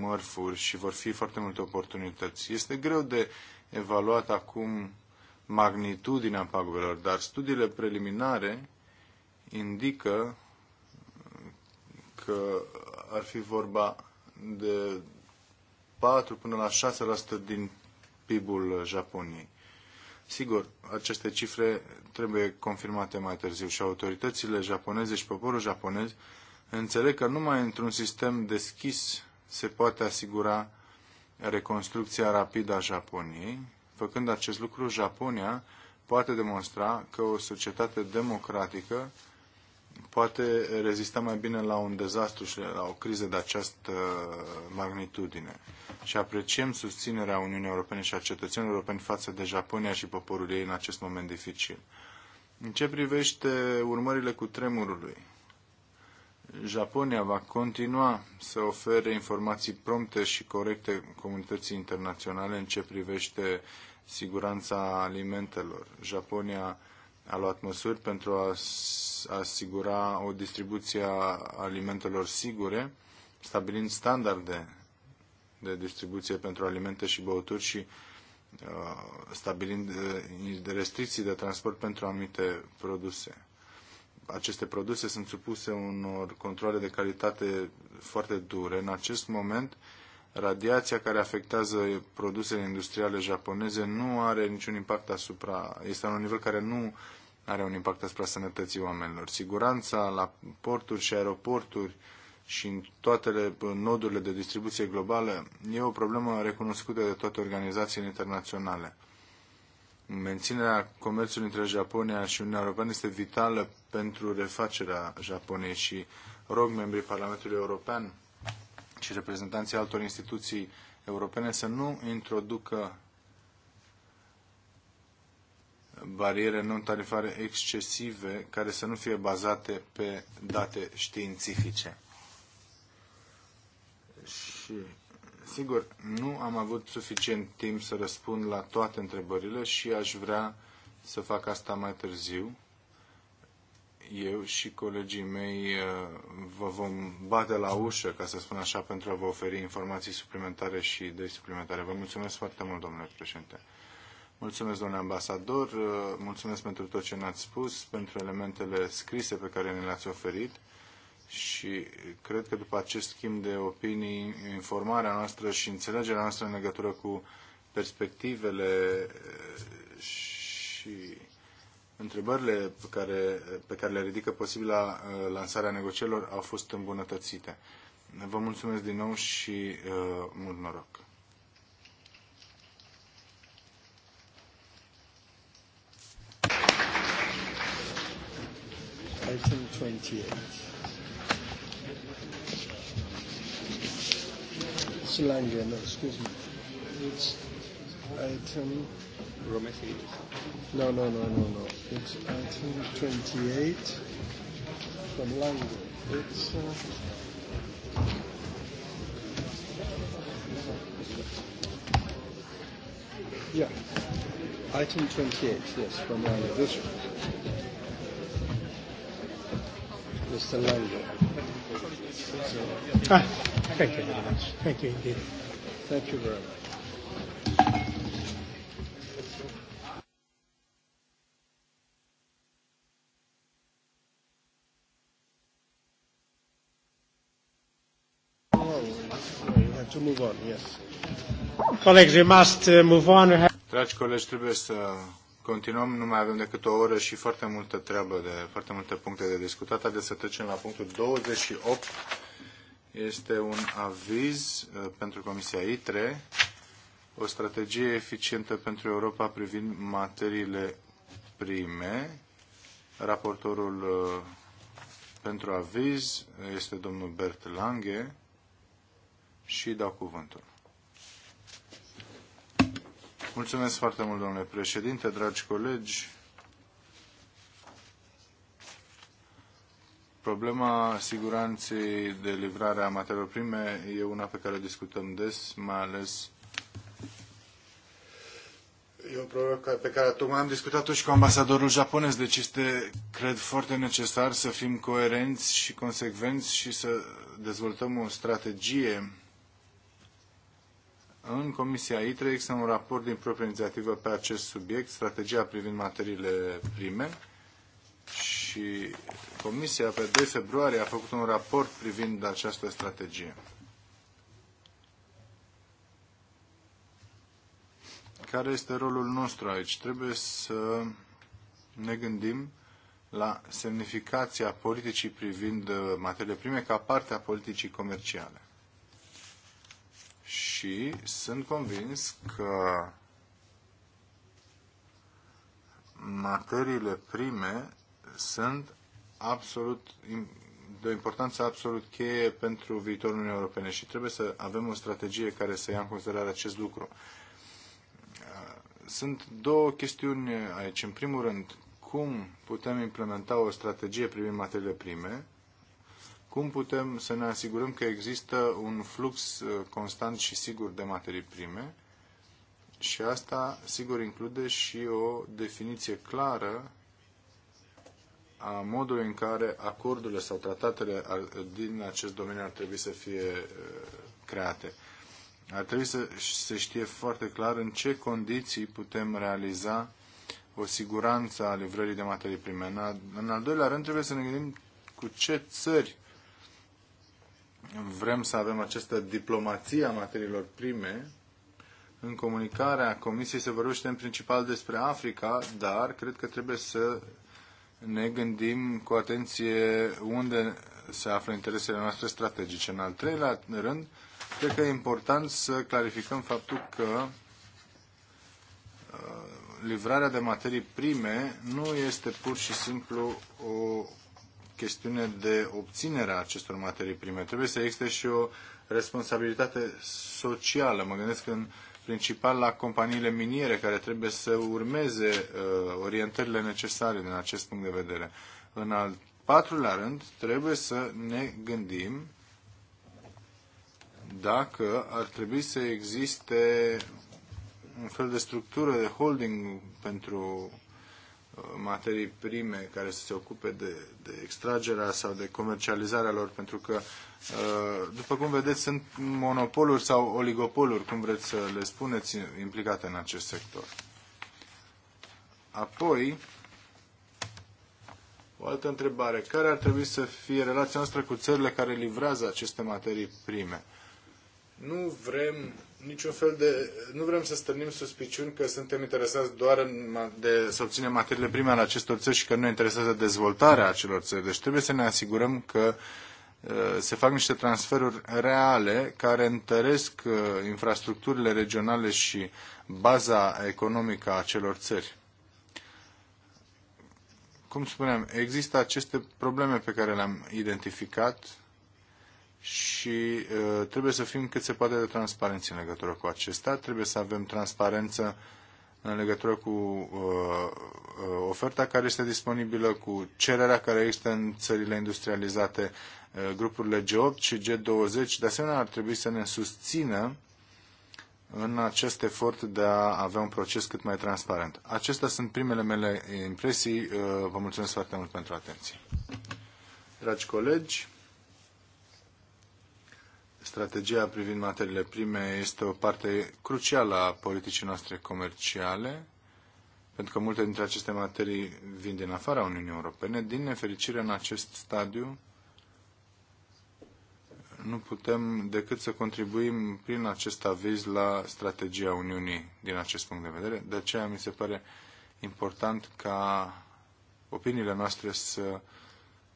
Speaker 5: mărfuri și vor fi foarte multe oportunități. Este greu de evaluat acum magnitudinea pagubelor, dar studiile preliminare indică că ar fi vorba de 4 până la 6% din PIB-ul Japoniei. Sigur, aceste cifre trebuie confirmate mai târziu și autoritățile japoneze și poporul japonez înțeleg că numai într-un sistem deschis se poate asigura reconstrucția rapidă a Japoniei. Făcând acest lucru, Japonia poate demonstra că o societate democratică poate rezista mai bine la un dezastru și la o criză de această magnitudine. Și apreciem susținerea Uniunii Europene și a cetățenilor europeni față de Japonia și poporul ei în acest moment dificil. În ce privește urmările cu tremurului, Japonia va continua să ofere informații prompte și corecte comunității internaționale în ce privește siguranța alimentelor. Japonia a luat măsuri pentru a asigura o distribuție a alimentelor sigure, stabilind standarde de distribuție pentru alimente și băuturi și uh, stabilind uh, restricții de transport pentru anumite produse. Aceste produse sunt supuse unor controle de calitate foarte dure. În acest moment, radiația care afectează produsele industriale japoneze nu are niciun impact asupra, este la un nivel care nu are un impact asupra sănătății oamenilor. Siguranța la porturi și aeroporturi și în toate nodurile de distribuție globală e o problemă recunoscută de toate organizațiile internaționale. Menținerea comerțului între Japonia și Uniunea Europeană este vitală pentru refacerea Japoniei și rog membrii Parlamentului European și reprezentanții altor instituții europene să nu introducă bariere non-tarifare excesive care să nu fie bazate pe date științifice. Și, sigur, nu am avut suficient timp să răspund la toate întrebările și aș vrea să fac asta mai târziu eu și colegii mei uh, vă vom bate la ușă, ca să spun așa, pentru a vă oferi informații suplimentare și idei suplimentare. Vă mulțumesc foarte mult, domnule președinte. Mulțumesc, domnule ambasador, uh, mulțumesc pentru tot ce ne-ați spus, pentru elementele scrise pe care ne le-ați oferit și cred că după acest schimb de opinii, informarea noastră și înțelegerea noastră în legătură cu perspectivele uh, și întrebările pe care, pe care le ridică posibila uh, lansarea negocierilor au fost îmbunătățite. Vă mulțumesc din nou și uh, mult noroc!
Speaker 4: Item 28. Slangen, excuse me. It's item 28. Romesi. No, no, no, no, no. It's item 28 from London. It's. Uh, yeah. Item 28, yes, from London. This one. Mr. Lange. So, ah, thank you very much. Thank you indeed. Thank you very much.
Speaker 5: to move on, yes.
Speaker 2: Colleagues, we must uh, move on.
Speaker 5: Dragi colegi, trebuie să continuăm. Nu mai avem decât o oră și foarte multă treabă, de, foarte multe puncte de discutat. Haideți să trecem la punctul 28. Este un aviz uh, pentru Comisia ITRE, o strategie eficientă pentru Europa privind materiile prime. Raportorul uh, pentru aviz este domnul Bert Lange și dau cuvântul. Mulțumesc foarte mult, domnule președinte, dragi colegi. Problema siguranței de livrare a materiilor prime e una pe care o discutăm des, mai ales E o problemă pe care tocmai am discutat-o și cu ambasadorul japonez, deci este, cred, foarte necesar să fim coerenți și consecvenți și să dezvoltăm o strategie în Comisia ITRE există un raport din proprie inițiativă pe acest subiect, strategia privind materiile prime și Comisia pe 2 februarie a făcut un raport privind această strategie. Care este rolul nostru aici? Trebuie să ne gândim la semnificația politicii privind uh, materiile prime ca parte a politicii comerciale și sunt convins că materiile prime sunt absolut de o importanță absolut cheie pentru viitorul Uniunii Europene și trebuie să avem o strategie care să ia în considerare acest lucru. Sunt două chestiuni aici. În primul rând, cum putem implementa o strategie privind materiile prime cum putem să ne asigurăm că există un flux uh, constant și sigur de materii prime și asta, sigur, include și o definiție clară a modului în care acordurile sau tratatele din acest domeniu ar trebui să fie uh, create. Ar trebui să se știe foarte clar în ce condiții putem realiza o siguranță a livrării de materii prime. În al, doilea rând, trebuie să ne gândim cu ce țări vrem să avem această diplomație a materiilor prime, în comunicarea Comisiei se vorbește în principal despre Africa, dar cred că trebuie să ne gândim cu atenție unde se află interesele noastre strategice. În al treilea rând, cred că e important să clarificăm faptul că uh, livrarea de materii prime nu este pur și simplu o chestiune de obținere a acestor materii prime. Trebuie să existe și o responsabilitate socială. Mă gândesc în principal la companiile miniere care trebuie să urmeze uh, orientările necesare din acest punct de vedere. În al patrulea rând, trebuie să ne gândim dacă ar trebui să existe un fel de structură de holding pentru materii prime care să se ocupe de, de extragerea sau de comercializarea lor, pentru că, uh, după cum vedeți, sunt monopoluri sau oligopoluri, cum vreți să le spuneți, implicate în acest sector. Apoi, o altă întrebare. Care ar trebui să fie relația noastră cu țările care livrează aceste materii prime? Nu vrem niciun fel de... Nu vrem să stârnim suspiciuni că suntem interesați doar de să obținem materiile prime ale acestor țări și că nu interesează dezvoltarea acelor țări. Deci trebuie să ne asigurăm că uh, se fac niște transferuri reale care întăresc uh, infrastructurile regionale și baza economică a acelor țări. Cum spuneam, există aceste probleme pe care le-am identificat și trebuie să fim cât se poate de transparenți în legătură cu acesta. Trebuie să avem transparență în legătură cu uh, oferta care este disponibilă, cu cererea care există în țările industrializate, uh, grupurile G8 și G20. De asemenea, ar trebui să ne susțină în acest efort de a avea un proces cât mai transparent. Acestea sunt primele mele impresii. Uh, vă mulțumesc foarte mult pentru atenție. Dragi colegi, strategia privind materiile prime este o parte crucială a politicii noastre comerciale, pentru că multe dintre aceste materii vin din afara Uniunii Europene. Din nefericire, în acest stadiu, nu putem decât să contribuim prin acest aviz la strategia Uniunii din acest punct de vedere. De aceea mi se pare important ca opiniile noastre să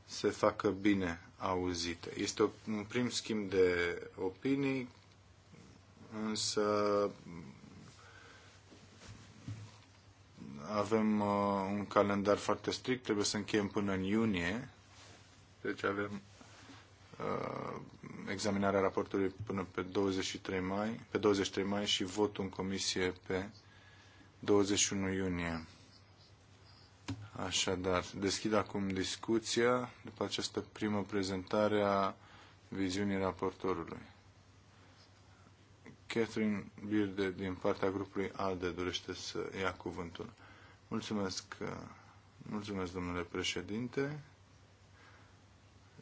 Speaker 5: se facă bine auzite. Este un prim schimb de opinii, însă avem uh, un calendar foarte strict, trebuie să încheiem până în iunie, deci avem uh, examinarea raportului până pe 23 mai, pe 23 mai și votul în comisie pe 21 iunie. Așadar, deschid acum discuția după această primă prezentare a viziunii raportorului. Catherine Birde, din partea grupului ALDE, dorește să ia cuvântul. Mulțumesc, mulțumesc domnule președinte.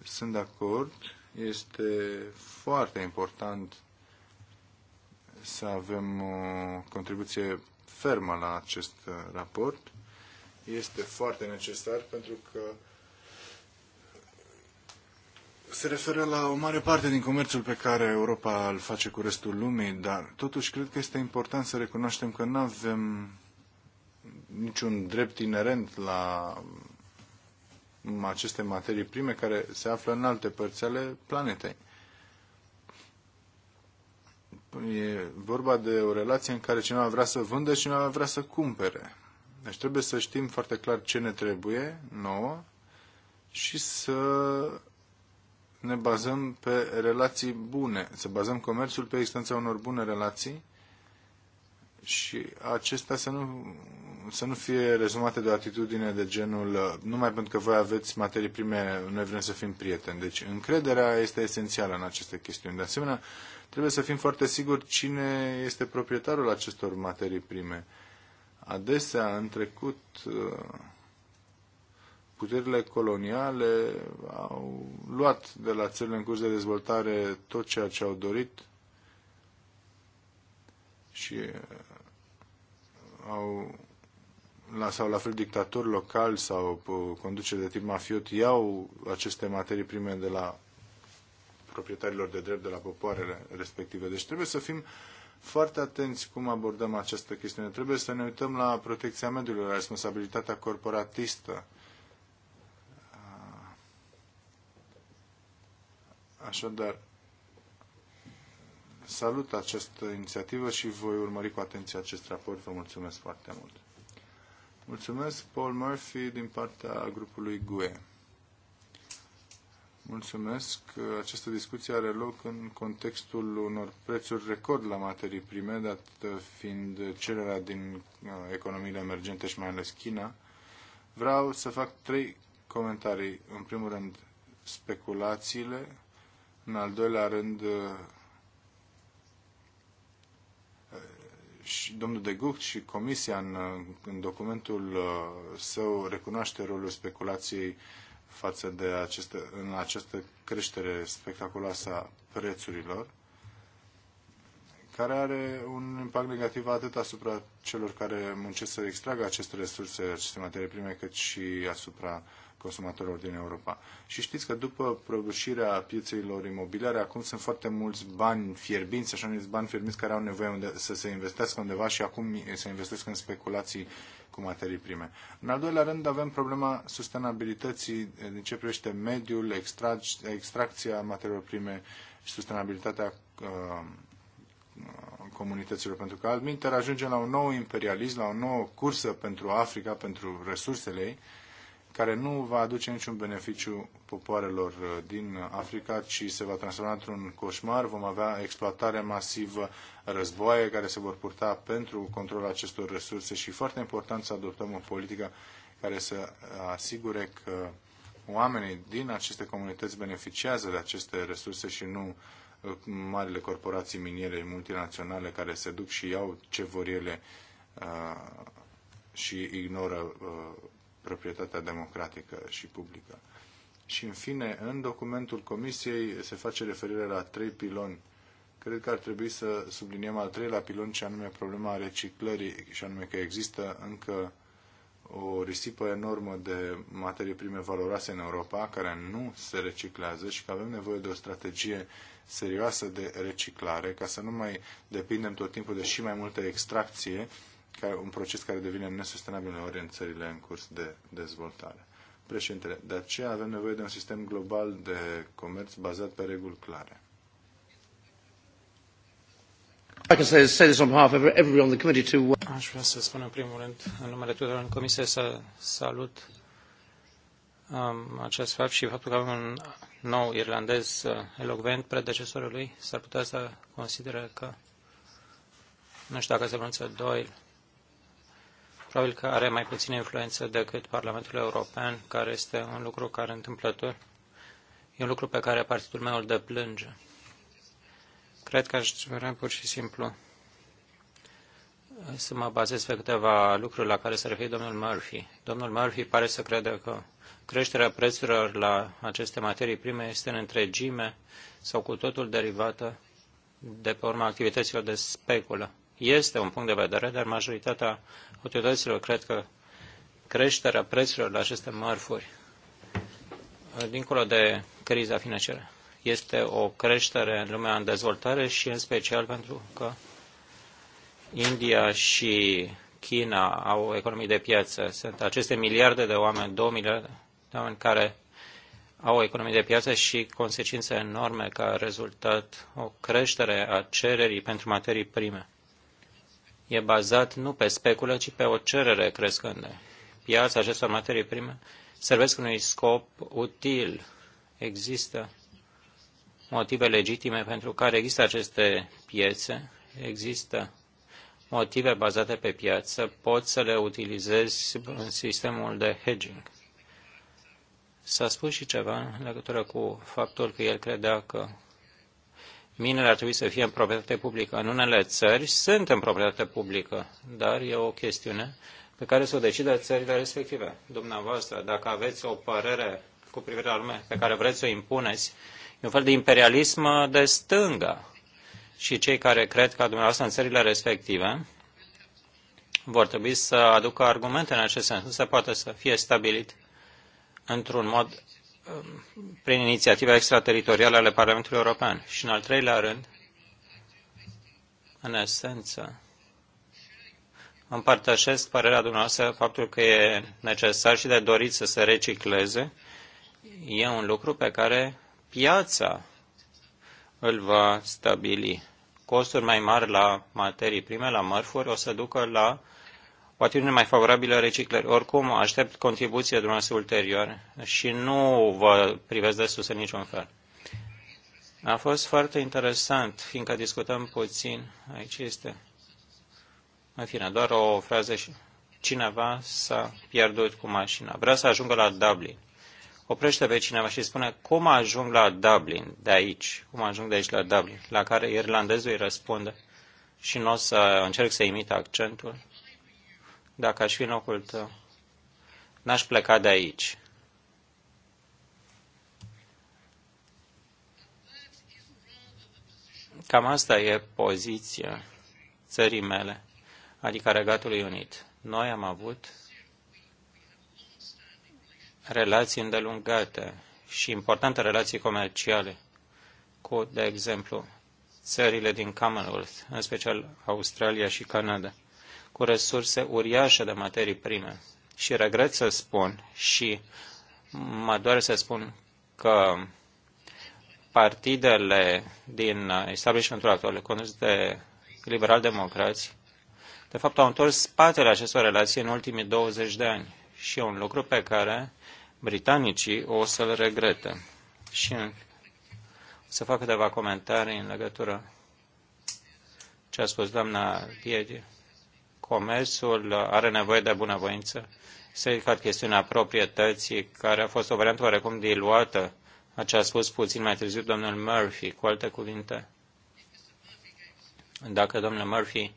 Speaker 5: Sunt de acord. Este foarte important să avem o contribuție fermă la acest raport este foarte necesar pentru că se referă la o mare parte din comerțul pe care Europa îl face cu restul lumii, dar totuși cred că este important să recunoaștem că nu avem niciun drept inerent la aceste materii prime care se află în alte părți ale planetei. E vorba de o relație în care cineva vrea să vândă și cineva vrea să cumpere. Deci trebuie să știm foarte clar ce ne trebuie nouă și să ne bazăm pe relații bune, să bazăm comerțul pe existența unor bune relații și acestea să nu, să nu fie rezumate de o atitudine de genul numai pentru că voi aveți materii prime, noi vrem să fim prieteni. Deci încrederea este esențială în aceste chestiuni. De asemenea, trebuie să fim foarte siguri cine este proprietarul acestor materii prime Adesea, în trecut, uh, puterile coloniale au luat de la țările în curs de dezvoltare tot ceea ce au dorit și uh, au sau la fel dictatori locali sau conduceri de tip mafiot iau aceste materii prime de la proprietarilor de drept, de la popoarele respective. Deci trebuie să fim uh, foarte atenți cum abordăm această chestiune. Trebuie să ne uităm la protecția mediului, la responsabilitatea corporatistă. Așadar, salut această inițiativă și voi urmări cu atenție acest raport. Vă mulțumesc foarte mult. Mulțumesc, Paul Murphy, din partea grupului GUE. Mulțumesc. Această discuție are loc în contextul unor prețuri record la materii prime, dat fiind cererea din uh, economiile emergente și mai ales China. Vreau să fac trei comentarii. În primul rând, speculațiile. În al doilea rând, uh, și domnul de Gucht și Comisia în, în documentul uh, său recunoaște rolul speculației față de aceste, în această creștere spectaculoasă a prețurilor, care are un impact negativ atât asupra celor care muncesc să extragă aceste resurse, aceste materii prime, cât și asupra consumatorilor din Europa. Și știți că după prăbușirea piețelor imobiliare, acum sunt foarte mulți bani fierbinți, așa numiți bani fierbinți, care au nevoie unde, să se investească undeva și acum se investesc în speculații cu materii prime. În al doilea rând avem problema sustenabilității eh, din ce privește mediul, extrag, extracția materiilor prime și sustenabilitatea eh, comunităților, pentru că altminte ajungem la un nou imperialism, la o nouă cursă pentru Africa, pentru resursele ei, care nu va aduce niciun beneficiu popoarelor uh, din Africa, ci se va transforma într-un coșmar. Vom avea exploatare masivă, războaie care se vor purta pentru controlul acestor resurse și foarte important să adoptăm o politică care să uh, asigure că oamenii din aceste comunități beneficiază de aceste resurse și nu uh, marile corporații miniere multinaționale care se duc și iau ce vor ele și ignoră proprietatea democratică și publică. Și, în fine, în documentul Comisiei se face referire la trei piloni. Cred că ar trebui să subliniem al treilea pilon, și anume problema reciclării, și anume că există încă o risipă enormă de materii prime valoroase în Europa, care nu se reciclează și că avem nevoie de o strategie serioasă de reciclare, ca să nu mai depindem tot timpul de și mai multă extracție, care, un proces care devine nesustenabil uneori în țările în curs de dezvoltare. Președintele, de aceea avem nevoie de un sistem global de comerț bazat pe reguli clare.
Speaker 1: I can Aș vrea să spun în primul rând, în numele tuturor în comisie, să salut um, acest fapt și faptul că avem un nou irlandez uh, elocvent, predecesorul lui, s-ar putea să consideră că, nu știu dacă se pronunță Doyle, Probabil că are mai puțină influență decât Parlamentul European, care este un lucru care întâmplător. E un lucru pe care partidul meu îl deplânge. Cred că aș vrea pur și simplu să mă bazez pe câteva lucruri la care se referi domnul Murphy. Domnul Murphy pare să crede că creșterea prețurilor la aceste materii prime este în întregime sau cu totul derivată de pe urma activităților de speculă. Este un punct de vedere, dar majoritatea autorităților cred că creșterea prețurilor la aceste mărfuri, dincolo de criza financiară, este o creștere în lumea în dezvoltare și în special pentru că India și China au economii de piață. Sunt aceste miliarde de oameni, două miliarde de oameni care au economii de piață și consecințe enorme ca rezultat o creștere a cererii pentru materii prime e bazat nu pe speculă, ci pe o cerere crescândă. Piața acestor materii prime servesc unui scop util. Există motive legitime pentru care există aceste piețe, există motive bazate pe piață, poți să le utilizezi în sistemul de hedging. S-a spus și ceva în legătură cu faptul că el credea că minele ar trebui să fie în proprietate publică. În unele țări sunt în proprietate publică, dar e o chestiune pe care să o decide țările respective. Dumneavoastră, dacă aveți o părere cu privire la lume pe care vreți să o impuneți, e un fel de imperialism de stânga. Și cei care cred că dumneavoastră în țările respective vor trebui să aducă argumente în acest sens. Nu se poate să fie stabilit într-un mod Um, prin inițiative extrateritoriale ale Parlamentului European. Și în al treilea rând, în esență, împărtășesc părerea dumneavoastră faptul că e necesar și de dorit să se recicleze. E un lucru pe care piața îl va stabili. Costuri mai mari la materii prime, la mărfuri, o să ducă la o atitudine mai favorabilă reciclării. Oricum, aștept contribuția dumneavoastră ulterior și nu vă privesc de sus în niciun fel. A fost foarte interesant, fiindcă discutăm puțin. Aici este. În fine, doar o frază și cineva s-a pierdut cu mașina. Vrea să ajungă la Dublin. Oprește pe cineva și spune, cum ajung la Dublin de aici? Cum ajung de aici la Dublin? La care irlandezul îi răspunde și nu o să încerc să imit accentul. Dacă aș fi în locul tău, n-aș pleca de aici. Cam asta e poziția țării mele, adică Regatului Unit. Noi am avut relații îndelungate și importante relații comerciale cu, de exemplu, țările din Commonwealth, în special Australia și Canada cu resurse uriașe de materii prime. Și regret să spun și mă doare să spun că partidele din establishmentul actual, condus de liberal-democrați, de fapt au întors spatele acestor relații în ultimii 20 de ani și e un lucru pe care britanicii o să-l regrete. Și să fac câteva comentarii în legătură ce a spus doamna Piedi comerțul are nevoie de bunăvoință. Se ridică chestiunea proprietății, care a fost o variantă oarecum diluată a ce a spus puțin mai târziu domnul Murphy, cu alte cuvinte. Dacă domnul Murphy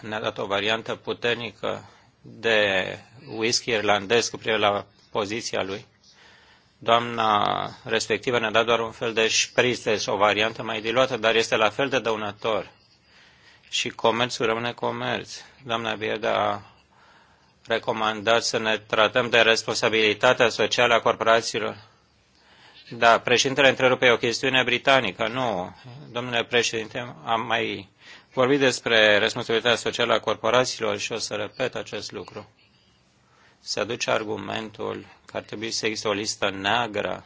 Speaker 1: ne-a dat o variantă puternică de whisky irlandez cu privire la poziția lui, doamna respectivă ne-a dat doar un fel de șpriz, deci o variantă mai diluată, dar este la fel de dăunător și comerțul rămâne comerț. Doamna Bieda a recomandat să ne tratăm de responsabilitatea socială a corporațiilor. Da, președintele întrerupe o chestiune britanică. Nu, domnule președinte, am mai vorbit despre responsabilitatea socială a corporațiilor și o să repet acest lucru. Se aduce argumentul că ar trebui să existe o listă neagră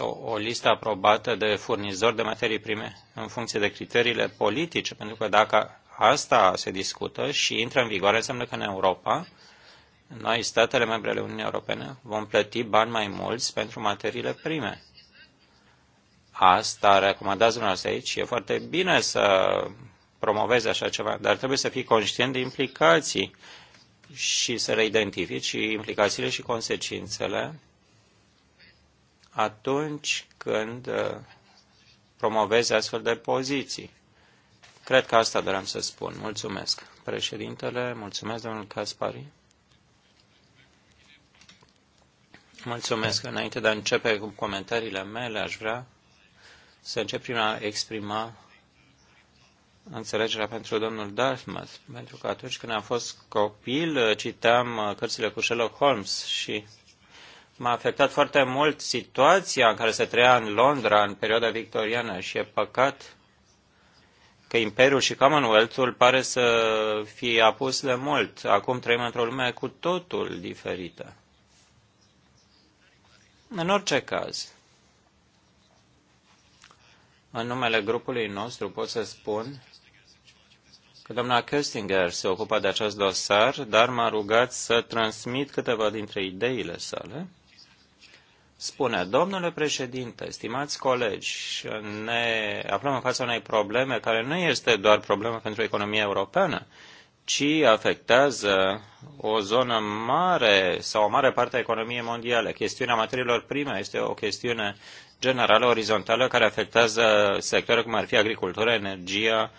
Speaker 1: o, o listă aprobată de furnizori de materii prime în funcție de criteriile politice, pentru că dacă asta se discută și intră în vigoare, înseamnă că în Europa, noi, statele membre ale Uniunii Europene, vom plăti bani mai mulți pentru materiile prime. Asta recomandați dumneavoastră aici. E foarte bine să promovezi așa ceva, dar trebuie să fii conștient de implicații și să le identifici și implicațiile și consecințele atunci când uh, promovezi astfel de poziții. Cred că asta doream să spun. Mulțumesc, președintele. Mulțumesc, domnul Caspari. Mulțumesc. Înainte de a începe cu comentariile mele, aș vrea să încep prin a exprima înțelegerea pentru domnul Dartmouth, pentru că atunci când am fost copil, citeam uh, cărțile cu Sherlock Holmes și m-a afectat foarte mult situația în care se trăia în Londra în perioada victoriană și e păcat că Imperiul și Commonwealth-ul pare să fie apus de mult. Acum trăim într-o lume cu totul diferită. În orice caz, în numele grupului nostru pot să spun că doamna Köstinger se ocupă de acest dosar, dar m-a rugat să transmit câteva dintre ideile sale spune, domnule președinte, stimați colegi, ne aflăm în fața unei probleme care nu este doar problemă pentru economia europeană, ci afectează o zonă mare sau o mare parte a economiei mondiale. Chestiunea materiilor prime este o chestiune generală, orizontală, care afectează sectoare cum ar fi agricultura, energia,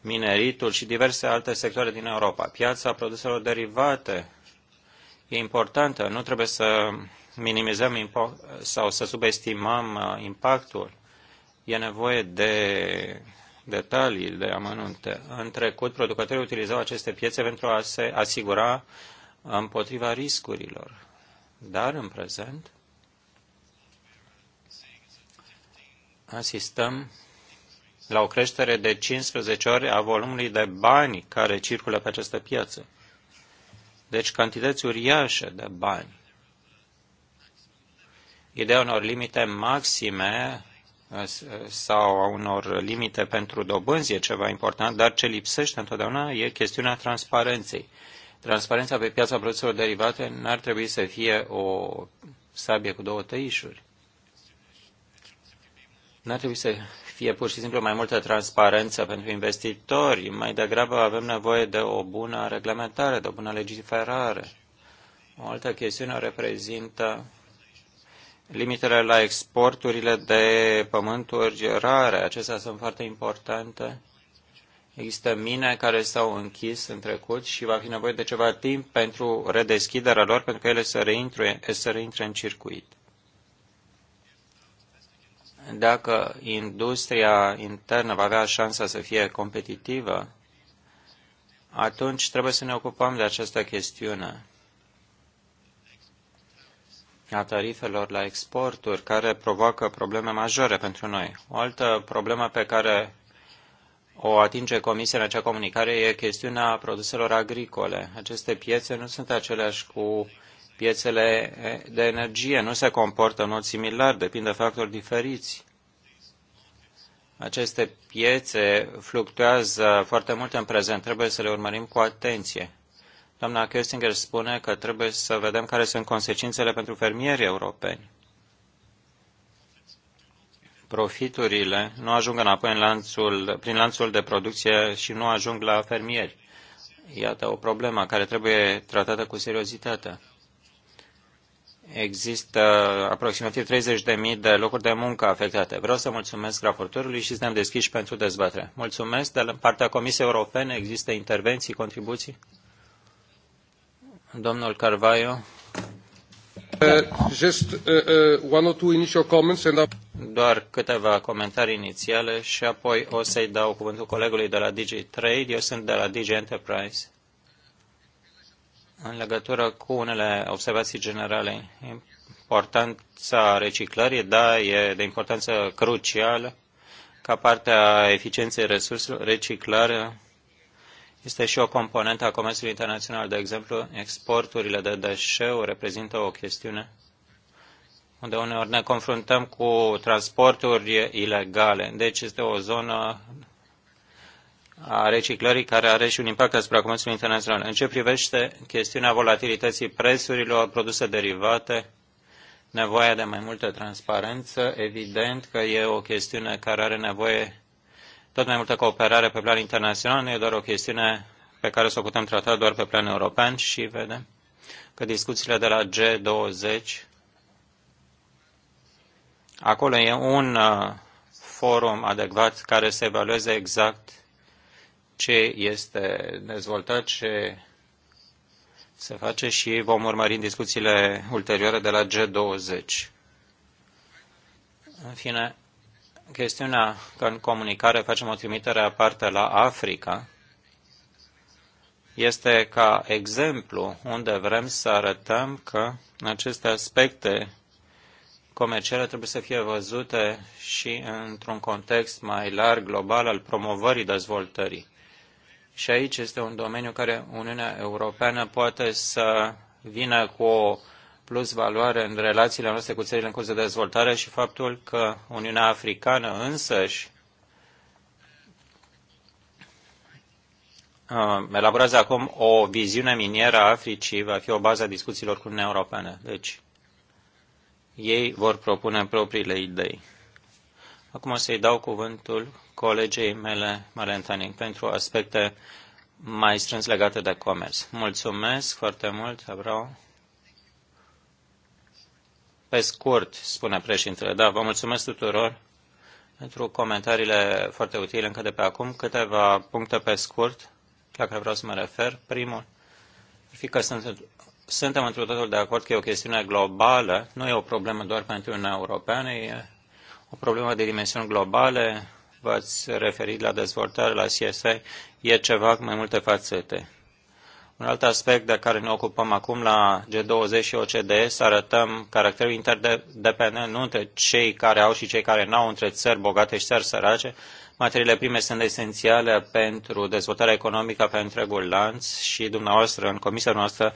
Speaker 1: mineritul și diverse alte sectoare din Europa. Piața produselor derivate e importantă, nu trebuie să minimizăm sau să subestimăm uh, impactul. E nevoie de detalii, de amănunte. În trecut, producătorii utilizau aceste piețe pentru a se asigura împotriva riscurilor. Dar, în prezent, asistăm la o creștere de 15 ori a volumului de bani care circulă pe această piață. Deci cantități uriașe de bani ideea unor limite maxime uh, uh, sau a unor limite pentru dobânzi e ceva important, dar ce lipsește întotdeauna e chestiunea transparenței. Transparența pe piața produselor derivate n-ar trebui să fie o sabie cu două tăișuri. N-ar trebui să fie pur și simplu mai multă transparență pentru investitori. Mai degrabă avem nevoie de o bună reglementare, de o bună legiferare. O altă chestiune reprezintă limitele la exporturile de pământuri rare. Acestea sunt foarte importante. Există mine care s-au închis în trecut și va fi nevoie de ceva timp pentru redeschiderea lor, pentru că ele să reintre, să reintre în circuit. Dacă industria internă va avea șansa să fie competitivă, atunci trebuie să ne ocupăm de această chestiune a tarifelor la exporturi, care provoacă probleme majore pentru noi. O altă problemă pe care o atinge Comisia în acea comunicare e chestiunea produselor agricole. Aceste piețe nu sunt aceleași cu piețele de energie, nu se comportă în mod similar, depinde de factori diferiți. Aceste piețe fluctuează foarte mult în prezent, trebuie să le urmărim cu atenție. Doamna Kerstinger spune că trebuie să vedem care sunt consecințele pentru fermierii europeni. Profiturile nu ajung înapoi în lanțul, prin lanțul de producție și nu ajung la fermieri. Iată o problemă care trebuie tratată cu seriozitate. Există aproximativ 30.000 de locuri de muncă afectate. Vreau să mulțumesc raportorului și suntem deschiși pentru dezbatere. Mulțumesc. De la partea Comisiei Europene există intervenții, contribuții? Domnul Carvaio. doar câteva comentarii inițiale și apoi o să-i dau cuvântul colegului de la Trade, Eu sunt de la DG Enterprise. În legătură cu unele observații generale, importanța reciclării, da, e de importanță crucială ca parte a eficienței resurselor, reciclarea este și o componentă a comerțului internațional. De exemplu, exporturile de deșeuri reprezintă o chestiune unde uneori ne confruntăm cu transporturi ilegale. Deci este o zonă a reciclării care are și un impact asupra comerțului internațional. În ce privește chestiunea volatilității prețurilor, produse derivate, nevoia de mai multă transparență, evident că e o chestiune care are nevoie tot mai multă cooperare pe plan internațional nu e doar o chestiune pe care să o putem trata doar pe plan european și vedem că discuțiile de la G20, acolo e un uh, forum adecvat care să evalueze exact ce este dezvoltat, ce se face și vom urmări în discuțiile ulterioare de la G20. În fine, chestiunea că în comunicare facem o trimitere aparte la Africa este ca exemplu unde vrem să arătăm că aceste aspecte comerciale trebuie să fie văzute și într-un context mai larg, global, al promovării dezvoltării. Și aici este un domeniu care Uniunea Europeană poate să vină cu o plus valoare în relațiile noastre cu țările în curs de dezvoltare și faptul că Uniunea Africană însăși uh, elaborează acum o viziune minieră a Africii, va fi o bază a discuțiilor cu Uniunea Europeană. Deci, ei vor propune propriile idei. Acum o să-i dau cuvântul colegei mele, Marentanin, pentru aspecte mai strâns legate de comerț. Mulțumesc foarte mult, abrao. Pe scurt, spune președintele, da, vă mulțumesc tuturor pentru comentariile foarte utile încă de pe acum. Câteva puncte pe scurt la care vreau să mă refer. Primul ar fi că sunt, suntem într totul de acord că e o chestiune globală, nu e o problemă doar pentru Uniunea Europeană, e o problemă de dimensiuni globale. V-ați referit la dezvoltare, la CSI, e ceva cu mai multe fațete. Un alt aspect de care ne ocupăm acum la G20 și OCD, să arătăm caracterul interdependent nu între cei care au și cei care nu au, între țări bogate și țări sărace. Materiile prime sunt esențiale pentru dezvoltarea economică pe întregul lanț și dumneavoastră, în comisia noastră,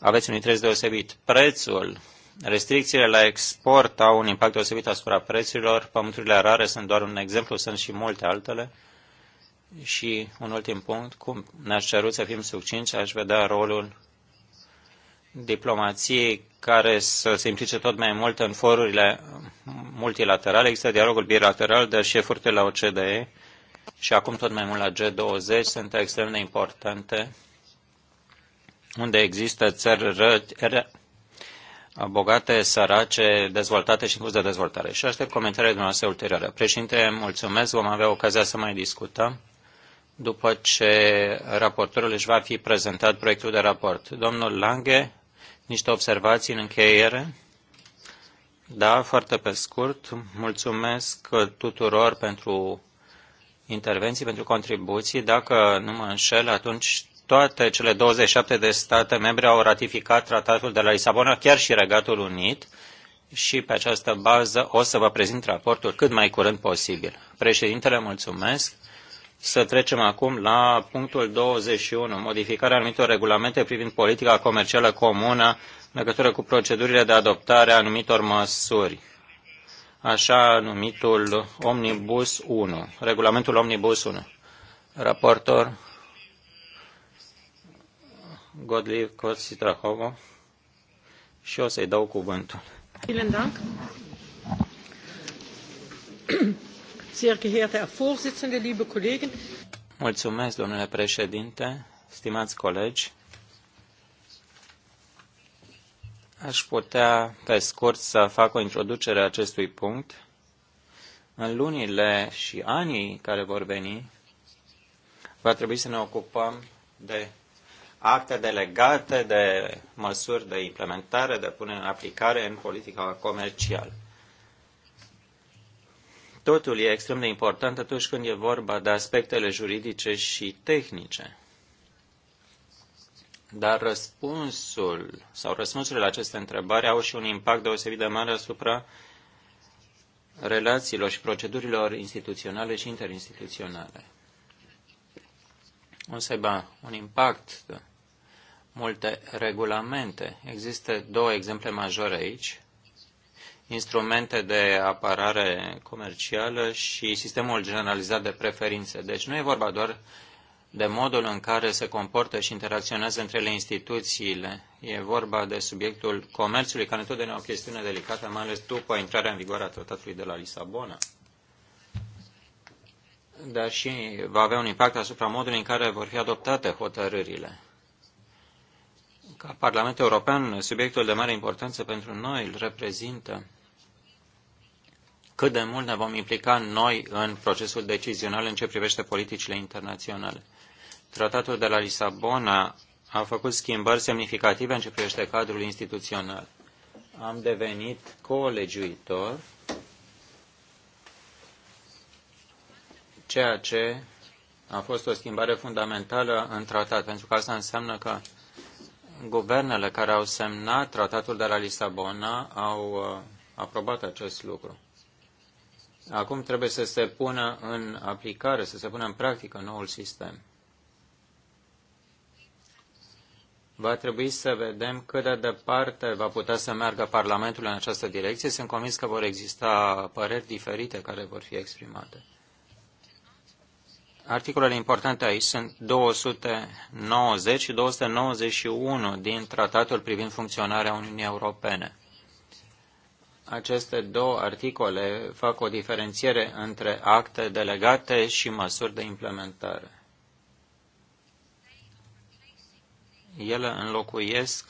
Speaker 1: aveți un interes deosebit. Prețul, restricțiile la export au un impact deosebit asupra prețurilor, pământurile rare sunt doar un exemplu, sunt și multe altele și un ultim punct, cum ne-aș cerut să fim succinți, aș vedea rolul diplomației care să se implice tot mai mult în forurile multilaterale. Există dialogul bilateral, dar și eforturile la OCDE și acum tot mai mult la G20 sunt extrem de importante, unde există țări răti, ră, bogate, sărace, dezvoltate și în curs de dezvoltare. Și aștept comentariile dumneavoastră ulterioare. Președinte, mulțumesc, vom avea ocazia să mai discutăm după ce raportorul își va fi prezentat proiectul de raport. Domnul Lange, niște observații în încheiere? Da, foarte pe scurt. Mulțumesc tuturor pentru intervenții, pentru contribuții. Dacă nu mă înșel, atunci toate cele 27 de state membre au ratificat tratatul de la Lisabona, chiar și Regatul Unit, și pe această bază o să vă prezint raportul cât mai curând posibil. Președintele, mulțumesc. Să trecem acum la punctul 21, modificarea anumitor regulamente privind politica comercială comună în legătură cu procedurile de adoptare a anumitor măsuri, așa numitul Omnibus 1, regulamentul Omnibus 1. Raportor Godliv Kotsitrahovo și o să-i dau cuvântul. Mulțumesc. Mulțumesc, domnule președinte, stimați colegi. Aș putea, pe scurt, să fac o introducere a acestui punct. În lunile și anii care vor veni, va trebui să ne ocupăm de acte delegate, de măsuri de implementare, de punere în aplicare în politica comercială. Totul e extrem de important atunci când e vorba de aspectele juridice și tehnice. Dar răspunsul sau răspunsurile la aceste întrebări au și un impact deosebit de mare asupra relațiilor și procedurilor instituționale și interinstituționale. Un seba, un impact multe regulamente. Există două exemple majore aici instrumente de apărare comercială și sistemul generalizat de preferințe. Deci nu e vorba doar de modul în care se comportă și interacționează între ele instituțiile. E vorba de subiectul comerțului, care întotdeauna e o chestiune delicată, mai ales după intrarea în vigoare a tratatului de la Lisabona. Dar și va avea un impact asupra modului în care vor fi adoptate hotărârile. Ca Parlamentul European, subiectul de mare importanță pentru noi îl reprezintă cât de mult ne vom implica noi în procesul decizional în ce privește politicile internaționale. Tratatul de la Lisabona a făcut schimbări semnificative în ce privește cadrul instituțional. Am devenit colegiuitor, ceea ce a fost o schimbare fundamentală în tratat, pentru că asta înseamnă că guvernele care au semnat tratatul de la Lisabona au uh, aprobat acest lucru. Acum trebuie să se pună în aplicare, să se pună în practică noul sistem. Va trebui să vedem cât de departe va putea să meargă Parlamentul în această direcție. Sunt convins că vor exista păreri diferite care vor fi exprimate. Articolele importante aici sunt 290 și 291 din Tratatul privind funcționarea Uniunii Europene aceste două articole fac o diferențiere între acte delegate și măsuri de implementare. Ele înlocuiesc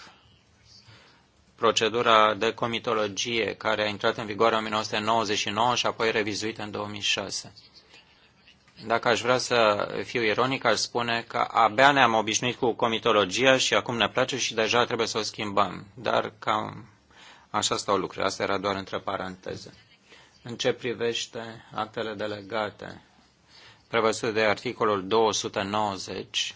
Speaker 1: procedura de comitologie care a intrat în vigoare în 1999 și apoi revizuită în 2006. Dacă aș vrea să fiu ironic, aș spune că abia ne-am obișnuit cu comitologia și acum ne place și deja trebuie să o schimbăm. Dar cam Așa stau lucrurile. Asta era doar între paranteze. În ce privește actele delegate prevăzute de articolul 290,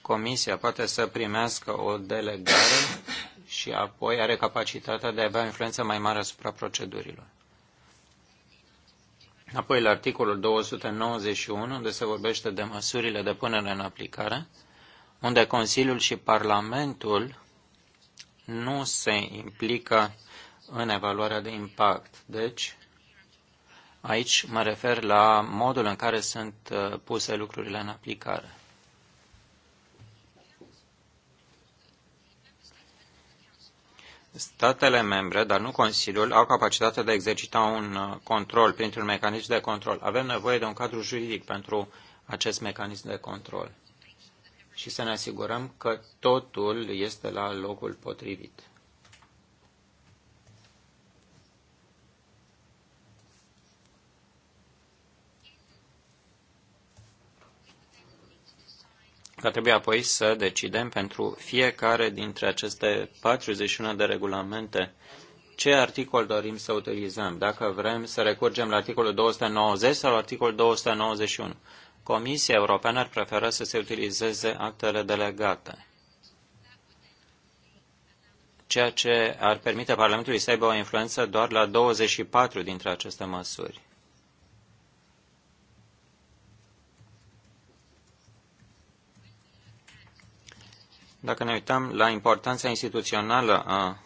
Speaker 1: Comisia poate să primească o delegare și apoi are capacitatea de a avea influență mai mare asupra procedurilor. Apoi, la articolul 291, unde se vorbește de măsurile de punere în aplicare, unde Consiliul și Parlamentul nu se implică în evaluarea de impact. Deci, aici mă refer la modul în care sunt uh, puse lucrurile în aplicare. Statele membre, dar nu Consiliul, au capacitatea de a exercita un uh, control printr-un mecanism de control. Avem nevoie de un cadru juridic pentru acest mecanism de control și să ne asigurăm că totul este la locul potrivit. Că trebuie apoi să decidem pentru fiecare dintre aceste 41 de regulamente ce articol dorim să utilizăm, dacă vrem să recurgem la articolul 290 sau la articolul 291. Comisia Europeană ar prefera să se utilizeze actele delegate, ceea ce ar permite Parlamentului să aibă o influență doar la 24 dintre aceste măsuri. Dacă ne uităm la importanța instituțională a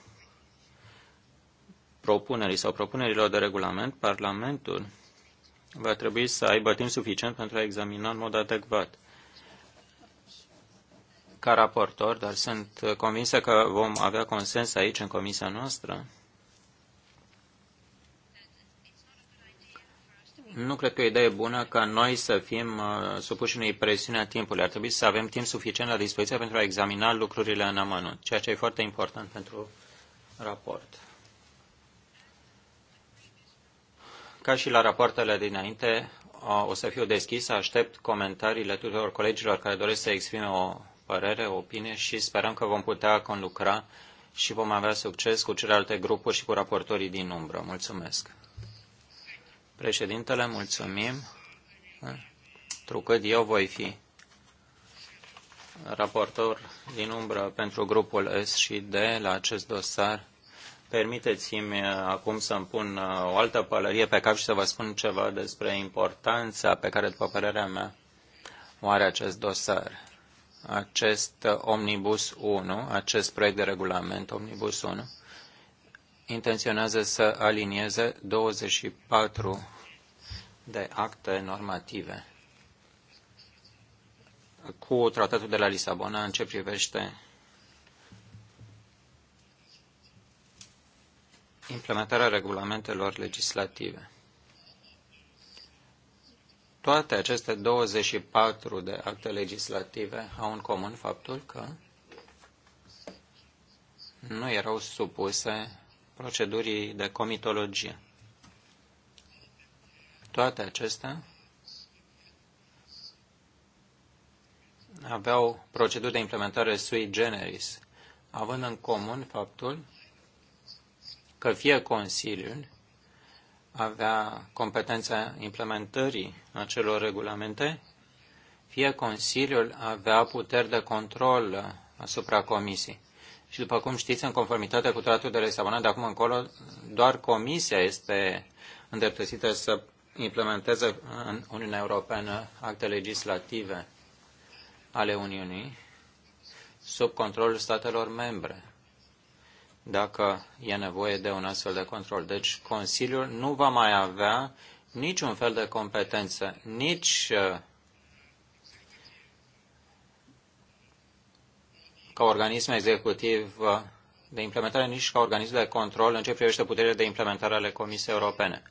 Speaker 1: propunerii sau propunerilor de regulament, Parlamentul va trebui să aibă timp suficient pentru a examina în mod adecvat ca raportor, dar sunt convinsă că vom avea consens aici, în comisia noastră. Nu cred că e idee bună ca noi să fim uh, supuși unei presiuni a timpului. Ar trebui să avem timp suficient la dispoziție pentru a examina lucrurile în amănunt, ceea ce e foarte important pentru raport. Ca și la rapoartele dinainte, o să fiu deschis, aștept comentariile tuturor colegilor care doresc să exprime o părere, o opinie și sperăm că vom putea conlucra și vom avea succes cu celelalte grupuri și cu raportorii din umbră. Mulțumesc. Președintele, mulțumim. Trucât eu voi fi raportor din umbră pentru grupul S și D la acest dosar Permiteți-mi uh, acum să-mi pun uh, o altă pălărie pe cap și să vă spun ceva despre importanța pe care, după părerea mea, o are acest dosar. Acest uh, Omnibus 1, acest proiect de regulament Omnibus 1, intenționează să alinieze 24 de acte normative cu tratatul de la Lisabona în ce privește implementarea regulamentelor legislative. Toate aceste 24 de acte legislative au în comun faptul că nu erau supuse procedurii de comitologie. Toate acestea aveau proceduri de implementare sui generis, având în comun faptul că fie Consiliul avea competența implementării acelor regulamente, fie Consiliul avea puteri de control asupra Comisiei. Și după cum știți, în conformitate cu tratatul de Lisabona, de acum încolo, doar Comisia este îndreptățită să implementeze în Uniunea Europeană acte legislative ale Uniunii sub controlul statelor membre dacă e nevoie de un astfel de control. Deci Consiliul nu va mai avea niciun fel de competență, nici uh, ca organism executiv uh, de implementare, nici ca organism de control în ce privește puterile de implementare ale Comisiei Europene.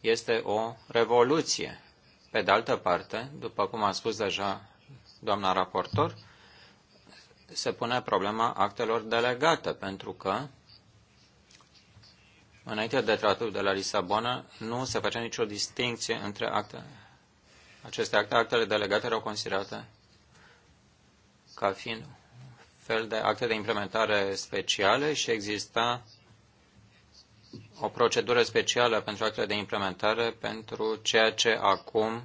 Speaker 1: Este o revoluție. Pe de altă parte, după cum a spus deja doamna raportor, se pune problema actelor delegate, pentru că înainte de tratatul de la Lisabona nu se făcea nicio distinție între acte. Aceste acte, actele delegate erau considerate ca fiind fel de acte de implementare speciale și exista o procedură specială pentru actele de implementare pentru ceea ce acum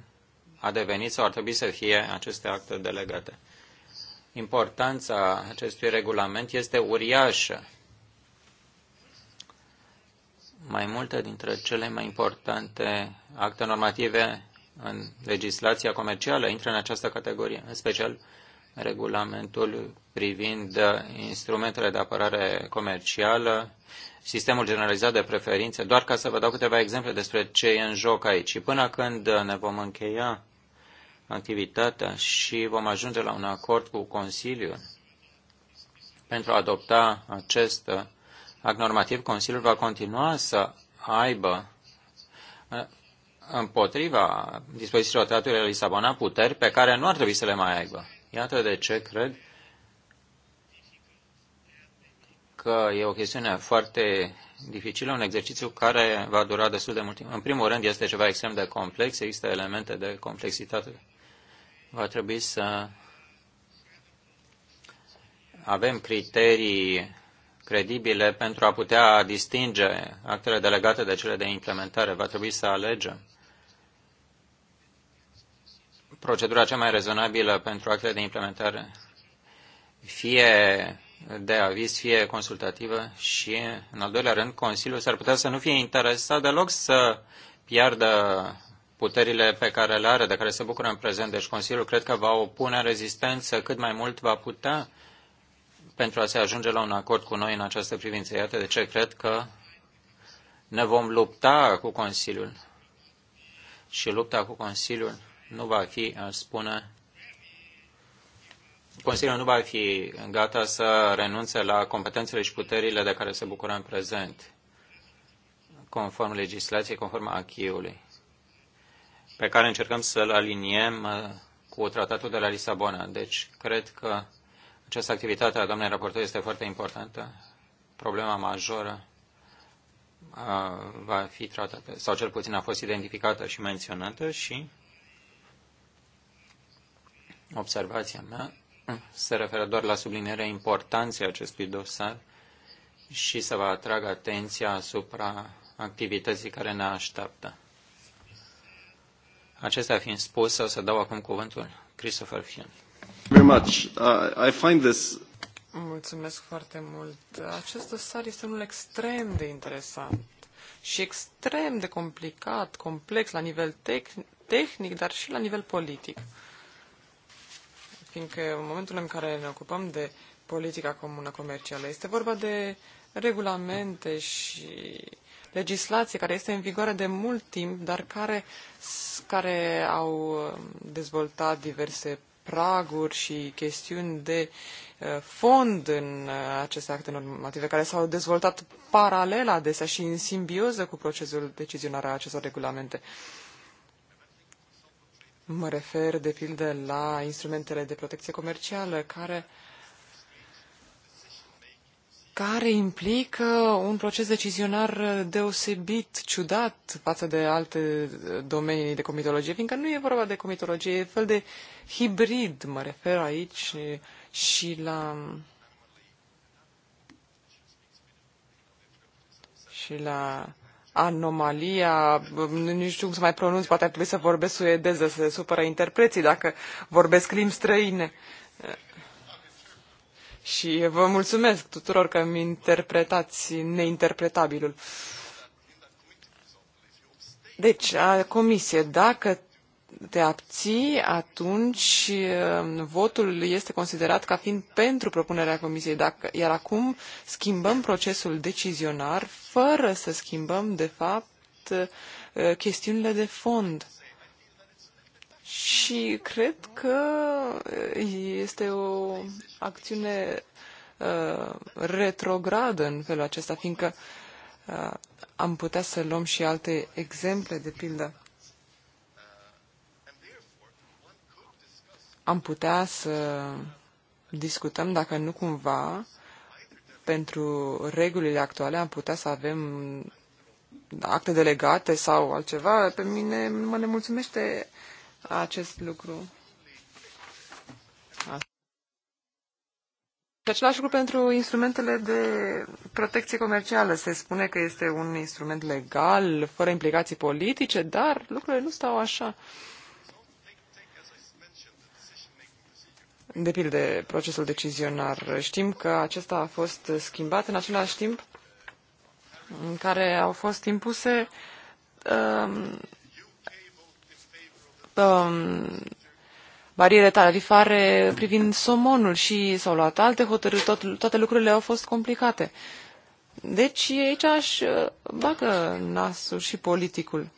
Speaker 1: a devenit sau ar trebui să fie aceste acte delegate. Importanța acestui regulament este uriașă. Mai multe dintre cele mai importante acte normative în legislația comercială intră în această categorie, în special regulamentul privind instrumentele de apărare comercială, sistemul generalizat de preferințe, doar ca să vă dau câteva exemple despre ce e în joc aici. Și până când ne vom încheia activitatea și vom ajunge la un acord cu Consiliul pentru a adopta acest act normativ. Consiliul va continua să aibă împotriva dispozițiilor Tratatului Lisabona puteri pe care nu ar trebui să le mai aibă. Iată de ce cred că e o chestiune foarte dificilă, un exercițiu care va dura destul de mult timp. În primul rând, este ceva extrem de complex, există elemente de complexitate va trebui să avem criterii credibile pentru a putea distinge actele delegate de cele de implementare. Va trebui să alegem procedura cea mai rezonabilă pentru actele de implementare, fie de aviz, fie consultativă și, în al doilea rând, Consiliul s-ar putea să nu fie interesat deloc să piardă puterile pe care le are, de care se bucură în prezent. Deci Consiliul cred că va opune rezistență cât mai mult va putea pentru a se ajunge la un acord cu noi în această privință. Iată de ce cred că ne vom lupta cu Consiliul. Și lupta cu Consiliul nu va fi, aș spune, Consiliul nu va fi gata să renunțe la competențele și puterile de care se bucură în prezent, conform legislației, conform achiului pe care încercăm să-l aliniem uh, cu tratatul de la Lisabona. Deci, cred că această activitate a doamnei raportor este foarte importantă. Problema majoră uh, va fi tratată, sau cel puțin a fost identificată și menționată și observația mea se referă doar la sublinierea importanței acestui dosar și să vă atrag atenția asupra activității care ne așteaptă. Acestea fiind spus o să dau acum cuvântul Christopher Fion. Very much.
Speaker 5: Uh, I find this
Speaker 3: Mulțumesc foarte mult. Acest dosar este unul extrem de interesant și extrem de complicat, complex la nivel tec- tehnic, dar și la nivel politic. Fiindcă în momentul în care ne ocupăm de politica comună comercială, este vorba de regulamente și legislație care este în vigoare de mult timp, dar care, care au um, dezvoltat diverse praguri și chestiuni de uh, fond în uh, aceste acte normative care s-au dezvoltat paralel adesea și în simbioză cu procesul decizionar al acestor regulamente. Mă refer, de pildă, la instrumentele de protecție comercială, care uh, care implică un proces decizionar deosebit, ciudat față de alte domenii de comitologie, fiindcă nu e vorba de comitologie, e fel de hibrid, mă refer aici și la... și la anomalia, nu știu cum să mai pronunț, poate ar trebui să vorbesc suedeză, se supără interpreții dacă vorbesc limbi străine și vă mulțumesc tuturor că mi interpretați neinterpretabilul. Deci, a, comisie, dacă te abții, atunci um, votul este considerat ca fiind pentru propunerea comisiei, dacă, iar acum schimbăm procesul decizionar fără să schimbăm, de fapt, uh, chestiunile de fond. Și cred că uh, este o acțiune uh, retrogradă în felul acesta, fiindcă uh, am putea să luăm și alte exemple, de pildă. Am putea să discutăm dacă nu cumva pentru regulile actuale am putea să avem acte delegate sau altceva. Pe mine mă nemulțumește acest lucru. Și deci, același lucru pentru instrumentele de protecție comercială. Se spune că este un instrument legal, fără implicații politice, dar lucrurile nu stau așa. De pildă, procesul decizionar. Știm că acesta a fost schimbat în același timp în care au fost impuse um, această um, bariere tarifare privind somonul și s-au luat alte hotărâri, tot, toate lucrurile au fost complicate. Deci aici aș uh, bagă nasul și politicul.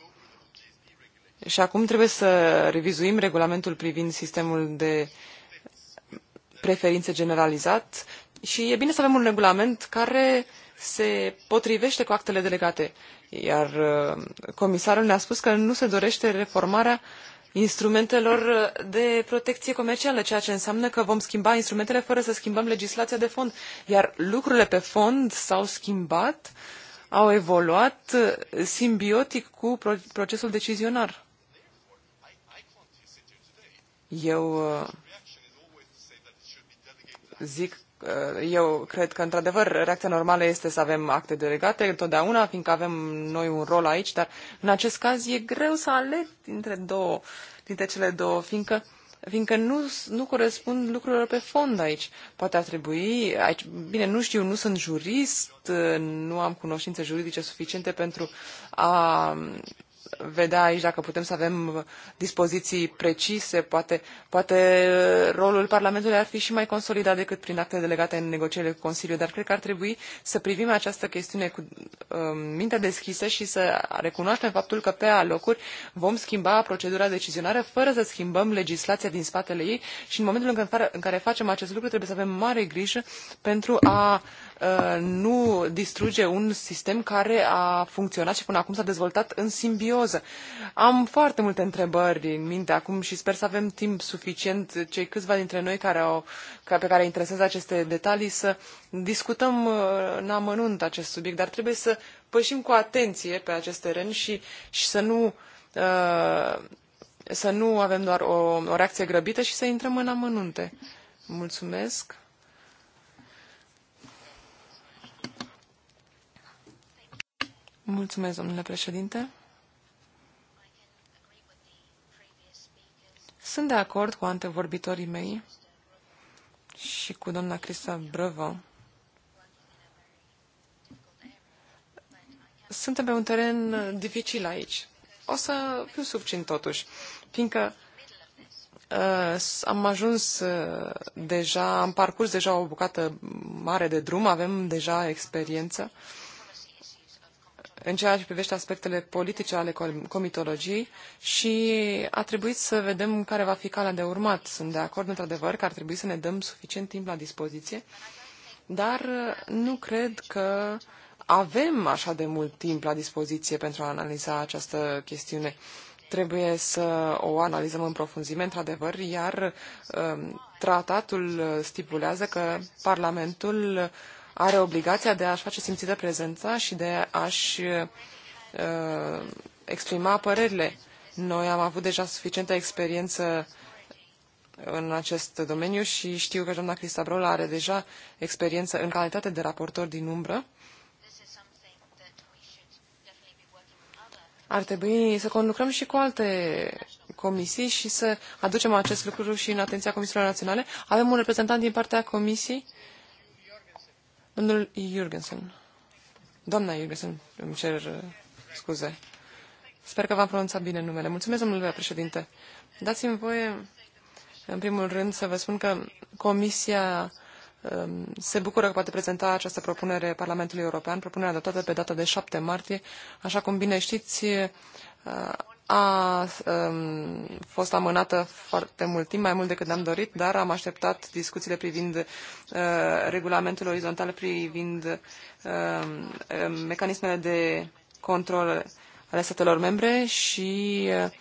Speaker 3: Și acum trebuie să revizuim regulamentul privind sistemul de preferințe generalizat și e bine să avem un regulament care se potrivește cu actele delegate. Iar uh, comisarul ne-a spus că nu se dorește reformarea uh, instrumentelor uh, de protecție comercială, ceea ce înseamnă că vom schimba instrumentele fără să schimbăm legislația de fond. Iar lucrurile pe fond s-au schimbat, au evoluat uh, simbiotic cu procesul decizionar. Eu uh, zic Eh, eu cred că, într-adevăr, reacția normală este să avem acte delegate întotdeauna, fiindcă avem noi un rol aici, dar în acest caz e greu să aleg dintre, două, dintre cele două, fiindcă fiindcă nu, nu corespund lucrurilor pe fond aici. Poate ar trebui, aici, bine, nu știu, nu sunt jurist, nu am cunoștințe juridice suficiente pentru a vedea aici dacă putem să avem dispoziții precise, poate, poate uh, rolul Parlamentului ar fi și mai consolidat decât prin acte delegate în negocierile cu Consiliul, dar cred că ar trebui să privim această chestiune cu uh, um, mintea deschisă și să recunoaștem faptul că pe alocuri vom schimba procedura decizionară fără să schimbăm legislația din spatele ei și în momentul în care, în care facem acest lucru trebuie să avem mare grijă pentru a Uh, nu distruge un sistem care a funcționat și până acum s-a dezvoltat în simbioză. Am foarte multe întrebări în minte acum și sper să avem timp suficient cei câțiva dintre noi care au, pe care interesează aceste detalii să discutăm uh, în amănunt acest subiect, dar trebuie să pășim cu atenție pe acest teren și, și să nu uh, să nu avem doar o, o reacție grăbită și să intrăm în amănunte. Mulțumesc. Mulțumesc, domnule președinte. Sunt de acord cu antevorbitorii mei și cu doamna Crista Brăvă. Suntem pe un teren dificil aici. O să fiu subțin totuși, fiindcă uh, am ajuns uh, deja, am parcurs deja o bucată mare de drum, avem deja experiență în ceea ce privește aspectele politice ale comitologiei și a trebuit să vedem care va fi calea de urmat. Sunt de acord, într-adevăr, că ar trebui să ne dăm suficient timp la dispoziție, dar uh, nu cred că avem așa de mult timp la dispoziție pentru a analiza această chestiune. Trebuie să o analizăm în profunzime, într-adevăr, iar uh, tratatul uh, stipulează că Parlamentul are obligația de a-și face simțită prezența și de a-și uh, exprima părerile. Noi am avut deja suficientă experiență în acest domeniu și știu că doamna Crista Brola are deja experiență în calitate de raportor din umbră. Ar trebui să conlucrăm și cu alte comisii și să aducem acest lucru și în atenția Comisiilor Naționale. Avem un reprezentant din partea Comisiei Domnul Jurgensen. Doamna Jurgensen, îmi cer uh, scuze. Sper că v-am pronunțat bine numele. Mulțumesc, domnule președinte. Dați-mi voie, în primul rând, să vă spun că Comisia um, se bucură că poate prezenta această propunere Parlamentului European, propunerea adoptată pe data de 7 martie. Așa cum bine știți, uh, a um, fost amânată foarte mult timp, mai mult decât am dorit, dar am așteptat discuțiile privind uh, regulamentul orizontal, privind uh, mecanismele de control ale statelor membre și uh,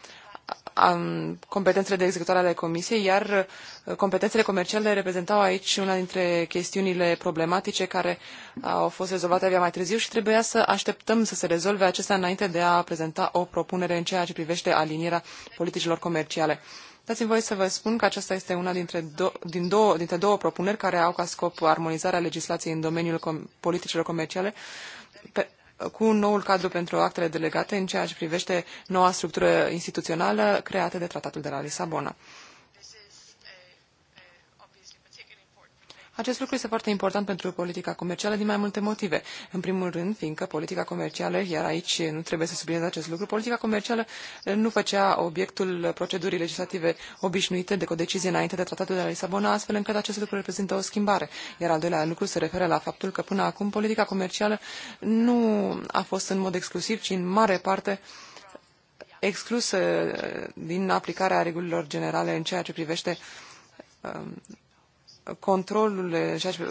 Speaker 3: competențele de executare ale Comisiei, iar uh, competențele comerciale reprezentau aici una dintre chestiunile problematice care au fost rezolvate abia mai târziu și trebuia să așteptăm să se rezolve acestea înainte de a prezenta o propunere în ceea ce privește alinierea politicilor comerciale. Dați-mi voie să vă spun că aceasta este una dintre, do- din două, dintre două propuneri care au ca scop armonizarea legislației în domeniul com- politicilor comerciale pe, cu noul cadru pentru actele delegate în ceea ce privește noua structură instituțională creată de Tratatul de la Lisabona. Acest lucru este foarte important pentru politica comercială din mai multe motive. În primul rând, fiindcă politica comercială, iar aici nu trebuie să subliniez acest lucru, politica comercială eh, nu făcea obiectul procedurii legislative obișnuite de codecizie înainte de tratatul de la Lisabona, astfel încât acest lucru reprezintă o schimbare. Iar al doilea lucru se referă la faptul că până acum politica comercială nu a fost în mod exclusiv, ci în mare parte exclusă eh, din aplicarea regulilor generale în ceea ce privește um, controlul,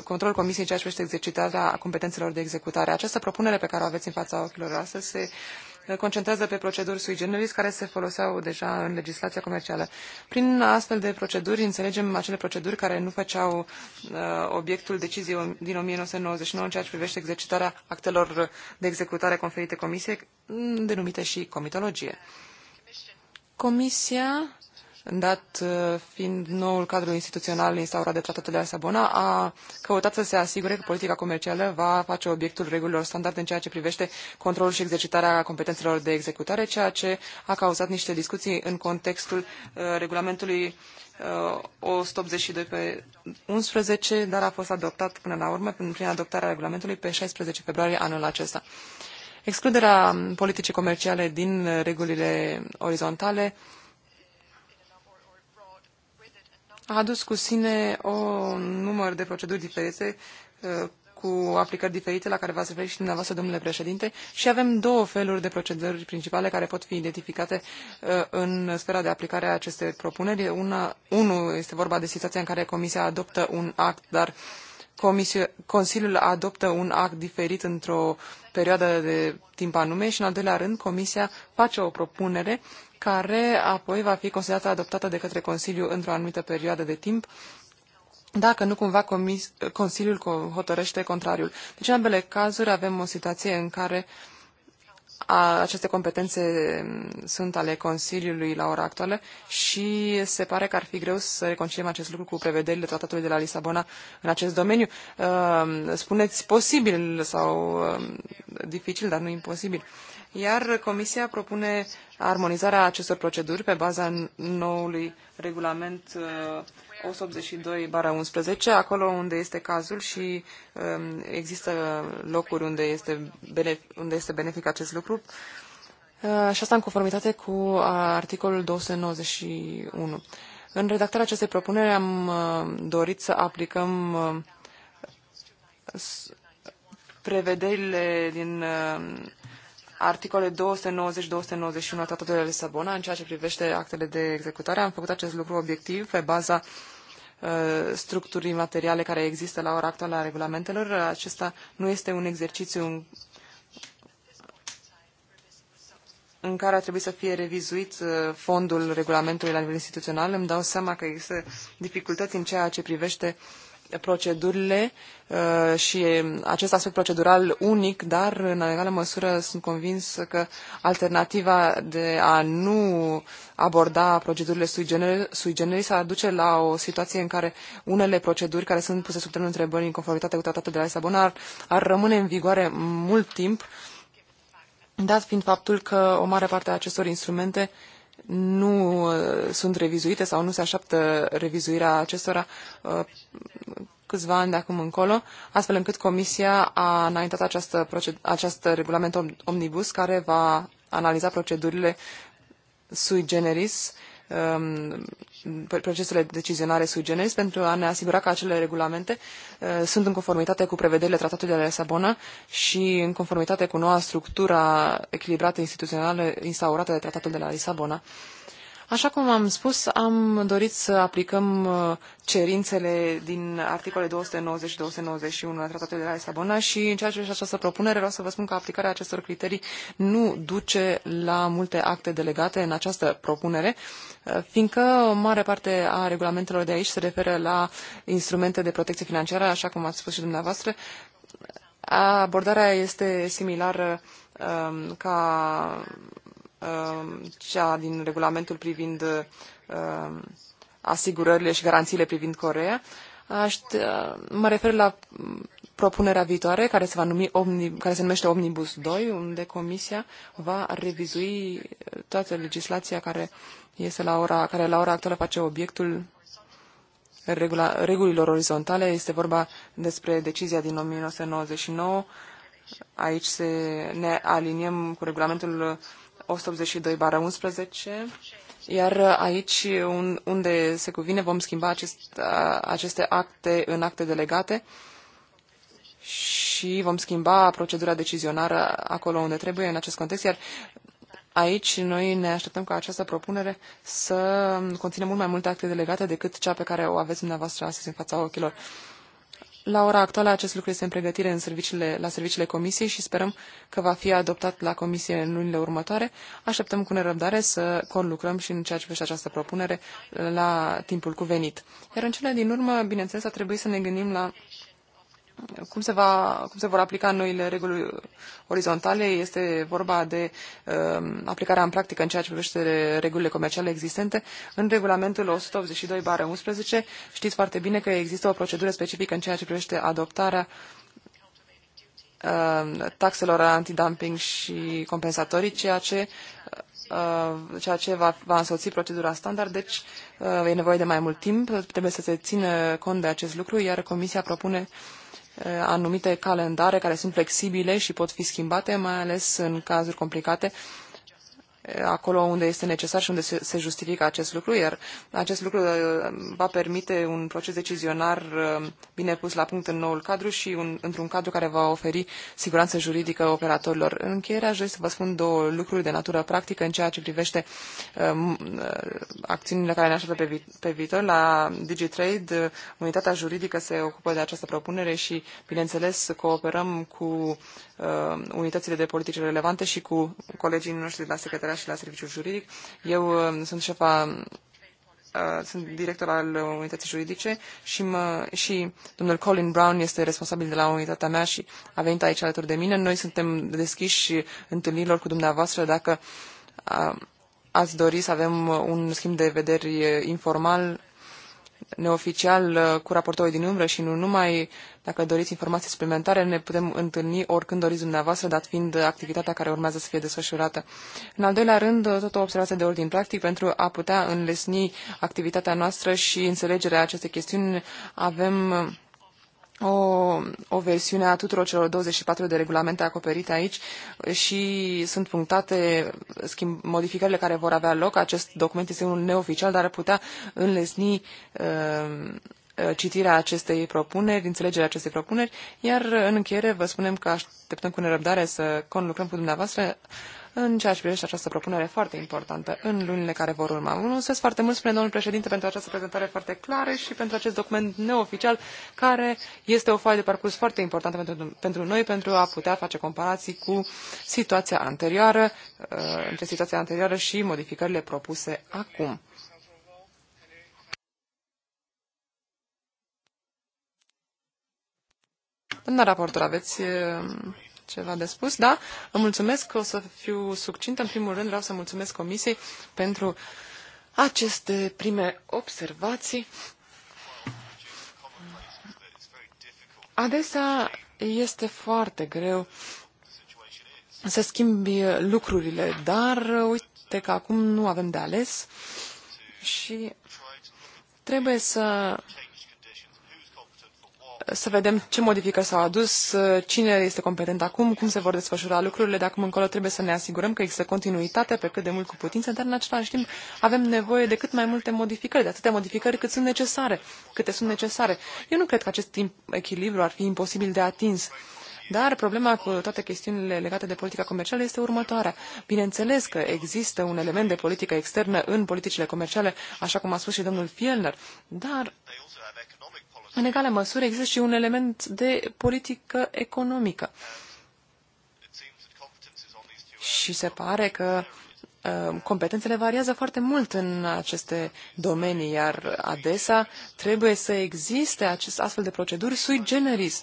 Speaker 3: controlul Comisiei ceea ce privește exercitarea competențelor de executare. Această propunere pe care o aveți în fața ochilor astăzi se uh, concentrează pe proceduri sui generis care se foloseau deja în legislația comercială. Prin astfel de proceduri înțelegem acele proceduri care nu făceau uh, obiectul deciziei din 1999 în ceea ce privește exercitarea actelor de executare conferite comisiei, denumite și comitologie. Comisia dat uh, fiind noul cadru instituțional instaurat de Tratatul de la Sabona, a căutat să se asigure că politica comercială va face obiectul regulilor standard în ceea ce privește controlul și exercitarea competențelor de executare, ceea ce a cauzat niște discuții în contextul uh, regulamentului uh, 182 pe 11, dar a fost adoptat până la urmă prin, prin adoptarea regulamentului pe 16 februarie anul acesta. Excluderea politicii comerciale din uh, regulile orizontale uh, a adus cu sine un număr de proceduri diferite uh, cu aplicări diferite la care v-ați referit și dumneavoastră, domnule președinte, și avem două feluri de proceduri principale care pot fi identificate uh, în sfera de aplicare a acestei propuneri. Una, unul este vorba de situația în care Comisia adoptă un act, dar Consiliul adoptă un act diferit într-o perioadă de timp anume și, în al doilea rând, Comisia face o propunere care apoi va fi considerată adoptată de către Consiliu într-o anumită perioadă de timp, dacă nu cumva comis, Consiliul hotărăște contrariul. Deci, în ambele cazuri, avem o situație în care a, aceste competențe mm, sunt ale Consiliului la ora actuală și se pare că ar fi greu să reconciliem acest lucru cu prevederile tratatului de la Lisabona în acest domeniu. Ă, spuneți posibil sau ă, dificil, dar nu imposibil iar Comisia propune armonizarea acestor proceduri pe baza noului regulament 182-11, uh, acolo unde este cazul și um, există locuri unde este, benefic, unde este benefic acest lucru. Uh, și asta în conformitate cu uh, articolul 291. În redactarea acestei propuneri am dorit să aplicăm prevederile din articole 290-291 Tratatului de Lisabona în ceea ce privește actele de executare. Am făcut acest lucru obiectiv pe baza uh, structurii materiale care există la ora actuală a regulamentelor. Acesta nu este un exercițiu în care ar trebui să fie revizuit uh, fondul regulamentului la nivel instituțional. Îmi dau seama că există dificultăți în ceea ce privește uh, procedurile uh, și acest aspect procedural unic, dar în egală măsură sunt convins că alternativa de a nu aborda procedurile sui, gener, sui generis ar duce la o situație în care unele proceduri care sunt puse sub termenul întrebării în conformitate cu tratatul de la Lisabona ar, ar rămâne în vigoare mult timp, dat fiind faptul că o mare parte a acestor instrumente uh, nu uh, sunt revizuite sau nu se așteaptă revizuirea acestora uh, câțiva ani de acum încolo, astfel încât Comisia a înaintat această, această regulament omnibus care va analiza procedurile sui generis Um, procesele decizionare sui generis pentru a ne asigura că acele regulamente uh, sunt în conformitate cu prevederile tratatului de la Lisabona și în conformitate cu noua structură echilibrată instituțională instaurată de tratatul de la Lisabona Așa cum am spus, am dorit să aplicăm uh, cerințele din articole 290 și 291 la Tratatul de la Lisabona și în ceea ce este această propunere vreau să vă spun că aplicarea acestor criterii nu duce la multe acte delegate în această propunere, uh, fiindcă o mare parte a regulamentelor de aici se referă la instrumente de protecție financiară, așa cum ați spus și dumneavoastră. Abordarea este similară um, ca Um, cea din regulamentul privind um, asigurările și garanțiile privind Corea. Uh, mă refer la mm, propunerea viitoare, care se, va numi Omni, care se numește Omnibus 2, unde Comisia va revizui toată legislația care, este la ora, care la ora actuală face obiectul regula, regulilor orizontale. Este vorba despre decizia din 1999. Aici se, ne aliniem cu regulamentul 182-11, iar aici un, unde se cuvine vom schimba acest, aceste acte în acte delegate și vom schimba procedura decizionară acolo unde trebuie în acest context, iar aici noi ne așteptăm ca această propunere să conține mult mai multe acte delegate decât cea pe care o aveți dumneavoastră astăzi în fața ochilor. La ora actuală acest lucru este în pregătire în serviciile, la serviciile comisiei și sperăm că va fi adoptat la comisie în lunile următoare. Așteptăm cu nerăbdare să conlucrăm și în ceea ce vește această propunere la timpul cuvenit. Iar în cele din urmă, bineînțeles, a trebuit să ne gândim la cum se, va, cum se vor aplica noile reguli orizontale? Este vorba de uh, aplicarea în practică în ceea ce privește regulile comerciale existente. În regulamentul 182-11 știți foarte bine că există o procedură specifică în ceea ce privește adoptarea uh, taxelor antidumping și compensatorii, ceea ce, uh, ceea ce va, va însoți procedura standard. Deci uh, e nevoie de mai mult timp, trebuie să se țină cont de acest lucru, iar Comisia propune uh, anumite calendare care sunt flexibile și pot fi schimbate, mai ales în cazuri complicate, acolo unde este necesar și unde se, se justifică acest lucru, iar acest lucru uh, va permite un proces decizionar uh, bine pus la punct în noul cadru și un, într-un cadru care va oferi siguranță juridică operatorilor. În încheiere aș vrea să vă spun două lucruri de natură practică în ceea ce privește um, acțiunile care ne așteaptă pe, vi- pe viitor. La DigiTrade, unitatea juridică se ocupă de această propunere și, bineînțeles, cooperăm cu um, unitățile de politici relevante și cu colegii noștri de la Secretaria comunicarea și la serviciul juridic. Eu uh, sunt șefa uh, sunt director al unității juridice și, mă, și domnul Colin Brown este responsabil de la unitatea mea și a venit aici alături de mine. Noi suntem deschiși întâlnirilor cu dumneavoastră dacă uh, ați dori să avem un schimb de vederi informal neoficial uh, cu raportorul din umbră și nu numai, dacă doriți informații suplimentare, ne putem întâlni oricând doriți dumneavoastră, dat fiind activitatea care urmează să fie desfășurată. În al doilea rând, uh, tot o observație de ordin practic pentru a putea înlesni activitatea noastră și înțelegerea acestei chestiuni. Avem uh, o, o versiune a tuturor celor 24 de regulamente acoperite aici și sunt punctate schimb, modificările care vor avea loc. Acest document este unul neoficial, dar ar putea înlesni um, uh, citirea acestei propuneri, înțelegerea acestei propuneri, iar în încheiere vă spunem că așteptăm cu nerăbdare să conlucrăm cu dumneavoastră în ceea ce privește această propunere foarte importantă în lunile care vor urma. Vă mulțumesc foarte mult, spune domnul președinte, pentru această prezentare foarte clară și pentru acest document neoficial, care este o foaie de parcurs foarte importantă pentru, pentru noi, pentru a putea face comparații cu situația anterioară, uh, între situația anterioară și modificările propuse acum. Doamna raportor, aveți uh, ceva de spus, da? Îmi mulțumesc, o să fiu succintă. În primul rând vreau să mulțumesc Comisiei pentru aceste prime observații. Adesea este foarte greu să schimbi lucrurile, dar uite că acum nu avem de ales și trebuie să să vedem ce modificări s-au adus, cine este competent acum, cum se vor desfășura lucrurile, de acum încolo trebuie să ne asigurăm că există continuitate pe cât de mult cu putință, dar în același timp avem nevoie de cât mai multe modificări, de atâtea modificări cât sunt necesare, câte sunt necesare. Eu nu cred că acest timp echilibru ar fi imposibil de atins. Dar problema cu toate chestiunile legate de politica comercială este următoarea. Bineînțeles că există un element de politică externă în politicile comerciale, așa cum a spus și domnul Fielner, dar în egală măsură există și un element de politică economică. Și se pare că uh, competențele variază foarte mult în aceste domenii, iar adesea trebuie să existe acest astfel de proceduri sui generis.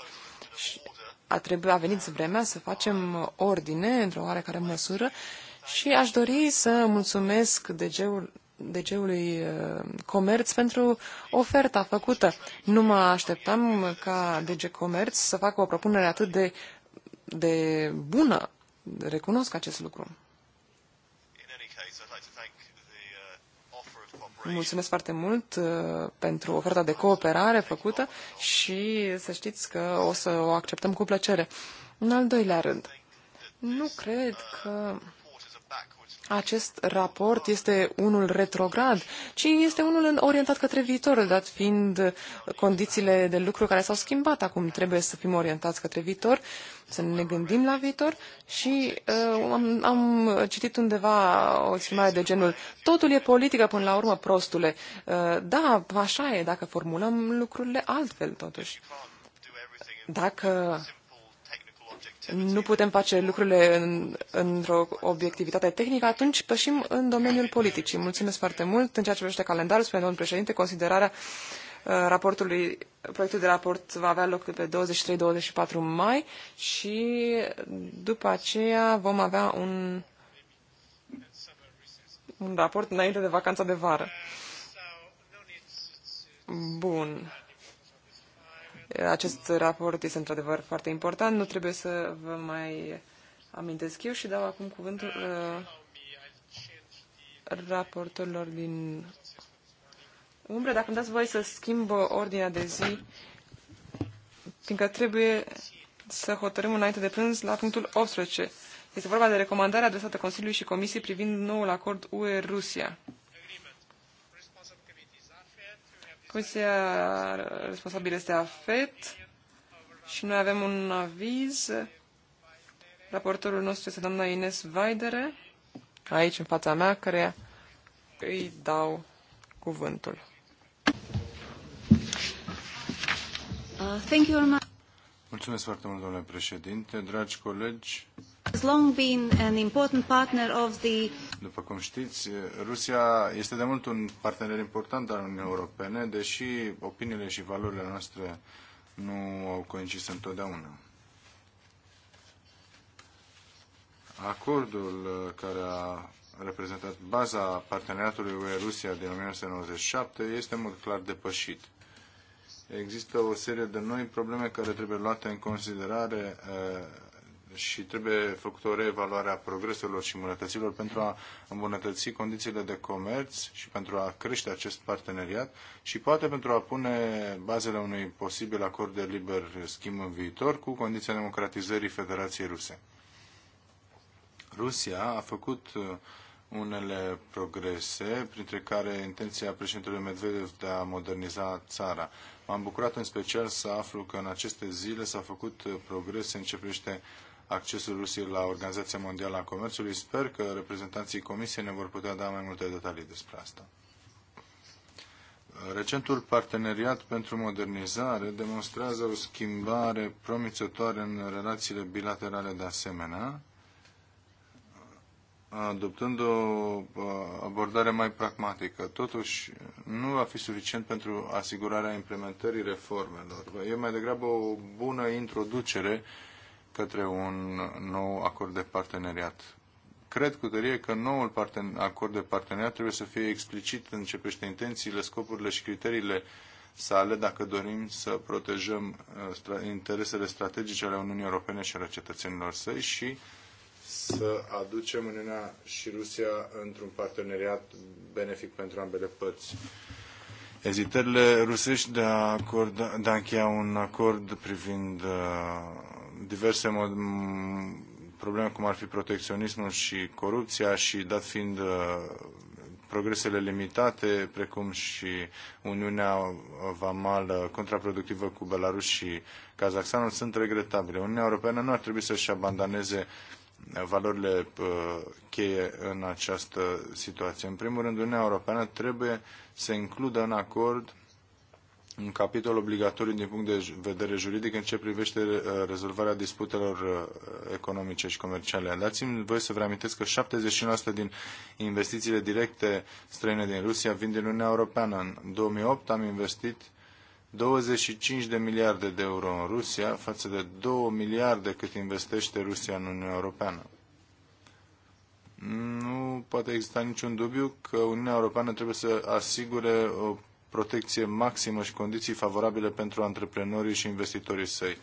Speaker 3: Și a, trebuit, a venit vremea să facem ordine într-o oarecare măsură și aș dori să mulțumesc DG-ul DG-ului uh, Comerț pentru oferta făcută. Nu mă așteptam ca DG Comerț să facă o propunere atât de, de bună. Recunosc acest lucru.
Speaker 4: Uh,
Speaker 3: Mulțumesc foarte mult uh, pentru oferta de cooperare făcută și să știți că o să o acceptăm cu plăcere. În al doilea rând, nu cred că acest raport este unul retrograd, ci este unul orientat către viitor, dat fiind condițiile de lucru care s-au schimbat acum. Trebuie să fim orientați către viitor, să ne gândim la viitor și uh, am, am citit undeva o exprimare de genul totul e politică până la urmă, prostule. Uh, da, așa e, dacă formulăm lucrurile altfel, totuși. Dacă nu putem face lucrurile în, într-o obiectivitate tehnică, atunci pășim în domeniul politicii. Mulțumesc foarte mult. În ceea ce privește calendarul, spune domnul președinte, considerarea uh, raportului, proiectul de raport va avea loc pe 23-24 mai și după aceea vom avea un, un raport înainte de vacanța de vară. Bun. Acest raport este într-adevăr foarte important, nu trebuie să vă mai amintesc eu și dau acum cuvântul uh, raportorilor din umbră. Dacă îmi dați voi să schimb ordinea de zi, fiindcă trebuie să hotărâm înainte de prânz la punctul 18. Este vorba de recomandarea adresată Consiliului și Comisiei privind noul acord UE-Rusia. Comisia responsabilă este AFET și noi avem un aviz. Raportorul nostru este doamna Ines Vaidere, aici în fața mea, care îi dau cuvântul. Uh,
Speaker 1: thank you very much.
Speaker 5: Mulțumesc foarte mult, domnule președinte, dragi colegi după cum știți, Rusia este de mult un partener important al Uniunii Europene, deși opiniile și valorile noastre nu au coincis întotdeauna. Acordul care a reprezentat baza parteneriatului UE-Rusia din 1997 este mult clar depășit. Există o serie de noi probleme care trebuie luate în considerare și trebuie făcută o reevaluare a progreselor și îmbunătăților pentru a îmbunătăți condițiile de comerț și pentru a crește acest parteneriat și poate pentru a pune bazele unui posibil acord de liber schimb în viitor cu condiția democratizării Federației Ruse. Rusia a făcut uh, unele progrese, printre care intenția președintelui Medvedev de a moderniza țara. M-am bucurat în special să aflu că în aceste zile s-au făcut uh, progrese în ce privește accesul Rusiei la Organizația Mondială a Comerțului. Sper că reprezentanții Comisiei ne vor putea da mai multe detalii despre asta. Recentul parteneriat pentru modernizare demonstrează o schimbare promițătoare în relațiile bilaterale de asemenea, adoptând o uh, abordare mai pragmatică. Totuși, nu va fi suficient pentru asigurarea implementării reformelor. E mai degrabă o bună introducere către un nou acord de parteneriat. Cred cu tărie că noul acord de parteneriat trebuie să fie explicit în ce privește intențiile, scopurile și criteriile sale dacă dorim să protejăm uh, interesele strategice ale Uniunii Europene și ale cetățenilor săi și să aducem Uniunea și Rusia într-un parteneriat benefic pentru ambele părți. Ezitările rusești de a, acorda, de a încheia un acord privind uh, diverse probleme cum ar fi protecționismul și corupția și dat fiind uh, progresele limitate, precum și Uniunea Vamală contraproductivă cu Belarus și Kazakhstanul, sunt regretabile. Uniunea Europeană nu ar trebui să-și abandoneze uh, valorile uh, cheie în această situație. În primul rând, Uniunea Europeană trebuie să includă în acord un capitol obligatoriu din punct de vedere juridic în ce privește uh, rezolvarea disputelor uh, economice și comerciale. Dați-mi voi să vă reamintesc că 79 din investițiile directe străine din Rusia vin din Uniunea Europeană. În 2008 am investit 25 de miliarde de euro în Rusia față de 2 miliarde cât investește Rusia în Uniunea Europeană. Nu poate exista niciun dubiu că Uniunea Europeană trebuie să asigure o protecție maximă și condiții favorabile pentru antreprenorii și investitorii săi.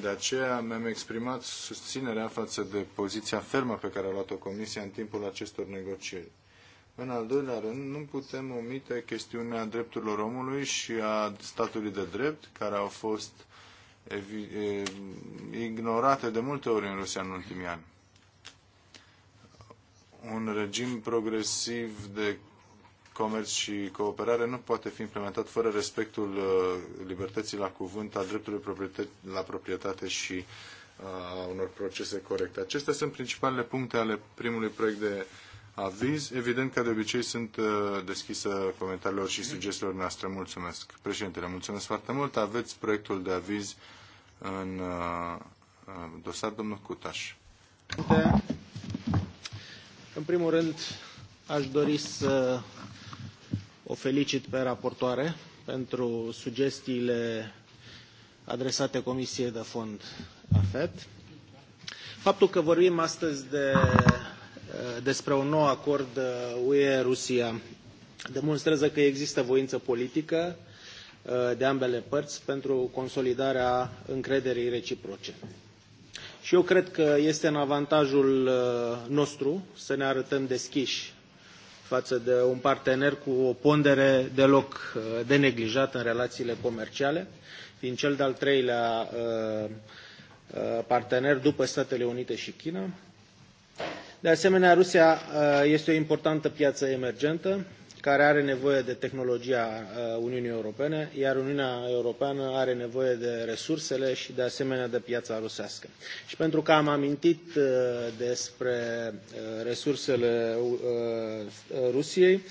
Speaker 5: De aceea mi-am exprimat susținerea față de poziția fermă pe care a luat-o Comisia în timpul acestor negocieri. În al doilea rând, nu putem omite chestiunea drepturilor omului și a statului de drept, care au fost ignorate de multe ori în Rusia în ultimii ani. Un regim progresiv de comerț și cooperare nu poate fi implementat fără respectul uh, libertății la cuvânt, a dreptului la proprietate și uh, a unor procese corecte. Acestea sunt principalele puncte ale primului proiect de aviz. Evident că de obicei sunt uh, deschisă comentariilor și sugestiilor noastre. Mulțumesc. Președintele, mulțumesc foarte mult. Aveți proiectul de aviz în dosar, domnul Cutaș.
Speaker 2: În primul rând, aș dori să o felicit pe raportoare pentru sugestiile adresate Comisiei de Fond AFET. Faptul că vorbim astăzi de, eh, despre un nou acord eh, UE-Rusia demonstrează că există voință politică eh, de ambele părți pentru consolidarea încrederii reciproce. Și eu cred că este în avantajul nostru să ne arătăm deschiși față de un partener cu o pondere deloc uh, de neglijat în relațiile comerciale, fiind cel de-al treilea uh, uh, partener după Statele Unite și China. De asemenea, Rusia este o importantă piață emergentă, care are nevoie de tehnologia uh, Uniunii Europene, iar Uniunea Europeană are nevoie de resursele și de asemenea de piața rusească. Și pentru că am amintit uh, despre uh, resursele Rusiei,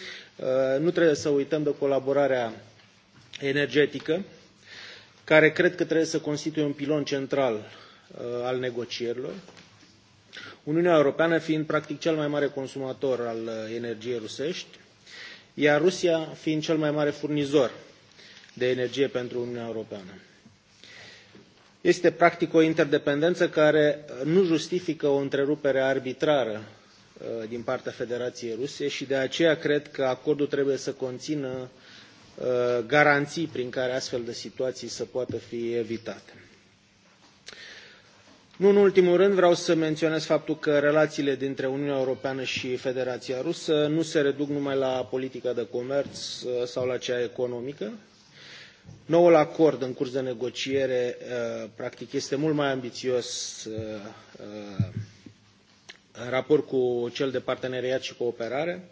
Speaker 2: nu trebuie să uităm de colaborarea energetică, care cred că trebuie să constituie un pilon central al negocierilor, Uniunea Europeană fiind practic cel mai mare consumator al energiei rusești, iar Rusia fiind cel mai mare furnizor de energie pentru Uniunea Europeană. Este practic o interdependență care nu justifică o întrerupere arbitrară uh, din partea Federației Ruse și de aceea cred că acordul trebuie să conțină uh, garanții prin care astfel de situații să poată fi evitate. Nu în ultimul rând vreau să menționez faptul că relațiile dintre Uniunea Europeană și Federația Rusă nu se reduc numai la politica de comerț uh, sau la cea economică. Noul acord în curs de negociere uh, practic este mult mai ambițios uh, în raport cu cel de parteneriat și cooperare.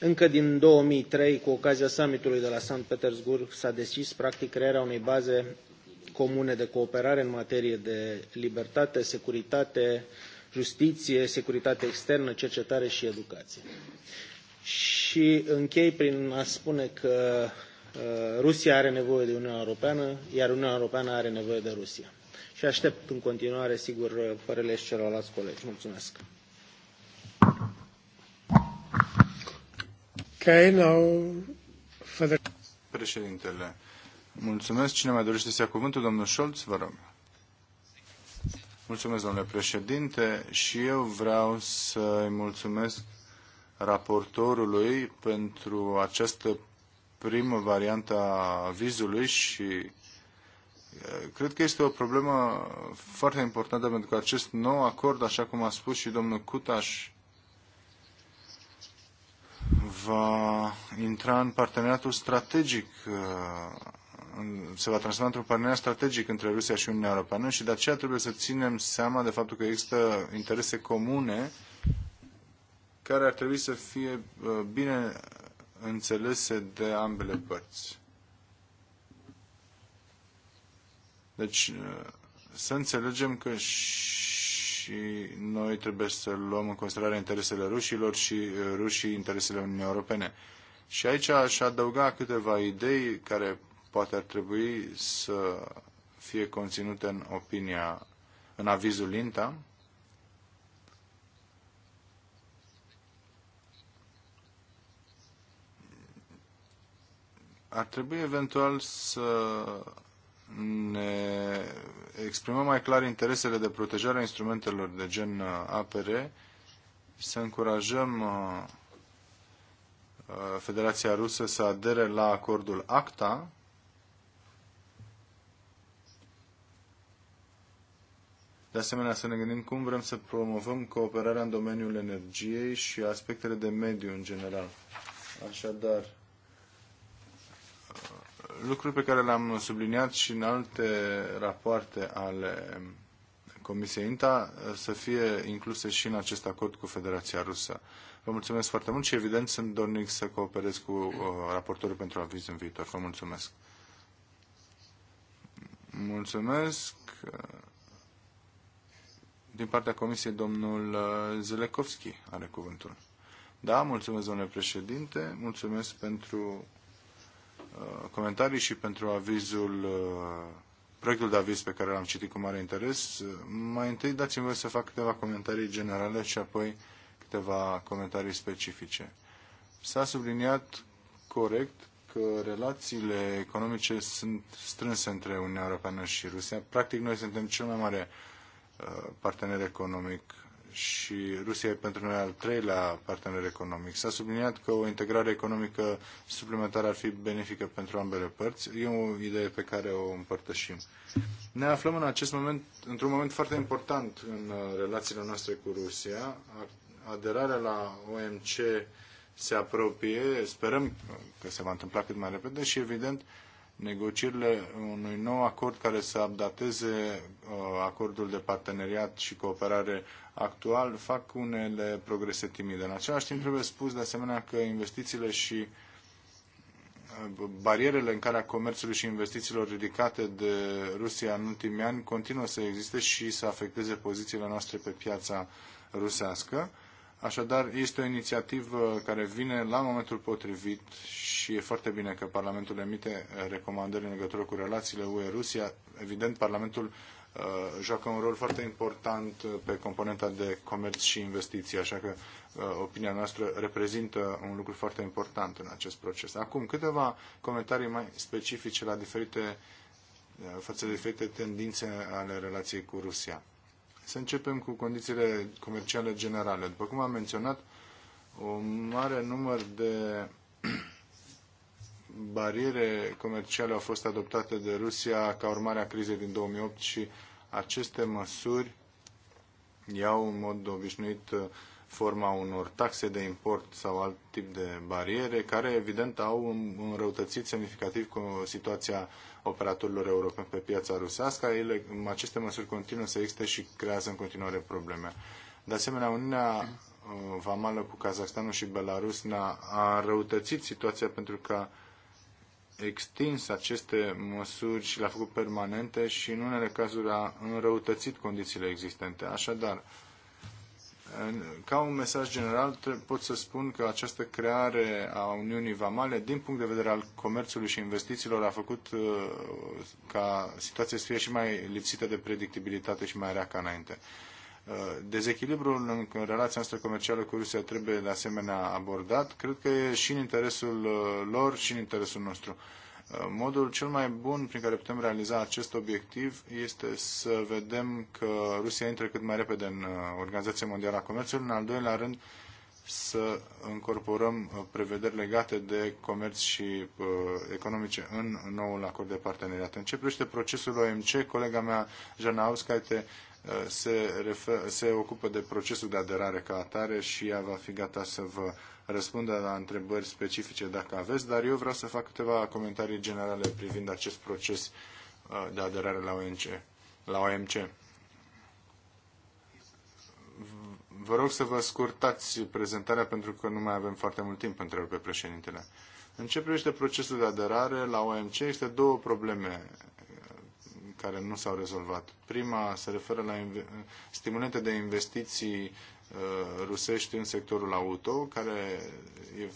Speaker 2: Încă din 2003, cu ocazia summitului de la Sankt Petersburg, s-a decis practic crearea unei baze comune de cooperare în materie de libertate, securitate, justiție, securitate externă, cercetare și educație. Și închei prin a spune că uh, Rusia are nevoie de Uniunea Europeană, iar Uniunea Europeană are nevoie de Rusia. Și aștept în continuare, sigur, părerile și celorlalți colegi. Mulțumesc!
Speaker 5: Okay, now for the... Președintele, Mulțumesc. Cine mai dorește să ia cuvântul? Domnul Scholz, vă rog. Mulțumesc, domnule președinte, și eu vreau să-i mulțumesc raportorului pentru această primă variantă a vizului și cred că este o problemă foarte importantă pentru că acest nou acord, așa cum a spus și domnul Cutaș, va intra în parteneriatul strategic se va transforma într-un parteneriat strategic între Rusia și Uniunea Europeană și de aceea trebuie să ținem seama de faptul că există interese comune care ar trebui să fie uh, bine înțelese de ambele părți. Deci uh, să înțelegem că și noi trebuie să luăm în considerare interesele rușilor și uh, rușii interesele Uniunii Europene. Și aici aș adăuga câteva idei care poate ar trebui să fie conținute în opinia, în avizul INTA. Ar trebui eventual să ne exprimăm mai clar interesele de protejare a instrumentelor de gen uh, APR, să încurajăm uh, uh, Federația Rusă să adere la acordul ACTA, De asemenea, să ne gândim cum vrem să promovăm cooperarea în domeniul energiei și aspectele de mediu în general. Așadar, lucruri pe care le-am subliniat și în alte rapoarte ale Comisiei INTA să fie incluse și în acest acord cu Federația Rusă. Vă mulțumesc foarte mult și evident sunt dornic să cooperez cu uh, raportorul pentru aviz în viitor. Vă mulțumesc. Mulțumesc. Din partea Comisiei, domnul uh, Zelekovski are cuvântul. Da, mulțumesc, domnule președinte, mulțumesc pentru uh, comentarii și pentru avizul, uh, proiectul de aviz pe care l-am citit cu mare interes. Mai întâi dați-mi voi să fac câteva comentarii generale și apoi câteva comentarii specifice. S-a subliniat corect că relațiile economice sunt strânse între Uniunea Europeană și Rusia. Practic, noi suntem cel mai mare uh, partener economic și Rusia e pentru noi al treilea partener economic. S-a subliniat că o integrare economică suplimentară ar fi benefică pentru ambele părți. E o idee pe care o împărtășim. Ne aflăm în acest moment, într-un moment foarte important în uh, relațiile noastre cu Rusia. Aderarea la OMC se apropie, sperăm că se va întâmpla cât mai repede și evident negocierile unui nou acord care să updateze uh, acordul de parteneriat și cooperare actual fac unele progrese timide. În același timp trebuie spus de asemenea că investițiile și uh, barierele în care comerțului și investițiilor ridicate de Rusia în ultimii ani continuă să existe și să afecteze pozițiile noastre pe piața rusească. Așadar, este o inițiativă care vine la momentul potrivit și e foarte bine că Parlamentul emite uh, recomandări în legătură cu relațiile UE-Rusia. Evident, Parlamentul uh, joacă un rol foarte important uh, pe componenta de comerț și investiții, așa că opinia noastră reprezintă un lucru foarte important în acest proces. Acum, câteva comentarii mai specifice la diferite, față de diferite tendințe ale relației cu Rusia. Să începem cu condițiile comerciale generale. După cum am menționat, o mare număr de bariere comerciale au fost adoptate de Rusia ca urmare a crizei din 2008 și aceste măsuri iau în mod obișnuit forma unor taxe de import sau alt tip de bariere, care evident au înrăutățit semnificativ cu situația operatorilor europeni pe piața rusească. Ele, în aceste măsuri continuă să existe și creează în continuare probleme. De asemenea, Uniunea uh, Vamală cu Kazahstanul și Belarus a înrăutățit situația pentru că extins aceste măsuri și le-a făcut permanente și în unele cazuri a înrăutățit condițiile existente. Așadar, ca un mesaj general pot să spun că această creare a Uniunii Vamale, din punct de vedere al comerțului și investițiilor, a făcut uh, ca situația să fie și mai lipsită de predictibilitate și mai rea ca înainte. Uh, dezechilibrul în relația noastră comercială cu Rusia trebuie de asemenea abordat. Cred că e și în interesul uh, lor și în interesul nostru Modul cel mai bun prin care putem realiza acest obiectiv este să vedem că Rusia intră cât mai repede în uh, Organizația Mondială a Comerțului, în al doilea rând să încorporăm uh, prevederi legate de comerț și uh, economice în noul acord de parteneriat. În ce privește procesul OMC, colega mea, Jana Auscaite, se, refer, se ocupă de procesul de aderare ca atare și ea va fi gata să vă răspundă la întrebări specifice dacă aveți, dar eu vreau să fac câteva comentarii generale privind acest proces uh, de aderare la OMC. La OMC. Vă rog să vă scurtați prezentarea pentru că nu mai avem foarte mult timp, pe președintele. În ce privește procesul de aderare la OMC, este două probleme uh, care nu s-au rezolvat. Prima se referă la stimulente de investiții Uh, rusești în sectorul auto, care e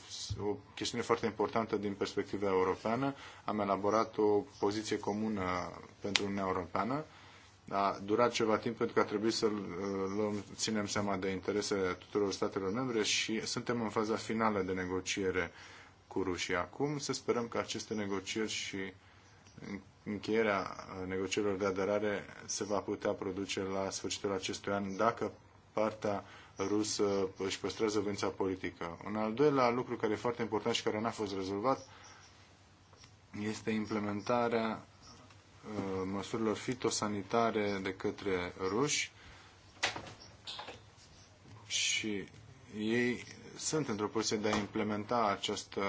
Speaker 5: o chestiune foarte importantă din perspectiva europeană. Am elaborat o poziție comună pentru Uniunea Europeană. A durat ceva timp pentru că a trebuit să uh, luăm, ținem seama de interesele tuturor statelor membre și suntem în faza finală de negociere cu rușii acum. Să sperăm că aceste negocieri și încheierea uh, negocierilor de aderare se va putea produce la sfârșitul acestui an, dacă partea rusă își păstrează vența politică. Un al doilea lucru care e foarte important și care n-a fost rezolvat este implementarea uh, măsurilor fitosanitare de către ruși și ei sunt într-o poziție de a implementa această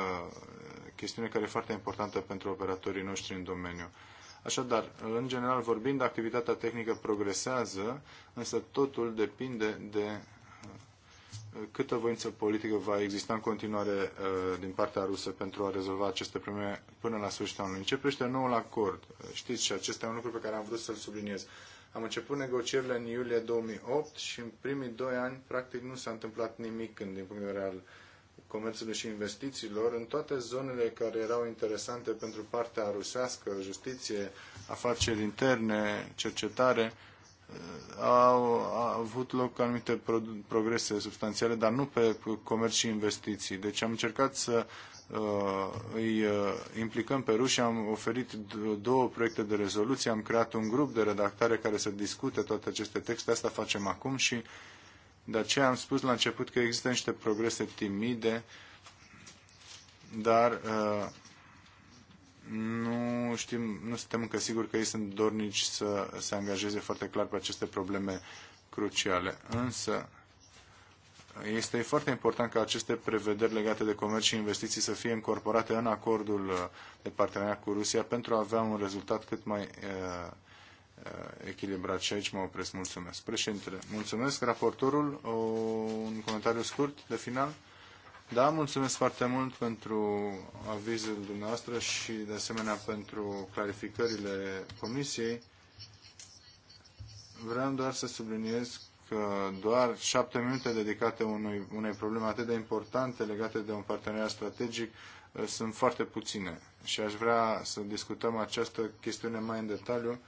Speaker 5: chestiune care e foarte importantă pentru operatorii noștri în domeniu. Așadar, în general vorbind, activitatea tehnică progresează, însă totul depinde de uh, câtă voință politică va exista în continuare uh, din partea rusă pentru a rezolva aceste probleme până la sfârșitul anului. Începește noul acord. Știți, și acesta e un lucru pe care am vrut să-l subliniez. Am început negocierile în iulie 2008 și în primii doi ani, practic, nu s-a întâmplat nimic din punct de vedere al Comerțului și Investițiilor în toate zonele care erau interesante pentru partea rusească, justiție, afaceri interne, cercetare, uh, au, au avut loc anumite pro, progrese substanțiale, dar nu pe comerț și investiții. Deci am încercat să uh, îi uh, implicăm pe ruși, am oferit două proiecte de rezoluție, am creat un grup de redactare care să discute toate aceste texte, asta facem acum și uh, de aceea am spus la început că există niște progrese timide, dar uh, nu știm, nu suntem încă siguri că ei sunt dornici să se angajeze foarte clar pe aceste probleme cruciale. Însă, este foarte important ca aceste prevederi legate de comerț și investiții să fie incorporate în acordul de parteneriat cu Rusia pentru a avea un rezultat cât mai uh, Uh, echilibrat și aici mă opresc. Mulțumesc. Președintele, mulțumesc. Raportorul, o, un comentariu scurt de final. Da, mulțumesc foarte mult pentru avizul dumneavoastră și de asemenea pentru clarificările comisiei. Vreau doar să subliniez că doar șapte minute dedicate unui, unei probleme atât de importante legate de un parteneriat strategic uh, sunt foarte puține și aș vrea să discutăm această chestiune mai în detaliu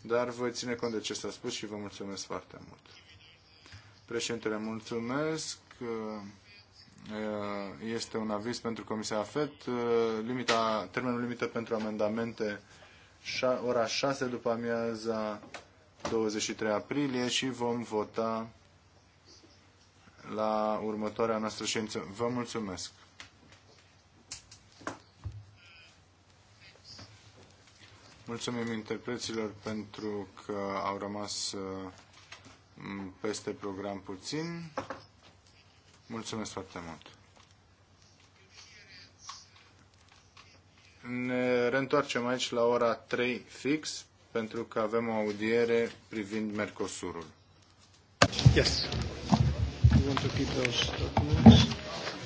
Speaker 5: dar voi ține cont de ce s-a spus și vă mulțumesc foarte mult. Președintele, mulțumesc. Uh, este un aviz pentru Comisia AFET. Uh, limita, termenul limită pentru amendamente ora 6 după amiaza 23 aprilie și vom vota la următoarea noastră ședință. Vă mulțumesc! Mulțumim interpreților pentru că au rămas mm, peste program puțin. Mulțumesc foarte mult. Ne reîntoarcem aici la ora 3 fix pentru că avem o audiere privind Mercosurul. Yes. You want to keep those documents?